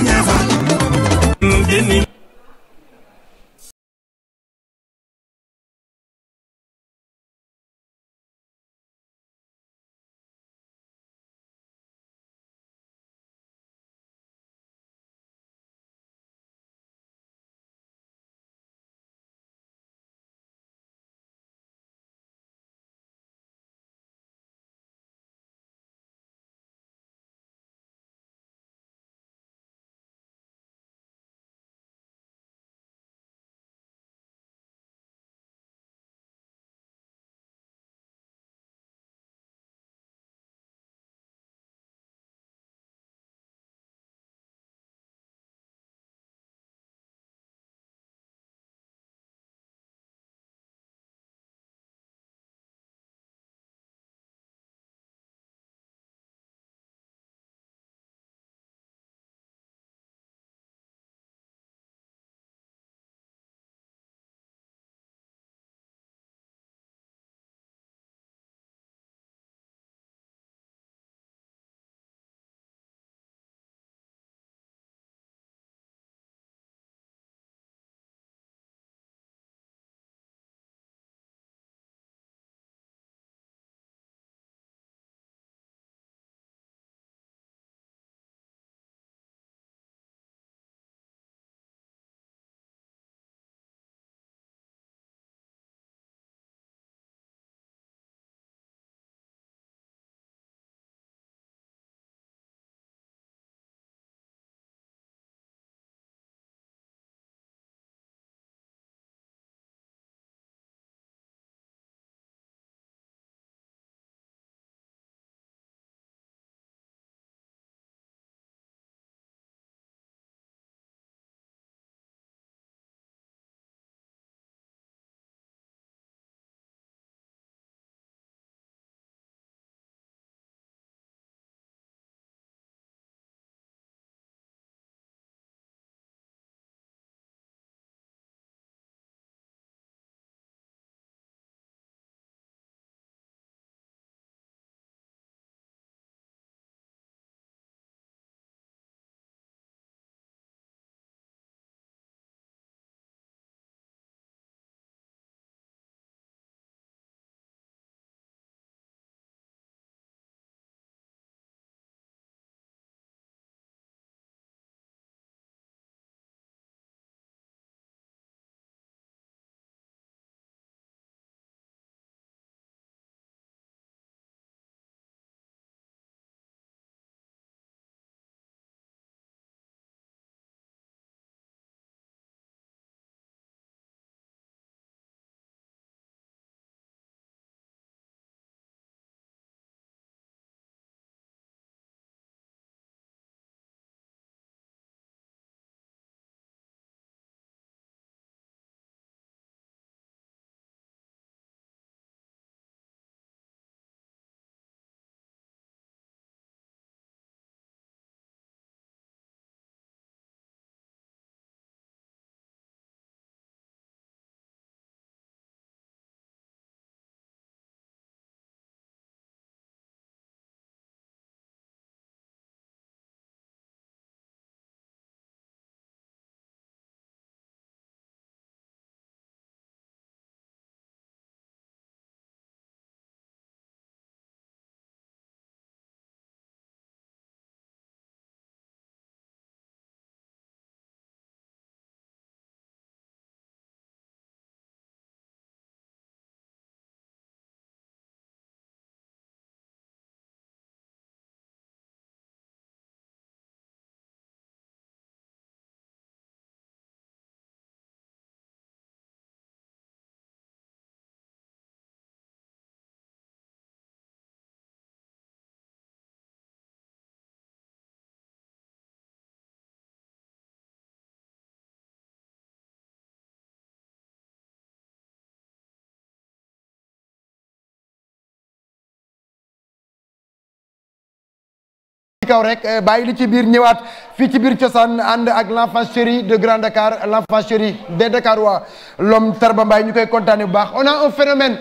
kaw rek eh, bàyyi lu ci biir ñëwaat fii ci biir cosaan ànd ak l'enfant chéri de Grand Dakar l'enfant chéri des Dakarois l'homme Tarba Mbaye ñu koy kontaane bu baax on a un phénomène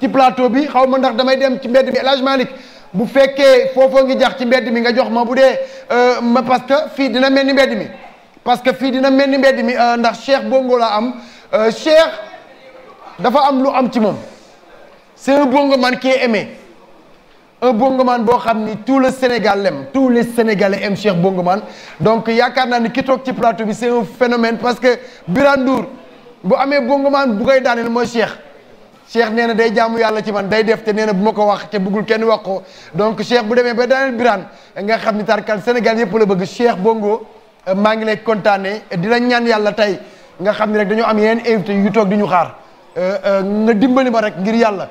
ci plateau bi xaw ma ndax damay dem ci mbedd mi El Hadj Malick bu fekkee foofoo ngi jax ci mbedd mi nga jox ma bu dee euh, ma parce que fii dina mel ni mbedd mi parce que fii dina mel ni mbedd mi euh, ndax Cheikh Bongo laa am euh, Cheikh dafa am lu am ci moom c'est un bongo man qui est un bongoman boo xam ni tout le Sénégal l'aime tous les Sénégalais aiment Cheikh Bongoman donc yaakaar naa ni ki toog ci plateau bi c'est un phénomène parce que Birane Ndour bu amee bongoman bu koy daaneel mooy Cheikh Cheikh nee na day jaamu yàlla ci man day def te nee bu ma ko wax te buggul kenn wax ko donc Cheikh bu demee ba daaneel biraan nga xam ni tarkal Sénégal yëpp la bëgg Cheikh Bongo euh, maa ngi lay kontaanee di la ñaan yàlla tey nga xam ni rek dañoo am yeneen invité yu toog di ñu xaar euh, euh, nga dimbali ma rek ngir yàlla.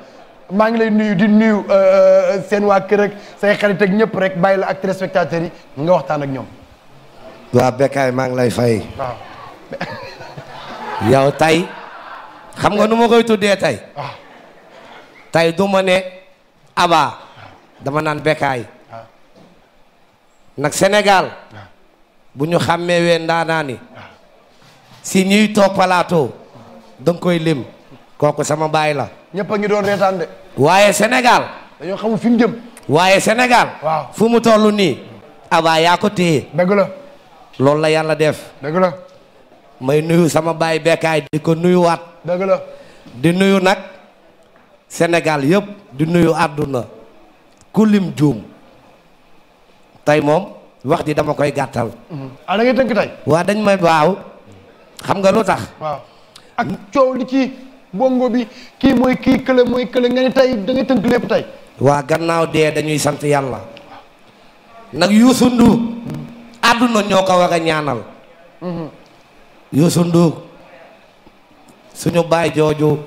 maa ngi lay nuyu di nuyu euh, euh, seen waa kër ak say xarit ak ñëpp rek bàyyi la ak téléspectateurs yi nga waxtaan ak ñoom. waa Bécaye maa ngi lay fay. waaw. yow xam nga nu ma koy tuddee tey. Ah. tey du ma ne Aba dama naan bekkaay ah. nag Sénégal ah. bu ñu xàmmee wee ndaanaa si ñuy toog palaatoo da koy lim. kooku sama baay la. ñëpp a ngi doon reetaan de. waaye Sénégal. dañoo fi mu jëm. waaye Sénégal. waaw fu mu toll nii. abaa yaa ko téye. la. yàlla def. dëgg may nuyu sama baay bekkaay di ko nuyuwaat. dëgg di nuyu nag Sénégal yépp di nuyu àdduna kulim lim juum tey moom wax ji dama koy gàttal. Mm-hmm. ah da ngay tënk waa dañ may waaw xam nga lu tax. ak coow li bongo bi kii mooy kii kële mooy kële nga ne tey da ngay tënk lépp tey. waa gannaaw dee dañuy sant yàlla. nag Youssou Ndour. àdduna ñoo ko war a ñaanal. Youssou Ndour suñu baay jooju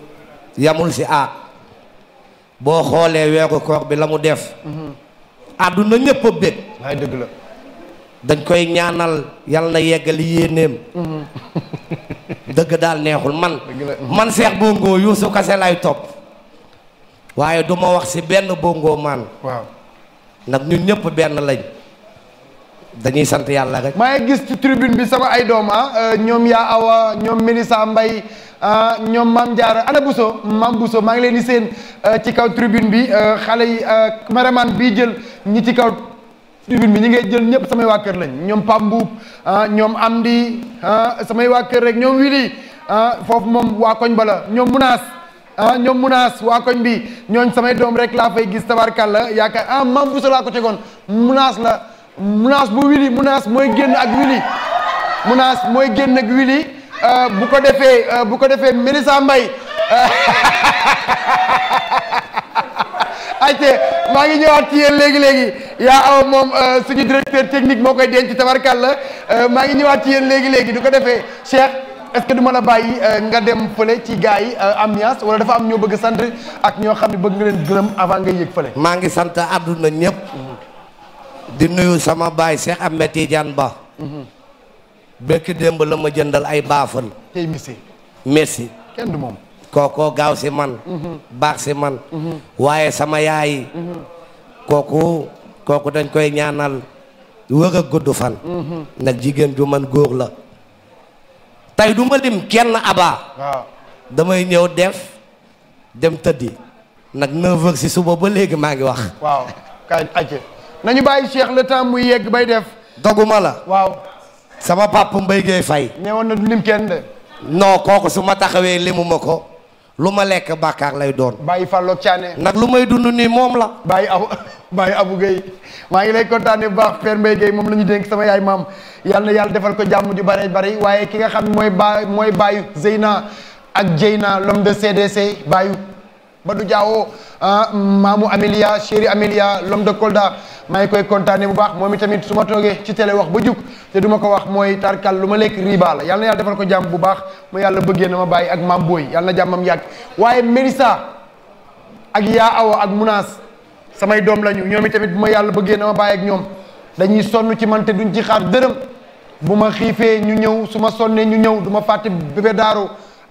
yamul si a boo xoolee weeru koor bi la mu def. àdduna ñëpp a dañ koy ñaanal yàlla na yeggali yéeneem. <laughs> dëgg daal neexul man man Cheikh Bongo Youssou Kassé lay topp waaye du ma wax si benn Bongo man waaw nag ñun ñëpp benn lañ dañuy sant yàlla rek maa ngi gis ci tribune bi sama ay doom a ah, euh, ñoom yaa awa ñoom Mélissa mbay ah, ñoom Mame Diarra ana Bousso Mame Bousso maa ngi leen di seen euh, ci kaw tribune bi euh, xale yi cameraman bii jël ñi ci kaw tribune bi ñi ngay jël ñëpp samay waa kër lañ ñoom Pam Mbuub ah, ñoom Amdi ah, samay waa kër rek ñoom Wili ah, foofu moom waa koñ bala ñoom Munaas ñoom Munaas waa koñ bi ñooñ samay doom rek laa fay gis tabarkàlla yaakaar ah maam Boussa laa ko tegoon Munaas la Munaas bu Wili Munaas mooy génn ak Wili Munaas mooy génn ak Wili bu ko defee bu ko defee Mélissa mbay <laughs> ayte maa ngi ñëwaat ci yéen léegi léegi yaa aw moom euh, suñu directeur technique moo koy denc tabarkàlla euh, maa ngi ñëwaat ci yéen léegi léegi du ko defee Cheikh est-ce que du ma la bàyyi euh, nga dem fële ci gars yi ambiance wala dafa am ñoo bëgg sant ak ñoo xam ne bëgg nga leen gërëm avant nga yëg fële. maa ngi sant àdduna ñëpp. di nuyu sama baay am Ahmed Tidiane Ba. Mm-hmm. bekk démb la ma jëndal ay baafal. tey Messi. Messi moom. kookoo gaaw si man baax si man waaye sama yaay kooku dañ koy ñaanal wër a gudd fan nag jigéen ju man góor la tey du ma lim kenn abaa damay ñëw def dem tëddi nag 9 suba ba léegi maa ngi wax waaw kaay acce nañu bàyyi Cheikh le yegg bay def doguma la waaw sama papa mbay gay fay nee woon du lim kenn de non kooku su ma taxawee limuma ko lu ma lekk bàkkaar lay doon. bàyyi Fallou Thiané. ndax lu may dund nii moom la. bàyyi abu bàyyi abu Guèye maa ngi lay kontaanee bu baax Père Mbaye moom la ñu dénk sama yaay maam yàlla na yàlla defal ko jàmm ju bare bare waaye ki nga xam mooy ba mooy bàyyi Zeyna ak Jeyna l'homme de CDC bàyyi. Badou Diawo ah, maamu Amélia chérie Amélia l'homme de colda maa ngi koy kontaane bu baax moom itamit su ma toogee ci télé wax ba jug te du ko wax mooy tarkal lu ma lekk riba la yàlla na yàlla defal ko jàmm bu baax mu yàlla bëggee na ma bàyyi ak maam booy yàlla na jàmmam yàgg waaye Mélissa ak yaa awo ak Mounaas samay doom lañu ñoom itamit bu ma yàlla bëggee na ma bàyyi ak ñoom dañuy sonn ci man te duñ ci xaar dërëm bu ma xiifee ñu ñëw su ma sonnee ñu ñëw du ma fàtte bébé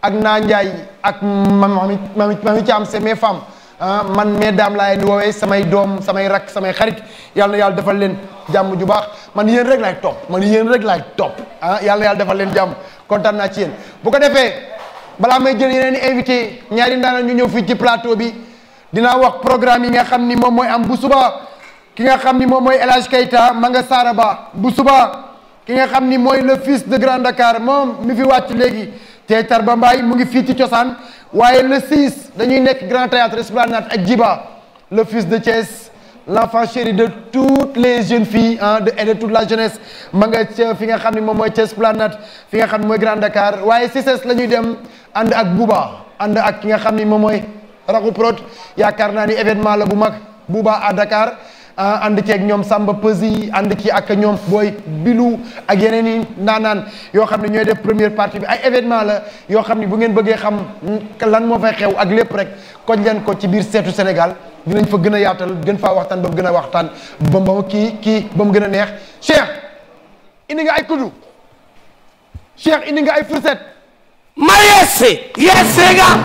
ak naa Ndiaye ak mami mami Thiam c'est mes femmes ah, man mes dames laa leen di woowee samay doom samay rakk samay xarit yàlla na yàlla defal leen jàmm ju baax man yeen rek laay topp man yéen rek laay topp ah yàlla na yàlla defal leen jàmm kontaan naa ci yéen bu ko defee balaa may jël yeneen invité ñaari ndaanaan ñu ñëw fii ci plateau bi dinaa wax programme yi nga xam ni moom mooy am bu suba ki nga xam ni moom mooy El kayita Keita ma nga Saraba bu suba ki nga xam ni mooy le fils de Grand Dakar moom mi léegi. tey Tarba Mbaye mu ngi fii ci cosaan waaye le 6 dañuy nekk Grand Théâtre Esplanade ak jiba le fils de Thiès l'enfant chéri de toutes les jeunes filles en de et de toute la jeunesse ma nga fi nga xam ne moom mooy Thiès Esplanade fi nga xam ne mooy Grand Dakar waaye 6 la ñuy dem ànd ak Bouba ànd ak ki nga xam ni moom mooy Raku Prod yaakaar naa ni événement la bu mag Bouba à Dakar. Ah, ànd ci ak ñoom Samba Pesi ànd ci ak ñoom booy bilu ak yeneen i naanaan yoo xam ne ñooy def première partie bi ay événement la yoo xam ne bu ngeen bëggee xam lan moo fay xew ak lépp rek koñ leen ko ci biir seetu Sénégal dinañ fa gën a yaatal gën fa waxtaan ba mu gën a waxtaan ba mu kii kii ba mu gën a neex Cheikh indi nga ay kuddu Cheikh indi nga ay fourchette. ma yeese. yeese nga.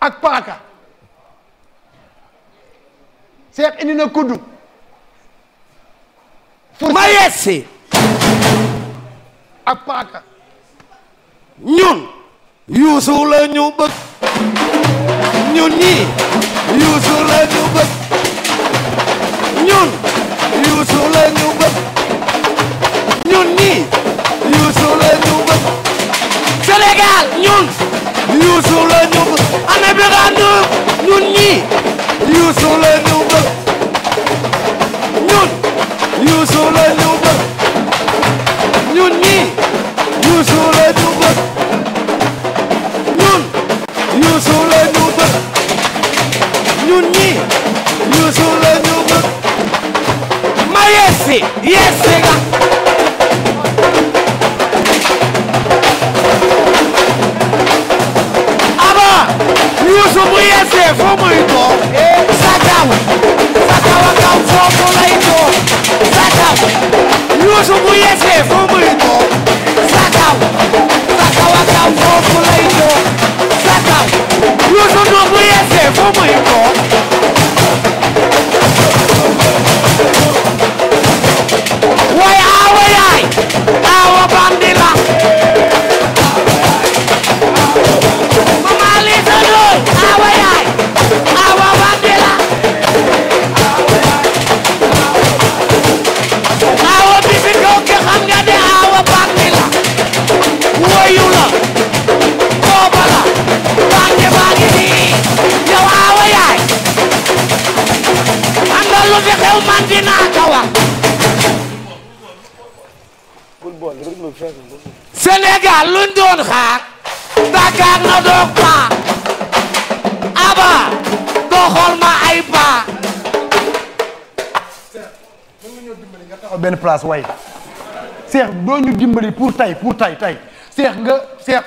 ak paaka. Cheikh indi na kuddu. pour ma yeesi ak paaka ñun yuusu la ñu bëgg ñun ñii yuusu la ñu bëgg ñun yuusu la ñu bëgg ñun ñii yuusu la ñu bëgg Sénégal ñun yuusu Youssou la ñu bëgg ñun ñii Youssou la ñu bëgg ñun Youssou la ñu bëgg ñun ñii ma yesi yesi ga aba Youssou bu yesee fo muy toog eh, sa jaamu gaaw a gaaw foofu lay doon Sakaw Youssou bu wàññi baa ngi nii yow aawa yaay am na lu man dinaa ko wax Sénégal luñ doon xaar Dakar na doog paa aba doxal ma ay paa taxaw place way Cheikh doo ñu dimbali pour tay pour tay tay Cheikh nga Cheikh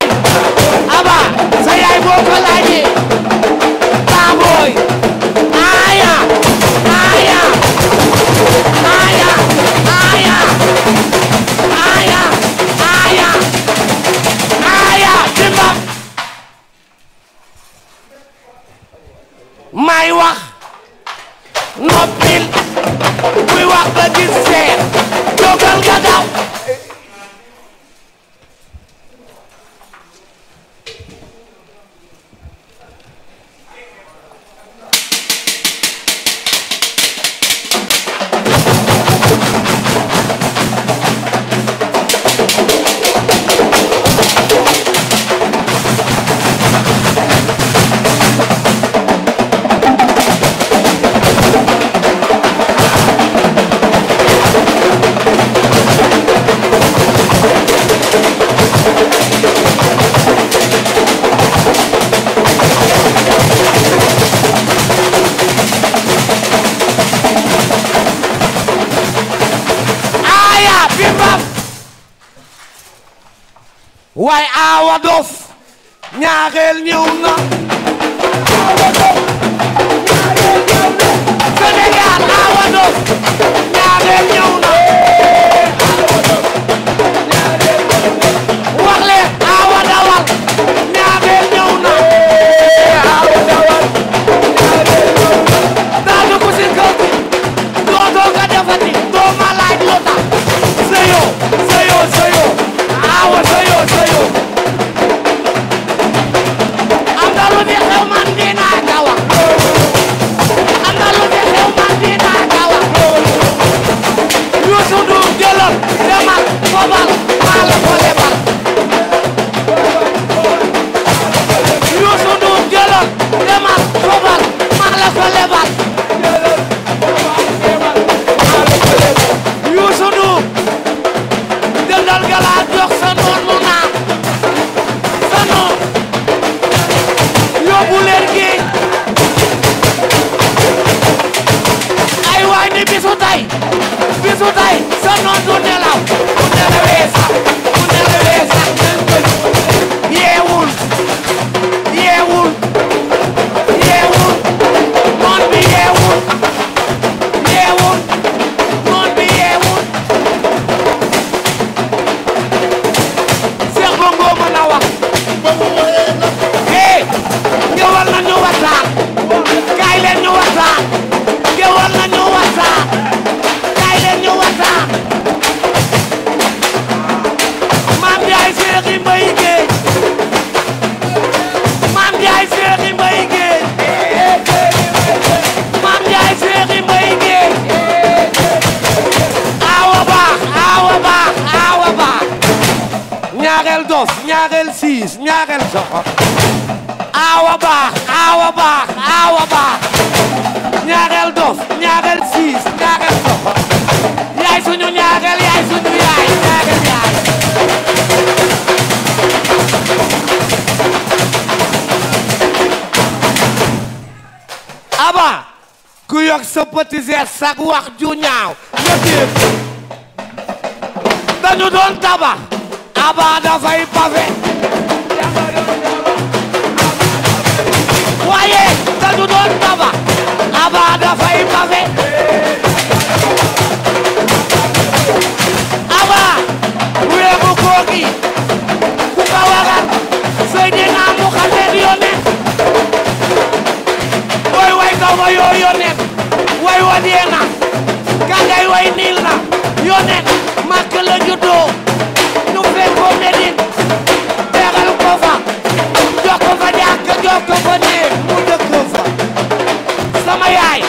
baba sa yaay boo ko laajee baabooy aaya aaya aaya aaya aaya aaya aaya may wax noppil kuy wax ba gis seet jógal nga ñaareel ñëw na ñaareel ñëw na Sénégal Awa Dof ñaareel ñëw na wax leen Awa dawal ñaareel ñëw na Awa dawal ñaareel ñëw na daa dugg si kër gi dootoo nga defati doo ma laaj lu tax sëyoo sëyoo sëyoo Awa sëyoo sëyoo débat sa petit geste sag wax ju ñaaw nga dañu doon tabax aba dafay pafe nekk màkk la juddoo ñu fekk ko Medine tegal ko fa jox ko fa jàkk jox ko fa néeg mu dëkk fa sama yaay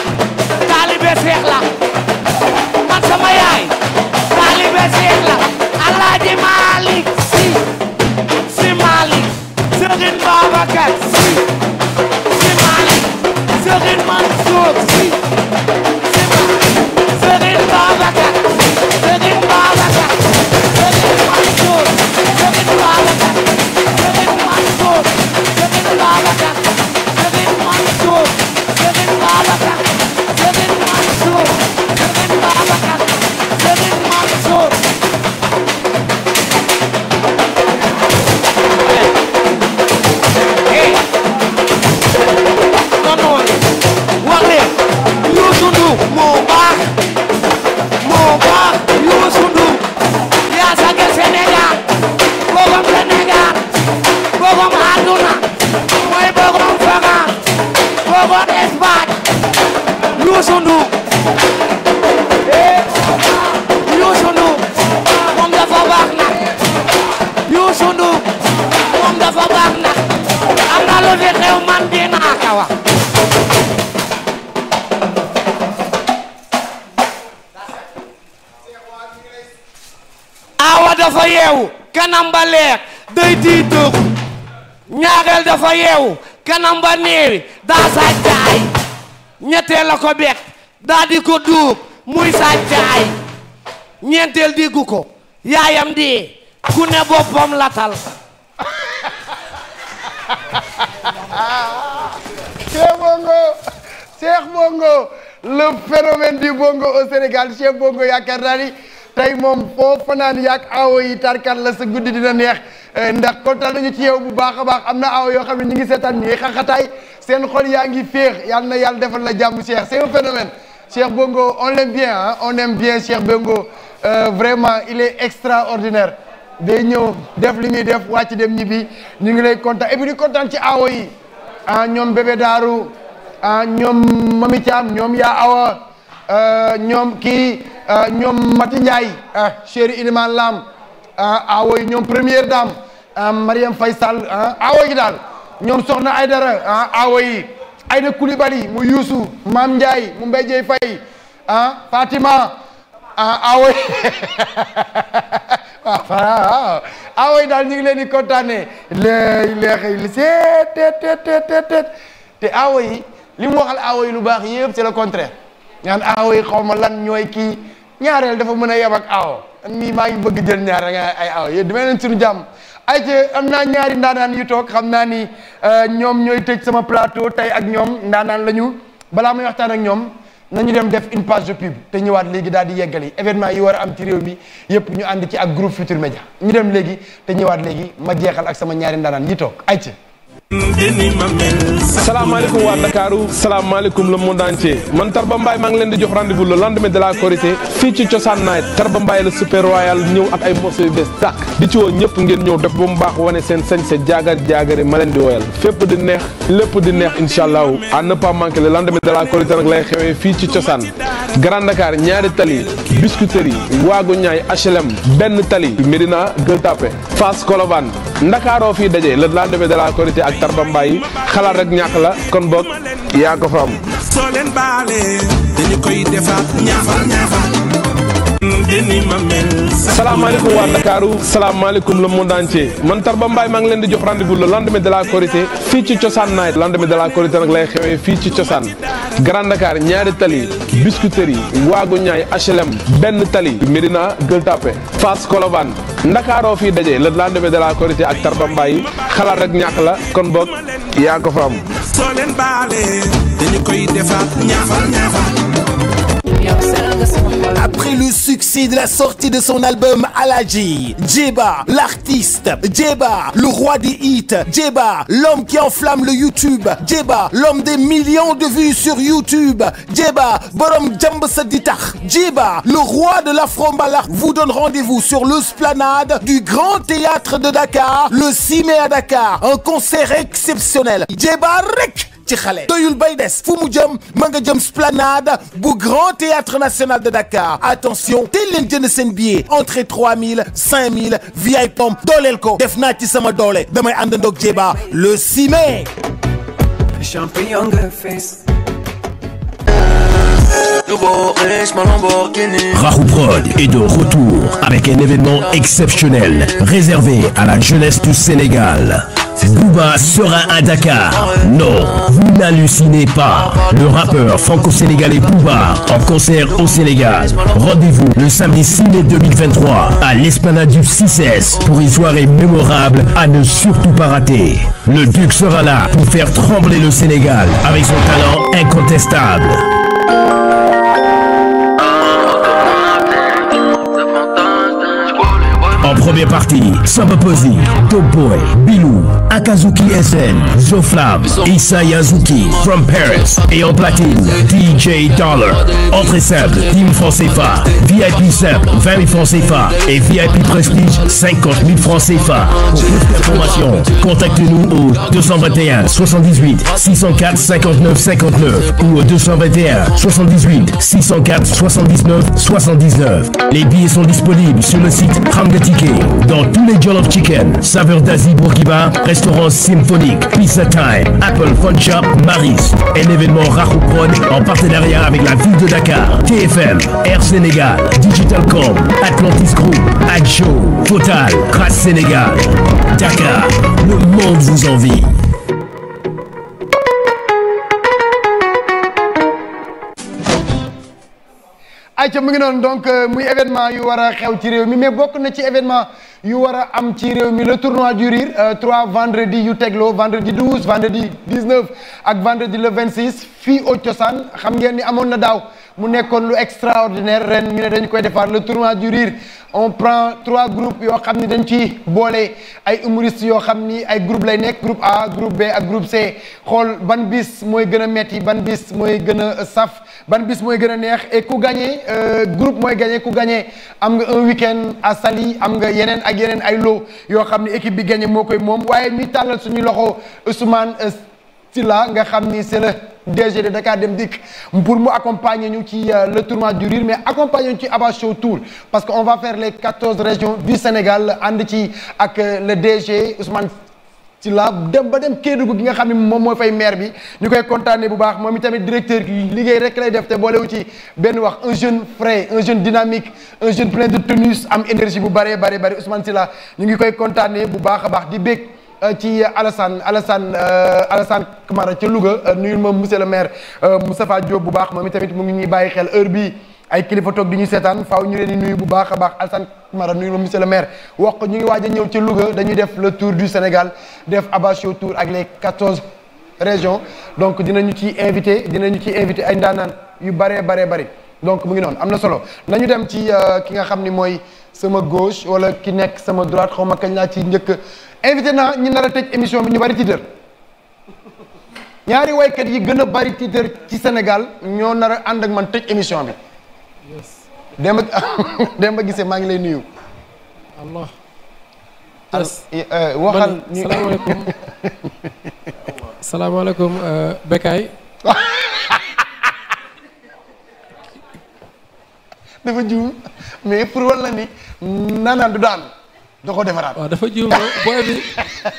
taalibe seex la man sama yaay taalibe seex la Alaaji Maalik Si Si Maalik Sëriñ Babacar Si Si Maalik Sëriñ man yeewu kanam ba day tiitooku ñaareel dafa yeewu kanam ba néewi daa sàccaay ñetteel la ko bett daa di ko duub muy sàccaay ñeenteel diggu ko yaayam di ku ne boppam latal Cheikh Bongo Cheikh Bongo le phénomène du Bongo au Sénégal Cheikh Bongo yaakaar tey moom foo fanaan yaak aawo yi tarkal la sa guddi dina neex eh, ndax kontaan ñu ci yow bu baax a baax am na aawo yoo xam ne ñu ngi seetaan ñu ngi xaxataay seen xol yaa ngi féex yal na yàlla defal la jàmm Cheikh c'est un phénomène Cheikh Bongo on l'aime bien ah on aime bien Cheikh Bongo euh, vraiment il est extraordinaire day ñëw def li muy def wàcc dem ñibbi ñu ngi lay kontaan et puis di kontaan ci awo yi ah ñoom bébé daaru ah ñoom mami Thiam ñoom yaa awa Euh, ñoom kii euh, ñoom Mati Ndiaye euh, chéri Iliman Lam awoy ah ñoom première dame Mariam Faye Sall awoy ah daal ñoom Soxna Aydara awoy ah yi Aïda Coulibaly mu Youssou Mame Ndiaye mu Mbaye Dieye Faye Fatima awoy <laughs> waaw awoy daal ñu ngi leen di kontaane léegi léegi seet teet teet teet te awoy li mu waxal lu baax yëpp c'est le contraire ñaan aawo yi xaw ma lan ñooy kii ñaareel dafa mën a yem ak mii maa ngi bëgg jël ñaar ay aawo yéen damay leen suñu jàmm ay ca am naa ñaari ndaanaan yu toog xam naa ni euh, ñoom ñooy tëj sama plateau tey ak ñoom ndaanaan la ñu balaa may waxtaan ak ñoom nañu dem def une page de pub te ñëwaat léegi daal di yeggali événement yi war a am ci réew mi yépp ñu ànd ci ak groupe Futur Média ñu dem léegi te ñëwaat léegi ma jeexal ak sama ñaari ndaanaan yi toog ay ca salaamaaleykum waa Ndakaaru salaamaaleykum le monde entier man Tarba Mbaye maa ngi leen di jox rendez la le lendemain de la Korité fii ci Cosaan Night Tarba Mbaye la super royal ñëw ak ay morceaux yu bees tàq di ci woo ñëpp ngeen ñëw def ba mu baax wane seen sañse jaagar jaagari ma leen di woyal fépp di neex lépp di neex incha allah à ne pas manquer le lendemain de la Korité nag lay xewee fii ci Cosaan Grand Dakar ñaari tali Biscuiterie Waagu Ñaay HLM benn tali Médina Gueule Tapée Fass Colobane Ndakaaroo fii daje le lendemain de la Korité ak tarba mbàyyi xalaat rek ñàkk la kon boog yaa ko fa am. soo leen baale dañu koy salaamaaleykum waa Dakar salaamaaleykum le monde entier man Tarba Mbaye maa ngi leen di jox rendez-vous le lendemain de la Korité fii ci Cosaan Night lendemain de la Korité nag lay xewee fii ci Cosaan Grand Dakar ñaari tali Biscuiterie yi Waagu Ñaay HLM benn tali Médina Gueule Tapée Fass Colobane Ndakaaroo fii daje le lendemain de la Korité ak Tarba Mbaye xalaat rek ñàkk la kon boog yaa ko fa am. Après le succès de la sortie de son album Alaji, Djeba, l'artiste, Djeba, le roi des hits, Djeba, l'homme qui enflamme le YouTube, Djeba, l'homme des millions de vues sur YouTube, Djeba, borom jamb sa di le roi de l'afro-mbalax vous donne rendez-vous sur l'esplanade du Grand Théâtre de Dakar le 6 à Dakar, un concert exceptionnel. ci xale doyul bay des fu mu jëm ma nga jëm splanade bu grand théâtre national de Dakar attention teel leen jënd seen billet entrée 3000 5000 VIP pom dooleel ko def naa ci sama doole damay ànd ndoog Jeeba le 6 mai. champion nga fees. Rahou Prod est de retour avec un événement exceptionnel réservé à la jeunesse du Sénégal. Booba sera à Dakar. Non, vous n'hallucinez pas. Le rappeur franco-sénégalais Booba en concert au Sénégal. Rendez-vous le samedi 6 mai 2023 à l'esplanade du 6S pour une soirée mémorable à ne surtout pas rater. Le Duc sera là pour faire trembler le Sénégal avec son talent incontestable. en première partie Sabaposi, Top Boy, Bilou, Akazuki SN, Zoflam, Issa Yazuki, From Paris et en platine DJ Dollar. Entrée simple, francs CFA, VIP simple, francs CFA et VIP prestige, francs CFA. Pour plus ou au Les billets sont disponibles sur le site embarquer dans tous les Jollof Chicken saveur d'Asie Bourguiba restaurant symphonique Pizza Time Apple Fun Maris un événement en partenariat avec la ville de Dakar TFM Air Sénégal Digitalcom Atlantis Group Adjo Total Trace Sénégal Dakar le monde vous envie ayca mu ngi noonu donc euh, muy événement yu war a xew ci réew mi mais bokk na ci événement yu war a am ci réew mi le tournoi du rire euh, trois vendredi yu tegloo vendredi 12 vendredi 19 ak vendredi le 26 fii au cosaan xam ngeen ni amoon na daaw mu nekkoon lu extraordinaire ren ñu ne dañ koy defar le tournoi du rire on prend trois groupes yoo xam ni dañ ci boole ay humoristes yoo xam ni ay groupe lay nekk groupe A groupe B ak groupe C xool ban bis mooy gën a metti ban bis mooy gën a saf ban bis mooy gën a neex et ku gagné euh, groupe mooy gagné ku gagné am nga un week-end à am nga yeneen ak yeneen ay lot yoo xam ne équipe bi gagné moo koy moom waaye ñuy tàllal suñuy loxo Ousmane euh, Sylla nga xam ni c'est le DG de Dakar Dem Dikk pour mu accompagner ñu ci euh, le tournoi du rire mais accompagner ñu ci Abba Show Tour parce que on va faire les quatorze régions du Sénégal ànd ci ak le DG Ousmane ci laa dem ba dem Kédougou gi nga xam ne moom moo fay maire bi ñu koy kontaanee bu baax moom itamit directeur gi liggéey rek lay def te boolewu ci benn wax un jeune frais un jeune dynamique un jeune plein de tenus am énergie bu bëree bëri bëri Ousmane Sylla ñu ngi koy kontaanee bu baax a baax di bég euh, ci Alassane Alassane euh, Alassane Camara ca Louga euh, nuyul moom monsieur le maire Moustapha Diop bu baax moom itamit mu ngi ñuy bàyyi xel heure bii. ay kilifa toog di ñu seetaan faw ñu leen nuyu bu baax a baax Alassane Camara nuyu la monsieur le maire wax ko ñu ngi waaj a ñëw ci Louga dañuy def le tour du Sénégal def Abacho tour ak les quatorze régions donc dinañu ci invité dinañu ci invité ay ndaanaan yu baree baree bari donc mu ngi noonu am na solo nañu dem ci euh, ki nga xam ni mooy sama gauche wala ki nekk sama droite xaw ma kañ laa ci njëkk invité naa ñu nar a tëj émission bi ñu bari tiitër ñaari waykat yi gën a bari tiitër ci Sénégal ñoo nar a ànd ak man tëj émission bi Demba <laughs> Demba Guissé maa ngi lay nuyu. Allah. Euh, waxal salaamaaleykum. <laughs> salaamaaleykum euh, Bekay. <laughs> dafa juum mais pour walla ni naanaan du daan da ko defaraat. waaw dafa juum booy bi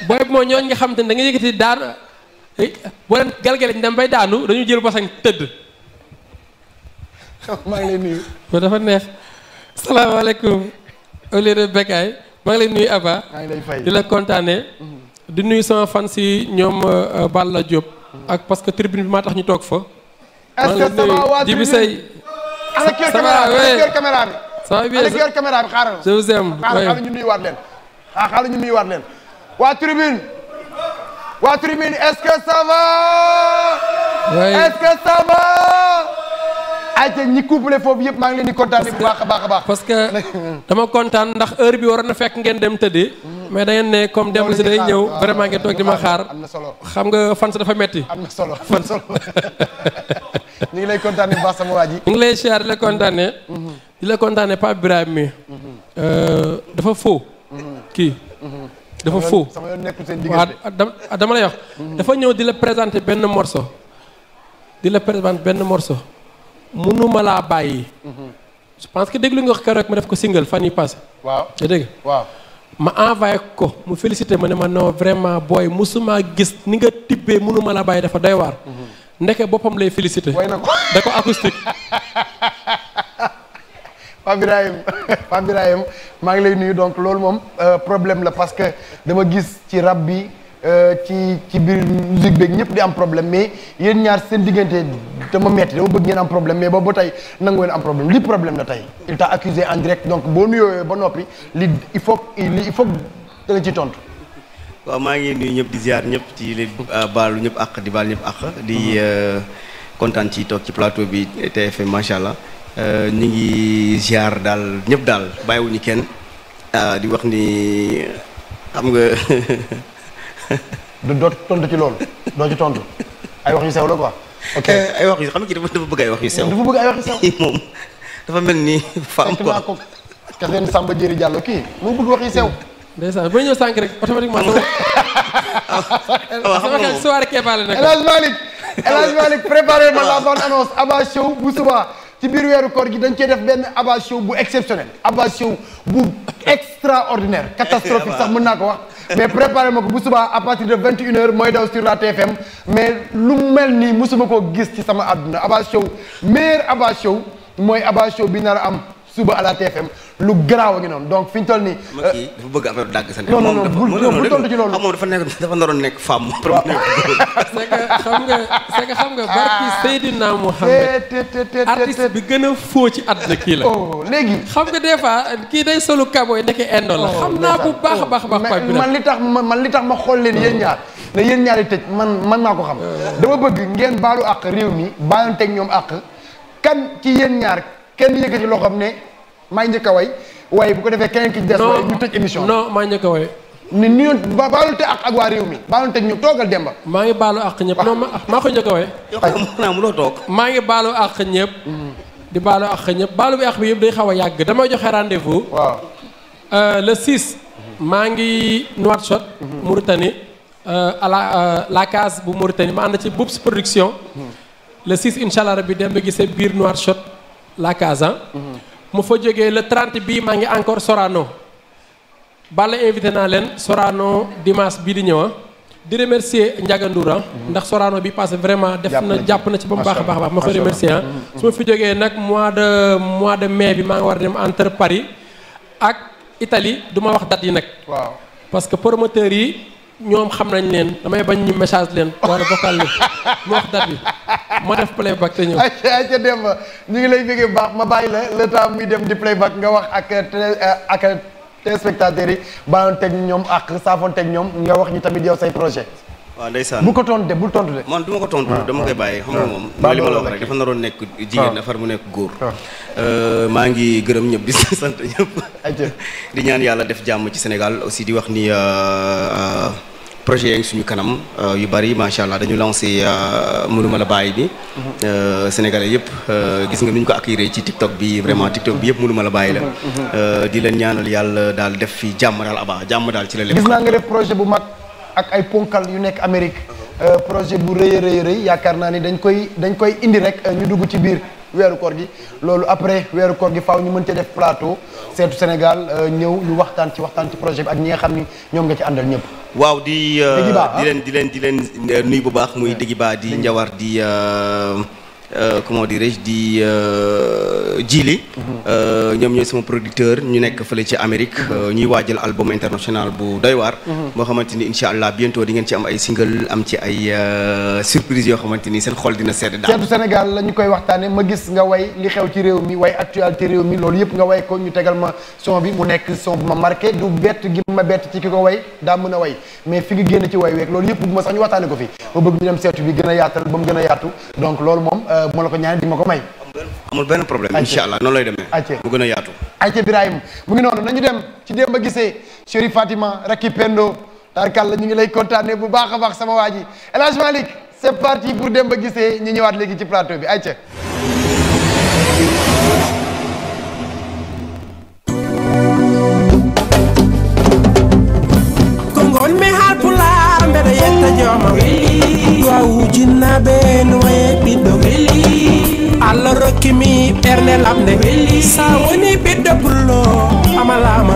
booy bi moo ñooñ nga xam te ne da nga yëkkati daan eh, boo leen galgale ñu dem daanu dañu jël basang tëdd. <laughs> maa ngi lay nuyu. ba dafa neex. salaamaaleykum. au lieu de Bekay maa ngi lay nuyu Abba. maa ngi di la kontaanee. di nuyu sama fan si ñoom euh, Balla Diop. ak parce que tribune bi maa tax ñu toog fa. est ce que sama ayca ñi couple foofu yëpp maa ngi leen di kontaan bu baax a baax a baax. parce dama kontaan ndax heure bi waroon na fekk ngeen dem tëddee. mais da ne comme dem si day ñëw vraiment ngeen toog di ma xaar. am na solo xam nga fan sa dafa metti am solo fan solo. <laughs> ñu ngi lay kontaanee bu sama waa ji. ñu ngi lay siyaar di la kontaanee. di la kontaanee Pape mi. Euh, dafa faux. kii. dafa faux sama yoon nekkul ah, ah, dama lay wax. dafa ñëw di la présenter benn morso di la présenter benn morso mënuma laa bàyyi. Mhm. je pense que déglu nga ko keroog ma def ko single fan yii passé. waaw dégg waaw. ma envoyé ko mu félicité ma ne ma ne vraiment booy musuma gis ni nga tibbee mënuma laa bàyyi dafa doy waar. Mhm. ndeke boppam lay félicité. way na ko da ko acoustique. <laughs> <laughs> Pape Birahim maa ngi lay nuyu donc loolu moom euh, problème la parce que dama gis ci rab bi. Euh, ci ci biir musique beeg ñëpp di am problème mais yéen ñaar seen diggante dama metti dama bëgg ngeen am problème mais boobu ba tey nangu ngeen am problème li problème la tey il t'a accusé en direct donc boo nuyoo ba noppi li il faut li il faut da ci tontu. waaw maa ngi ñëpp di ziar ñëpp ci li euh, baalu ñëpp àq di baal ñëpp àq di mm-hmm. euh, kontaan ci toog ci plateau bi TFM macha allah ñu ngi ziar daal ñëpp daal bàyyiwuñu kenn di wax ni xam nga. <laughs> du doo tontu ci loolu doo ci tontu ay wax yu sew la quoi. ok ay wax yu xam nga ci dafa dafa bëgg ay wax yu sew. bëgg ay wax yu moom dafa mel ni femme quoi ko ka seen Samba Jëri Jàllo kii moo bëgg wax yu sew. ndeysaan ba ñëw sànq rek automatiquement. waaw xam nga moom soirée Kepaale nag. El Hadj Malick El Hadj Malick préparé ma la bonne annonce avant show bu suba. ci biir weeru koor gi dañ cee def benn abatio bu exceptionnel abatio bu extraordinaire <laughs> catastrophique sax mu naa ko wax mais préparé ma ko bu subaa à partir de vingt et une heures mooy daw sur la TFM mais lu mel nii mosuma koo gis ci sama àdduna abatio meilleur abatio mooy abatio bi nar a am suba à la TFM lu garaaw a ngi noonu donc fi ñu toll nii. Macky dafa bëgg sa non non bu tontu ci loolu moom dafa nekk dafa naroon nekk femme. <laughs> waaw c'est que xam nga c'est que xam nga ah. bi gën a foo ci àdduna kii la. Oh, léegi xam nga des fois kii day solu kabooy nekkee indol la. Oh, xam naa bu baax a baax a baax. man li tax ma man li tax ma xool leen yéen ñaar. ne yéen ñaari tëj man man naa ko xam. Euh. dama bëgg ngeen baalu àq réew mi baalante ak ñoom àq kan ci yéen ñaar. kenn yëkkati loxoom ne may njëkk a way waaye bu ko defee keneen ki des way ñu tëj émission bi non may njëkk a way ne ni yoon baalonte ak ak waa réew mi baalonte ñu toogal Demba maa ngi baalu ak ñëpp non maa ko njëkk a way naa toog maa ngi baalu ak ñëpp di baalu ak ñëpp baalu bi ak bi yëpp day xaw a yàgg damay joxe rendez-vous waaw euh, le maa ngi Nouakchott Mauritanie euh, à la euh, la case bu Mauritanie ma ànd ci Boups production hmm. le 6 incha allah rabbi Demba Guissé biir Nouakchott la Casa. mu fa jógee le 30 bii maa ngi encore Sorano. Balla invité naa leen Sorano dimanche bii di ñëw ah. di remercier Ndiaga Ndour ah. mhm. ndax Sorano bi passé vraiment def na jàpp na ci ba mu baax a baax ma ko remercier ah. Mhm, mhm. su ma fi jógee nag mois de mois de mai bi maa ngi war a dem entre Paris ak Italie du ma wax date yi nag. waaw parce yi. ñoom xam nañ leen damay bañ ñu message leen wala vocal leen mu wax date bi ma def playback te ñëw. ayca Demba ñu ngi lay bëggee baax ma bàyyi la le temps muy dem di playback nga wax ak ak téléspectateurs yi baaloon teg ñoom ak saafoon teg ñoom nga wax ñi tamit yow say projet. waa waaw ndeysaan bu ko tontu de bul tontu de. man du ma ko tontu ah, dama koy ah. bàyyi xam nga ah. moom. mooy li ma la wax rek dafa naroon nekk jigéen far mu nekk góor. Euh, maa ngi gërëm ñëpp di <laughs> sant di ñaan yàlla def jàmm ci Sénégal aussi di wax ni. Euh, euh, projet yaa suñu kanam euh, yu bari macha allah dañu lancé euh, mënuma la bàyyi bi mhm. euh, sénégalais yëpp gis nga nu ñu ko accueillir ci tiktok bi vraiment tiktok bi yëpp mënuma la bàyyi la mhm, mhm, di leen ñaanal yàlla daal def fi jàmm daal aba jàmm daal ci la lépp gis naa nga def projet bu mag ak ay ponkal yu nekk Amérique projet bu rëy a rëy yaakaar naa ni dañ koy dañ koy indi rek ñu dugg ci biir weeru koor gi loolu après weeru koor gi faaw ñu mën cee def plateau seetu Sénégal euh, ñëw ñu waxtaan ci waxtaan ci projet bi ak ñi nga xam ni ñoom nga ci àndal ñëpp waaw di euh, ah. di leen di leen di leen euh, nuy bu baax muy Déguiba di njawar di Euh, comment dirais-je di euh, Jili. Mhm. Euh, ñoom ñooy sama producteur ñu nekk fële ci Amérique. Mhm. ñuy waajal album international bu doy waar. moo mhm. xamante ni incha allah bientôt di ngeen ci am ay single am ci ay surprise yoo xamante ni seen xol dina sedd daal. seetu Sénégal la ñu koy waxtaanee ma gis nga way li xew ci réew mi way actualité réew mi loolu yëpp nga way ko ñu tegal ma son bi mu nekk son ma marqué du bett gi ma bett ci ki ko way daa mën a way mais f nga génn ci way week yëpp bëgg ma ko fi. ma bëgg ñu dem seetu bi gën loolu moom. bu ma la ko ñaanee di ma ko may. amul benn problème incha allah noonu lay demee. ayca mu gën a yaatu. ayca Birahim mu ngi noonu nañu dem ci démb gisee Chérif Fatima Raki Pendo Tarkal ñu ngi lay kontaanee bu baax baax sama waa ji El Hadj Malick c'est parti pour démb gisee ñu ñëwaat léegi ci plateau bi ayca. Kongo wawuji naɓe noye ɓiɗɗo allah rokkimi ɓernde lamde sa woni ɓiɗɗo pullo amalama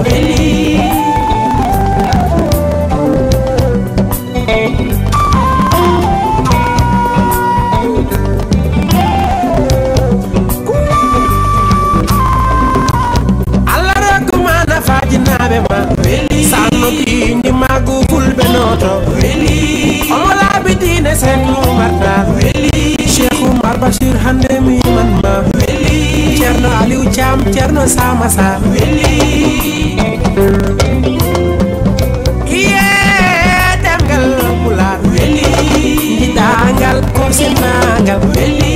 allah rokkuma nafaji naɓe ma sannoɗi ndi magu Benoto weli Omolaabi diine seen lu marta weli Cheikh Oumar Hande mi man ma weli Cerno Aliou Thiam Cerno Sama Sa Iyee demgal mulaan weli Jidangal kursinangal weli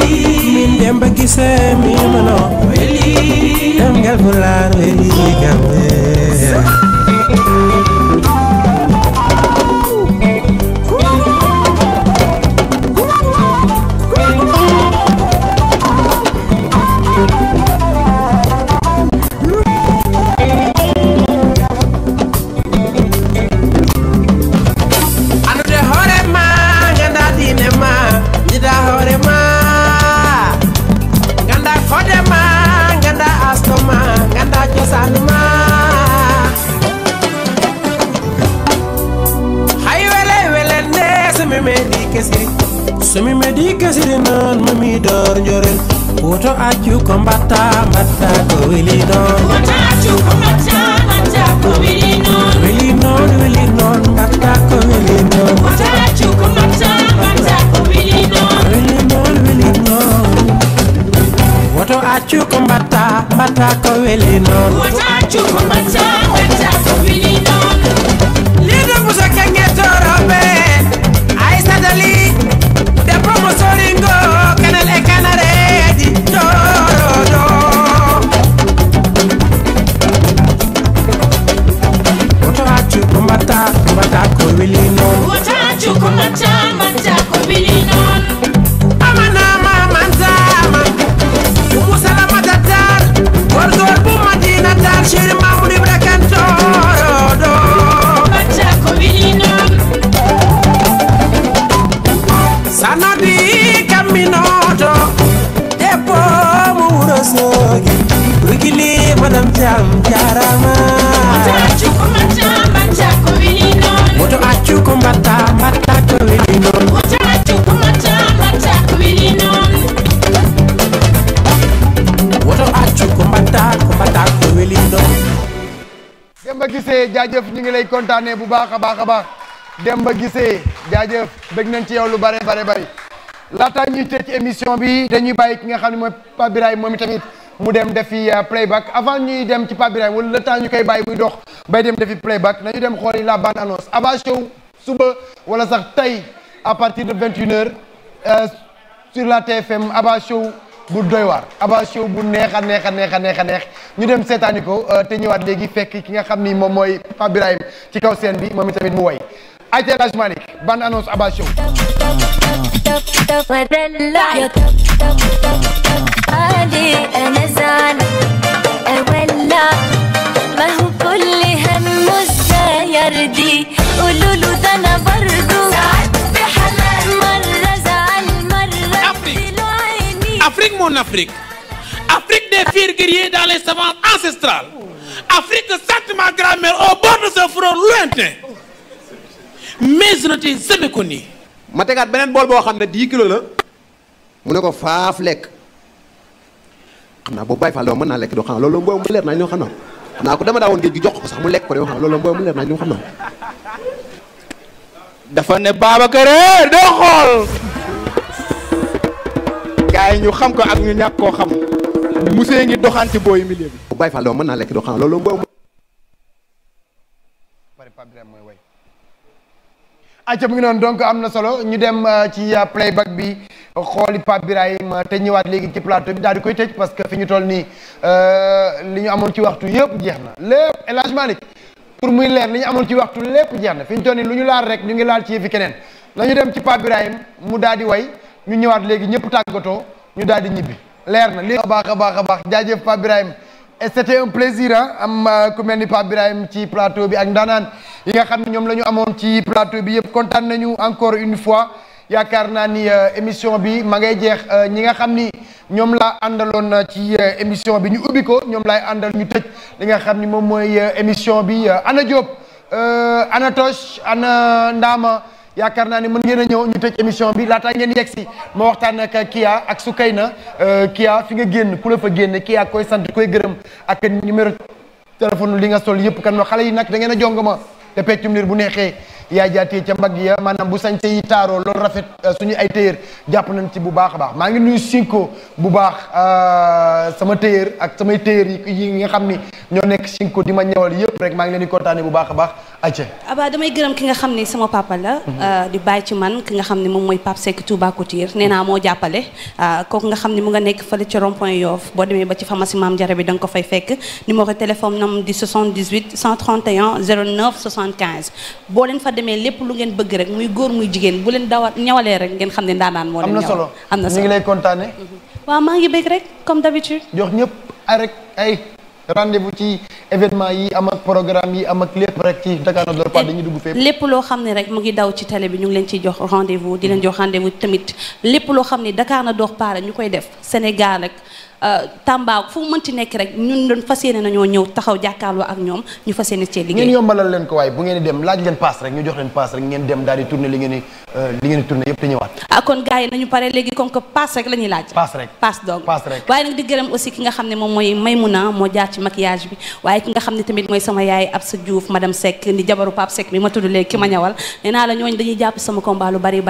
Min demba gise mi mano weli Demgal mulaan weli gambe sumi medi kesiri non mami dor njoren woto accu ko mbatta ko weli non weli non weli non mbatta ko weli non weli non weli non woto accu ko mbatta mbatta ko weli non Leader Musa Kenge Torobe soringo kanal e kanare di toro ngi lay kontaanee bu baax a baax a baax dem ba gisee jaajëf bëgg nañ ci yow lu bare bare bari laataa ñuy tëj ci émission bi dañuy bàyyi ki nga xam ne mooy Pape Birahim moom itamit mu dem defi euh, playback avant ñuy dem ci Pape Birahim wala le temps ñu koy bàyyi muy dox bay dem defi playback nañu dem xooli la bande annonce Abba Show suba wala sax tey à partir de 21h euh, sur la TFM Abba Show bu doy waar Abba Show bu neex a neex a neex a neex a neex ñu dem seetaani ko euh, te ñëwaat léegi fekk ki nga xam ni moom mooy Pape Birahim ci kaw scène bi moom itamit mu woy ayte Elaj Malick bande annonce Abba Show قولوا Afrique, mon Afrique. Afrique des fiers guerriers dans les savannes ancestrales. Afrique que ma grand-mère au bord de ce front lointain. mais je n'étais jamais connu. ma tegaat beneen bool boo xam ne 10 kilos la. mu ne ko faaf lekk. xam naa boobu Baye ma mën naa lekk doo xam loolu mbooy mu leer naa ñoo xam naa xam naa ko dama daa woon géej jox ko sax mu lekk ko de xam loolu mbooy mu leer eh, doo xool. gars yi ñu xam ko ak ñu ñàkk koo xam musée ngi doxaan ci booyu milieu bi Baye Fall doo mën naa lekk doxaan loolu mbooy bari Pape Birame mooy way acca mu ngi noonu donc am na solo ñu dem euh, ci euh, playback bi xooli Pape Birahim euh, te ñëwaat léegi ci plateau bi daal di koy tëj parce que fi ñu toll nii li ñu amoon ci waxtu yëpp jeex na lépp El Hadj Malick pour muy leer li ñu amoon ci waxtu lépp jeex na fi ñu toll nii lu ñu laal rek ñu ngi laal ci yëfi keneen ñu dem ci Pape Birahim mu daal di way ñu ñëwaat léegi ñëpp tàggatoo ñu daal di ñibbi leer na lii a baax a baax a baax jaajëf Pape Birahim et c'était am euh, ku mel ni Pape Birahim ci plateau bi ak ndaanaan yi nga xam ne ñoom la ñu amoon ci plateau bi yëpp kontaan nañu encore une fois yaakaar naa ni euh, émission bi ma ngay jeex euh, ñi nga xam ni ñoom laa na ci émission bi ñu ubbi ñoom laay àndal ñu tëj li nga xam ni moom mooy émission bi ana Diop ana Toch ana Ndama yaakaar naa ne mën ngeen a ñëw ñu tëj émission bi laataa ngeen yegg si ma waxtaan ak Kia ak su Soukeyna euh, Kia fi nga génn ku la fa génn Kia koy sant koy gërëm ak numéro téléphone li nga sol yëpp kan ma xale yi nag da ngeen a jong ma te peccum liir bu neexee yaa jaatee ca mbagg ya maanaam bu sañse yi taaroo loolu rafet euh, suñu ay téyër jàpp nañ ci bu baax a baax maa ngi nuyu Cinco bu baax euh, sama téyër ak samay téyër yi yi nga xam ni ñoo nekk Cinco di ma ñëwal yëpp rek maa ngi leen di kontaane bu baax a baax acca aba damay gërëm ki nga xam ni sama papa la mhm. euh, di bàyyi ci man ki nga xam ni moom mooy Pape Seck Touba Couture naa moo jàppale kooku nga xam ni mu nga nekk fële ci rond point Yoff boo demee ba ci pharmacie Mame Diarra bi da nga ko fay fekk numéro téléphone nam di 78 131 09 75 boo leen fa mais lépp lu ngeen bëgg rek muy góor muy jigéen bu leen dawa ñawalee rek ngeen xam ne ndaanaan moo leen am na solo am na solo ngi lay kontaane mm-hmm. waaw maa ngi bëgg rek comme d'habitude jox ñëpp ay rek ay rendez-vous ci événement yi am ak programme yi am ak lépp rek ci Dakar ne dort pas dañuy dugg fépp lépp loo xam ne rek mu ngi daw ci télé bi ñu ngi leen ciy jox rendez-vous di leen jox rendez tamit lépp loo xam ni Dakar ne dort pas ñu koy def Sénégal rek Euh, Tamba fu mu mënti nekk rek ñun doon fas yéene nañoo ñëw taxaw jàkkaarloo ak ñoom ñu fas yéene cee liggéey. ngeen yombalal leen ko waaye bu ngeen di dem laaj leen paas rek ñu jox leen paas rek ngeen euh, ah, rek la rek waaye nag di gërëm aussi ki nga xam ne moom mooy Maymouna moo jaar ci maquillage bi waaye ki nga xam ne tamit mooy sama yaay Absa Diouf madame Seck ni jabaru Pape Seck bi ma tudd léegi ki ma ñawal nee naa la ñooñu dañuy jàpp sama combat lu bari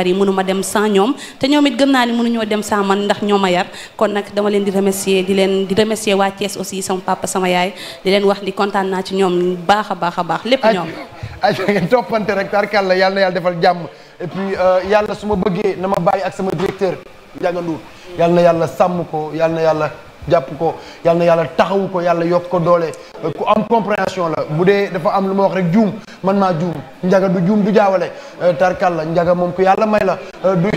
remercier di leen di remercier waa Thiès aussi sama papa sama yaay di leen wax ni kontaan naa ci ñoom baax a baax a baax lépp ñoom ay ngeen toppante rek tarkalla yàlla na yàlla defal jàmm et euh, yàlla su ma bëggee na ma bàyyi ak sama directeur Ndiaga Ndour yàlla na yàlla sàmm ko yàlla na yàlla jàpp ko yàlla yàlla taxawu ko yàlla yokk ko doole euh, ku am compréhension la bu dee dafa am lu ma wax rek juum man maa juum njaga du juum du jaawale euh, tarkal la njaga moom ku yàlla may la du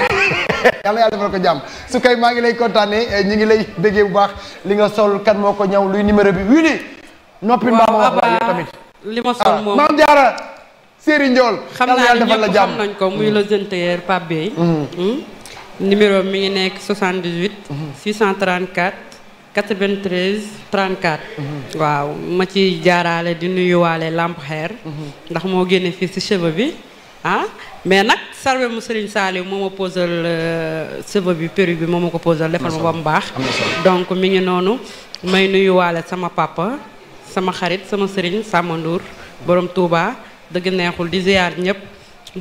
yàlla yàlla defal ko jàmm su kay maa ngi lay kontaanee eh, ñu ngi lay déggee bu baax li nga sol kan moo ko ñaw luy numéro bi wii nii. noppi mbaa ma wax yow tamit ah, maam jaara Serigne Ndiol. xam naa ne ñëpp xam nañ ko muy le jeune tailleur Pape Beye. Mm-hmm. Mm-hmm. numéro mi ngi nekk 78. 634. 93 34. waaw ma ci jaaraale di nuyuwaale lamp xeer. Mm-hmm. ndax moo génne fii ci cheveux bi ah. mais nag sarbe mu Serigne Saliou moo ma posal euh, cheveux bi perruque bi moo ma ko posal defal ma ba mu baax donc mi ngi noonu may nuyuwaale sama papa sama xarit sama Serigne Samba Ndour borom Touba dëgg neexul di ziar ñëpp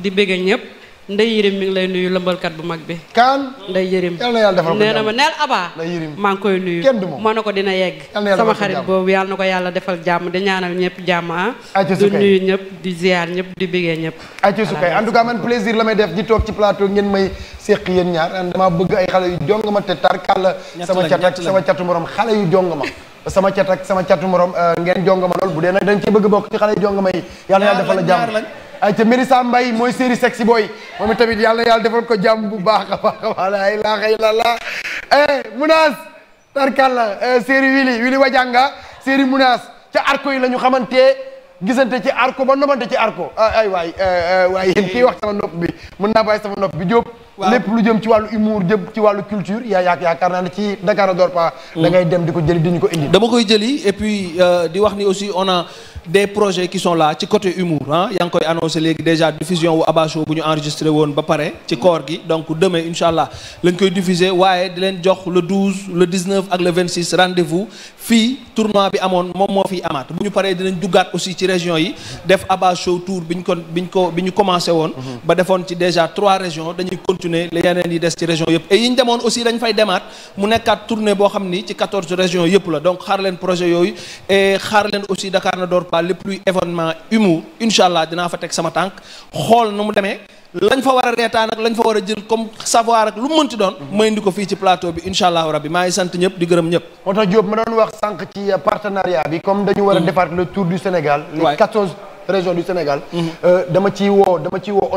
di bëgg ñëpp Ndey Yërim mi ngi lay nuyu lëmbalkat bu mag bi. kaan Ndey Yërim yal na yàlla nee na ma neel Aba. Ndey maa ngi koy nuyu. kenn du ma ne ko dina yegg. sama xarit boobu yal na ko yàlla defal jàmm di ñaanal ñëpp jàmm ah. du nuyu ñëpp di ziar ñëpp di biggee ñëpp. ayca su kay en man plaisir la may def di toog ci plateau ngeen may séq yéen ñaar dama bëgg ay xale yu jong ma te tarkalla sama cat ak sama catu morom xale yu jong ma. sama cat ak sama catu morom euh, ngeen jong ma lool bu dee nag dañ ci bëgg bokk ci xale yu jong ma yi yàlla yàlla defal ay ca Mérissa Mbaye mooy série sexy boy moom tamit yàlla na yàlla defal ko jàmm bu baax a baax wala ilaha illallah eh Mounas tarkalla eh, série Wili Wili Wajanga série Mounas ca arko yi la ñu xamante gisante ci arko ba nomante ci arko ah, ay waay eh, eh, waay yéen kii wax sama nopp bi mën naa bàyyi sama nopp bi Diop lépp lu jëm ci wàllu humour jëm ci wàllu culture yaa yaa yaakaar naa ne ci Dakar ne dort pas mm. da ngay dem di ko jëli di ko indi dama koy jëli et puis euh, di wax ni aussi on a des projets qui sont là ci côté humour ah yaa ngi koy annoncé léegi déjà diffusion wu Abacho bu ñu enregistré woon ba pare ci koor gi donc demain incha allah lañ koy diffuser waaye di leen jox le 12 le 19 ak le 26 rendez-vous fii tournoi bi amoon moom moo fi amaat bu ñu paree dinañ duggaat aussi ci région yi def Abacho tour bi ñu ko bi ñu ko bi ñu commencé woon. Mhm. ba defoon ci déjà trois régions dañuy continuer yeneen yi des ci région yëpp et ñu demoon aussi dañ fay demaat mu nekkaat tournée boo xam ni ci 14 régions yëpp la donc xaar leen projet yooyu et xaar leen aussi Dakar na pas lépp luy événement humour incha allah dinaa fa teg sama tànk xool nu mu demee lañ fa war a reetaan ak lañ fa war a jël comme savoir ak lu mu mënti doon. Mhm. may indi ko fii ci plateau bi incha rabbi maa ngi sant di gërëm ñëpp. moo tax ma doon wax sànq ci partenariat bi comme dañu war a mhm. le tour du Sénégal. les quatorze régions du Sénégal. Mhm. Euh, dama ciy woo dama ciy woo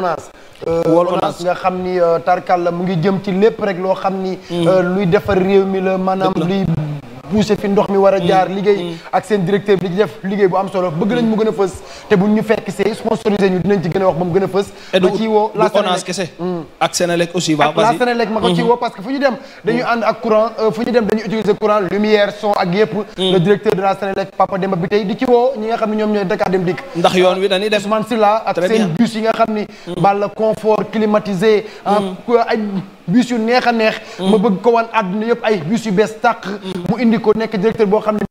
euh, nga xam ni euh, tarkal la mu ngi jëm ci lépp rek loo xam ni. luy defar réew mi la maanaam luy. pousser fi ndox mi war a jaar mm. liggéey mm. ak seen directeur bi di def liggéey bu am solo bëgg nañ mu gën a fës te buñ ñu fekk see sponsorisé ñu dinañ ci gën a wax moom gën a fës mm. mm-hmm. parce que fu ñu dem dañuy ànd ak courant euh, fu ñu dem dañuy utiliser courant lumière son ak yëpp le directeur de la Papa Demba bi tey di ci woo ñi nga xam ne ñoom ñooy Dakar Dem Dikk ndax yoon wi dañuy def Ousmane Sylla ak seen bus yi nga xam ni bal confort climatisé ah, bus yu neex a neex mm. ma bëgg ko wan àdduna yëpp ay bus yu bees tàq mm. mu indi ko nekk directeur boo xam ne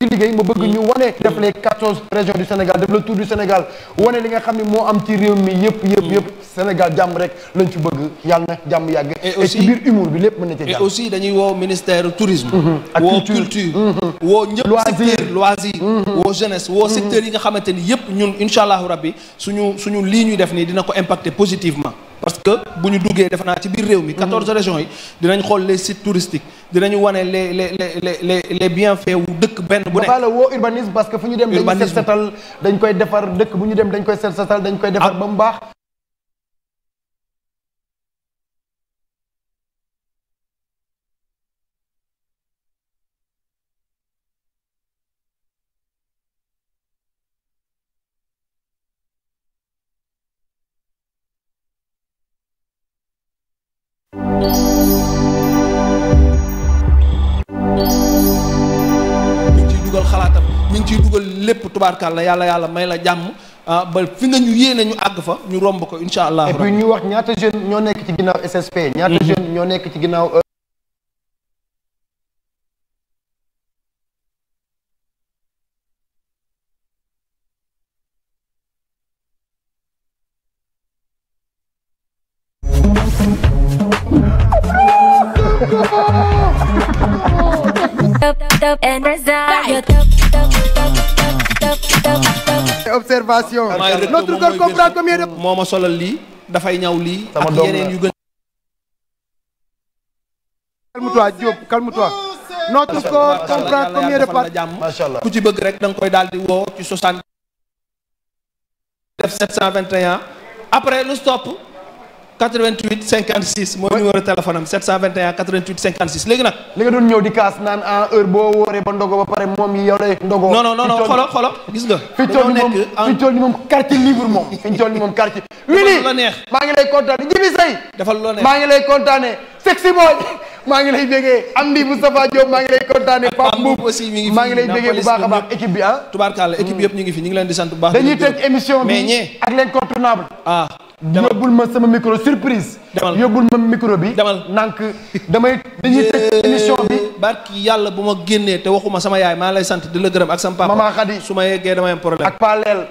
liggéey ma bëgg mm. ñu wane def les quatorze régions du Sénégal def le tour du Sénégal wane li nga xam ne moo am ci réew mi yëpp yëpp mm. yëpp Sénégal jàmm rek lañ ci bëgg yàlla jàmm yàgg et ci biir humour bi lépp mën na ci jàmm et aussi dañuy woo ministère tourisme mm-hmm. ak woo culture mm-hmm. woo ñëpp secteur loisir mm-hmm. woo jeunesse woo secteur yi nga xamante ni yëpp ñun incha allahu rabbi suñu suñu lii ñuy def nii dina ko impacter positivement parce que bu ñu duggee defe naa ci biir réew mi. 14 mm-hmm. régions yi dinañ xool les sites touristiques dinañu wane les les les les les bienfaits wu dëkk benn bu nekk. ba la woo urbanisme parce que fu ñu dem. dañ set setal dañ koy defar dëkk bu ñu dem dañ koy set setal dañ koy defar ba mu baax. tubaarkal yàlla yàlla may la jàmm ah, ba fi ñu allah. et wax ñaata jeunes ñoo nekk ci ginnaaw SSP. ñaata mhm. ñoo nekk ci ginnaaw. Euh, observation notre corps lii dafay ñaw lii ak yeneen yu gën calme-toi Diop ku ci bëgg rek da koy daal di woo ci soixante après lu stop 88 56 mooy numéro téléphone am 721 88 56 léegi nag. li doon ñëw di kaas naan en ah, heure boo wooree ba ndogo ba pare moom yow lay ndogo. fi toll ni moom quartier libre fi toll ni moom quartier. <laughs> wili maa ngi lay kontaane Jibi maa ngi lay kontaane sexy boy <laughs> maa ngi lay déggee am di Moustapha maa ngi lay kontaane Pape Mboup maa ngi lay déggee bu baax a baax équipe bi ah. tubaarkàlla équipe bi yëpp ñu ngi fi ñu ngi leen di sant bu yóbbul ma sama micro surprise. demal yóbbul ma micro bi. demal nànk damay. dañuy tëj émission bi. barki yàlla bu ma génnee te waxuma sama yaay maa lay sant di la gërëm ak sama papa. maman Khady su ma yeggee damay am problème. ak Paleel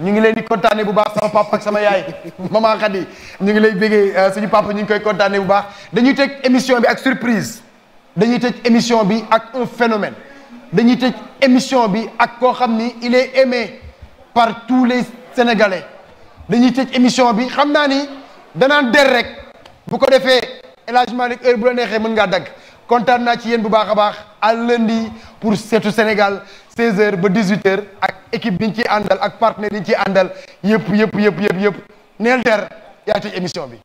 ñu ngi leen di kontaanee bu baax sama papa ak sama yaay <laughs> maman Khady ñu ngi lay bëggee euh, suñu papa ñu ngi koy kontaanee bu baax dañuy tëj émission bi ak surprise dañuy tëj émission bi ak un phénomène dañuy tëj émission bi ak koo xam ni il est par tous les Sénégalais. dañuy tëj émission bi xam naa ni danaan der rek bu ko defee El Hadj heure bu la neexee mën ngaa dagg kontaan naa ci yéen bu baax a baax à lundi pour seetu Sénégal 16 ba 18 ak équipe bi ñu ciy ak partenaire yi ñu ciy àndal yëpp yëpp yëpp yëpp yëpp neel der yaa tëj émission bi.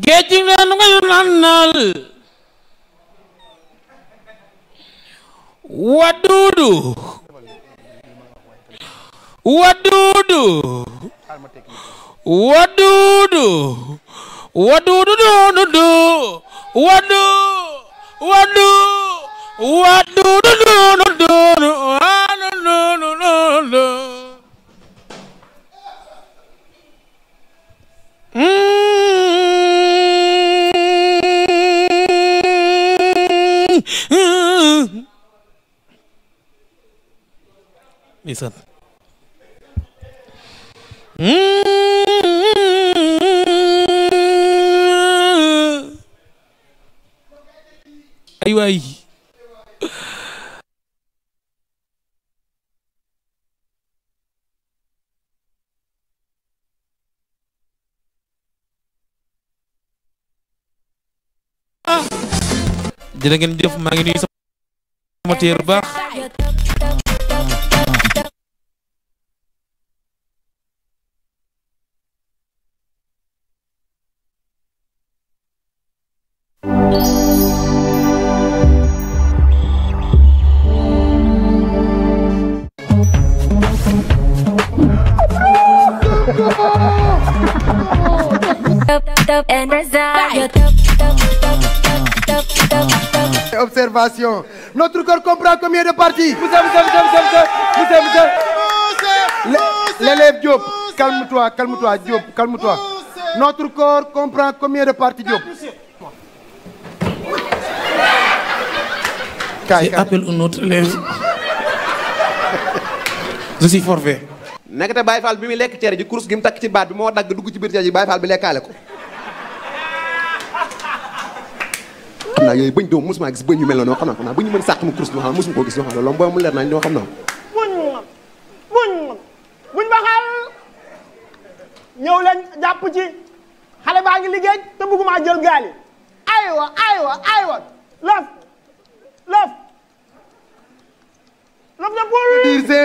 géej gi nga nuyu naanal. waduudu. waduudu waduudu waduudu duududu wadu wadu waduudu duududu waduudu Ndeysaan Mm. ay waay ah. jërë ngeen jëf maa ngi nuyu sama baax Observation. Notre corps comprend combien de parties? L'élève Diop, calme-toi, calme-toi, Diop, calme Notre corps comprend combien de parties, Diop? nekkate Baye Fall bi muy lekk cere ji kurus gi mu takk ci baat bi moo dagg dugg ci biir cere ji Baye Fall bi lekkaale ko xam naa yooyu bëñ doom mosuma gis bëñ yu mel noonu yoo xam naa xam naa bëñ yu mën sàq mu kurus bi xam mosuma koo gis yoo xam ne loolu mu leer nañ ñoo xam naa buñ buñ buñ baxal ñëw leen jàpp ci xale baa ngi liggéey te bëgguma jël gaali aywa aywa aywa laf laf dire c'est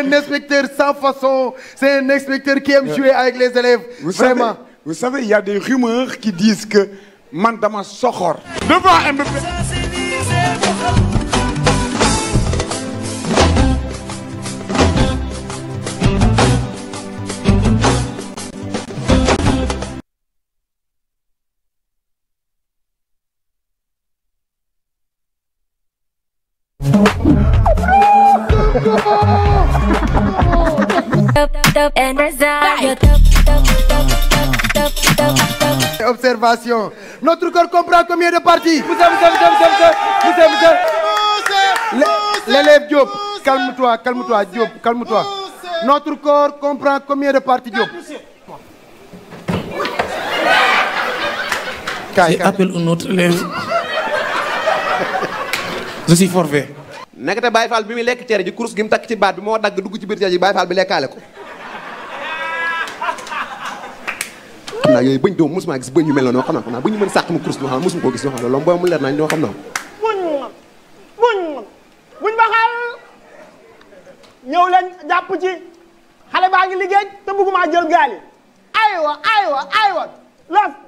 un sa sans façon c'est un qui aime jouer euh, avec les élèves. Vous vraiment savez, vous savez il a des rumeurs qui disent que man dama soxor. devant MBP. top and You're top, top, top, top, top, Observation. Notre corps comprend combien de parties L'élève Diop, calme-toi, calme-toi, Diop, calme-toi. Notre corps comprend combien de parties, Diop J'ai appelé un autre élève. Je suis forfait. naka te Baye Fall bi muy lekk cere ji kurus gi mu takk ci baat bi moo dagg dugg ci biir cere ji Baye Fall bi lekkaale ko. xam naa yooyu bëñ doom mosuma gis bëñ yu mel noonu xam naa xam naa bëñ yu mën sàq mu kurus ñoo xam mosuma ko gis ñoo xam booy mu leer naa ñoo xam naa buñ buñ buñ baxal ñëw leen jàpp ci xale baa ngi liggéey te bëgguma jël gaal aywa aywa aywa las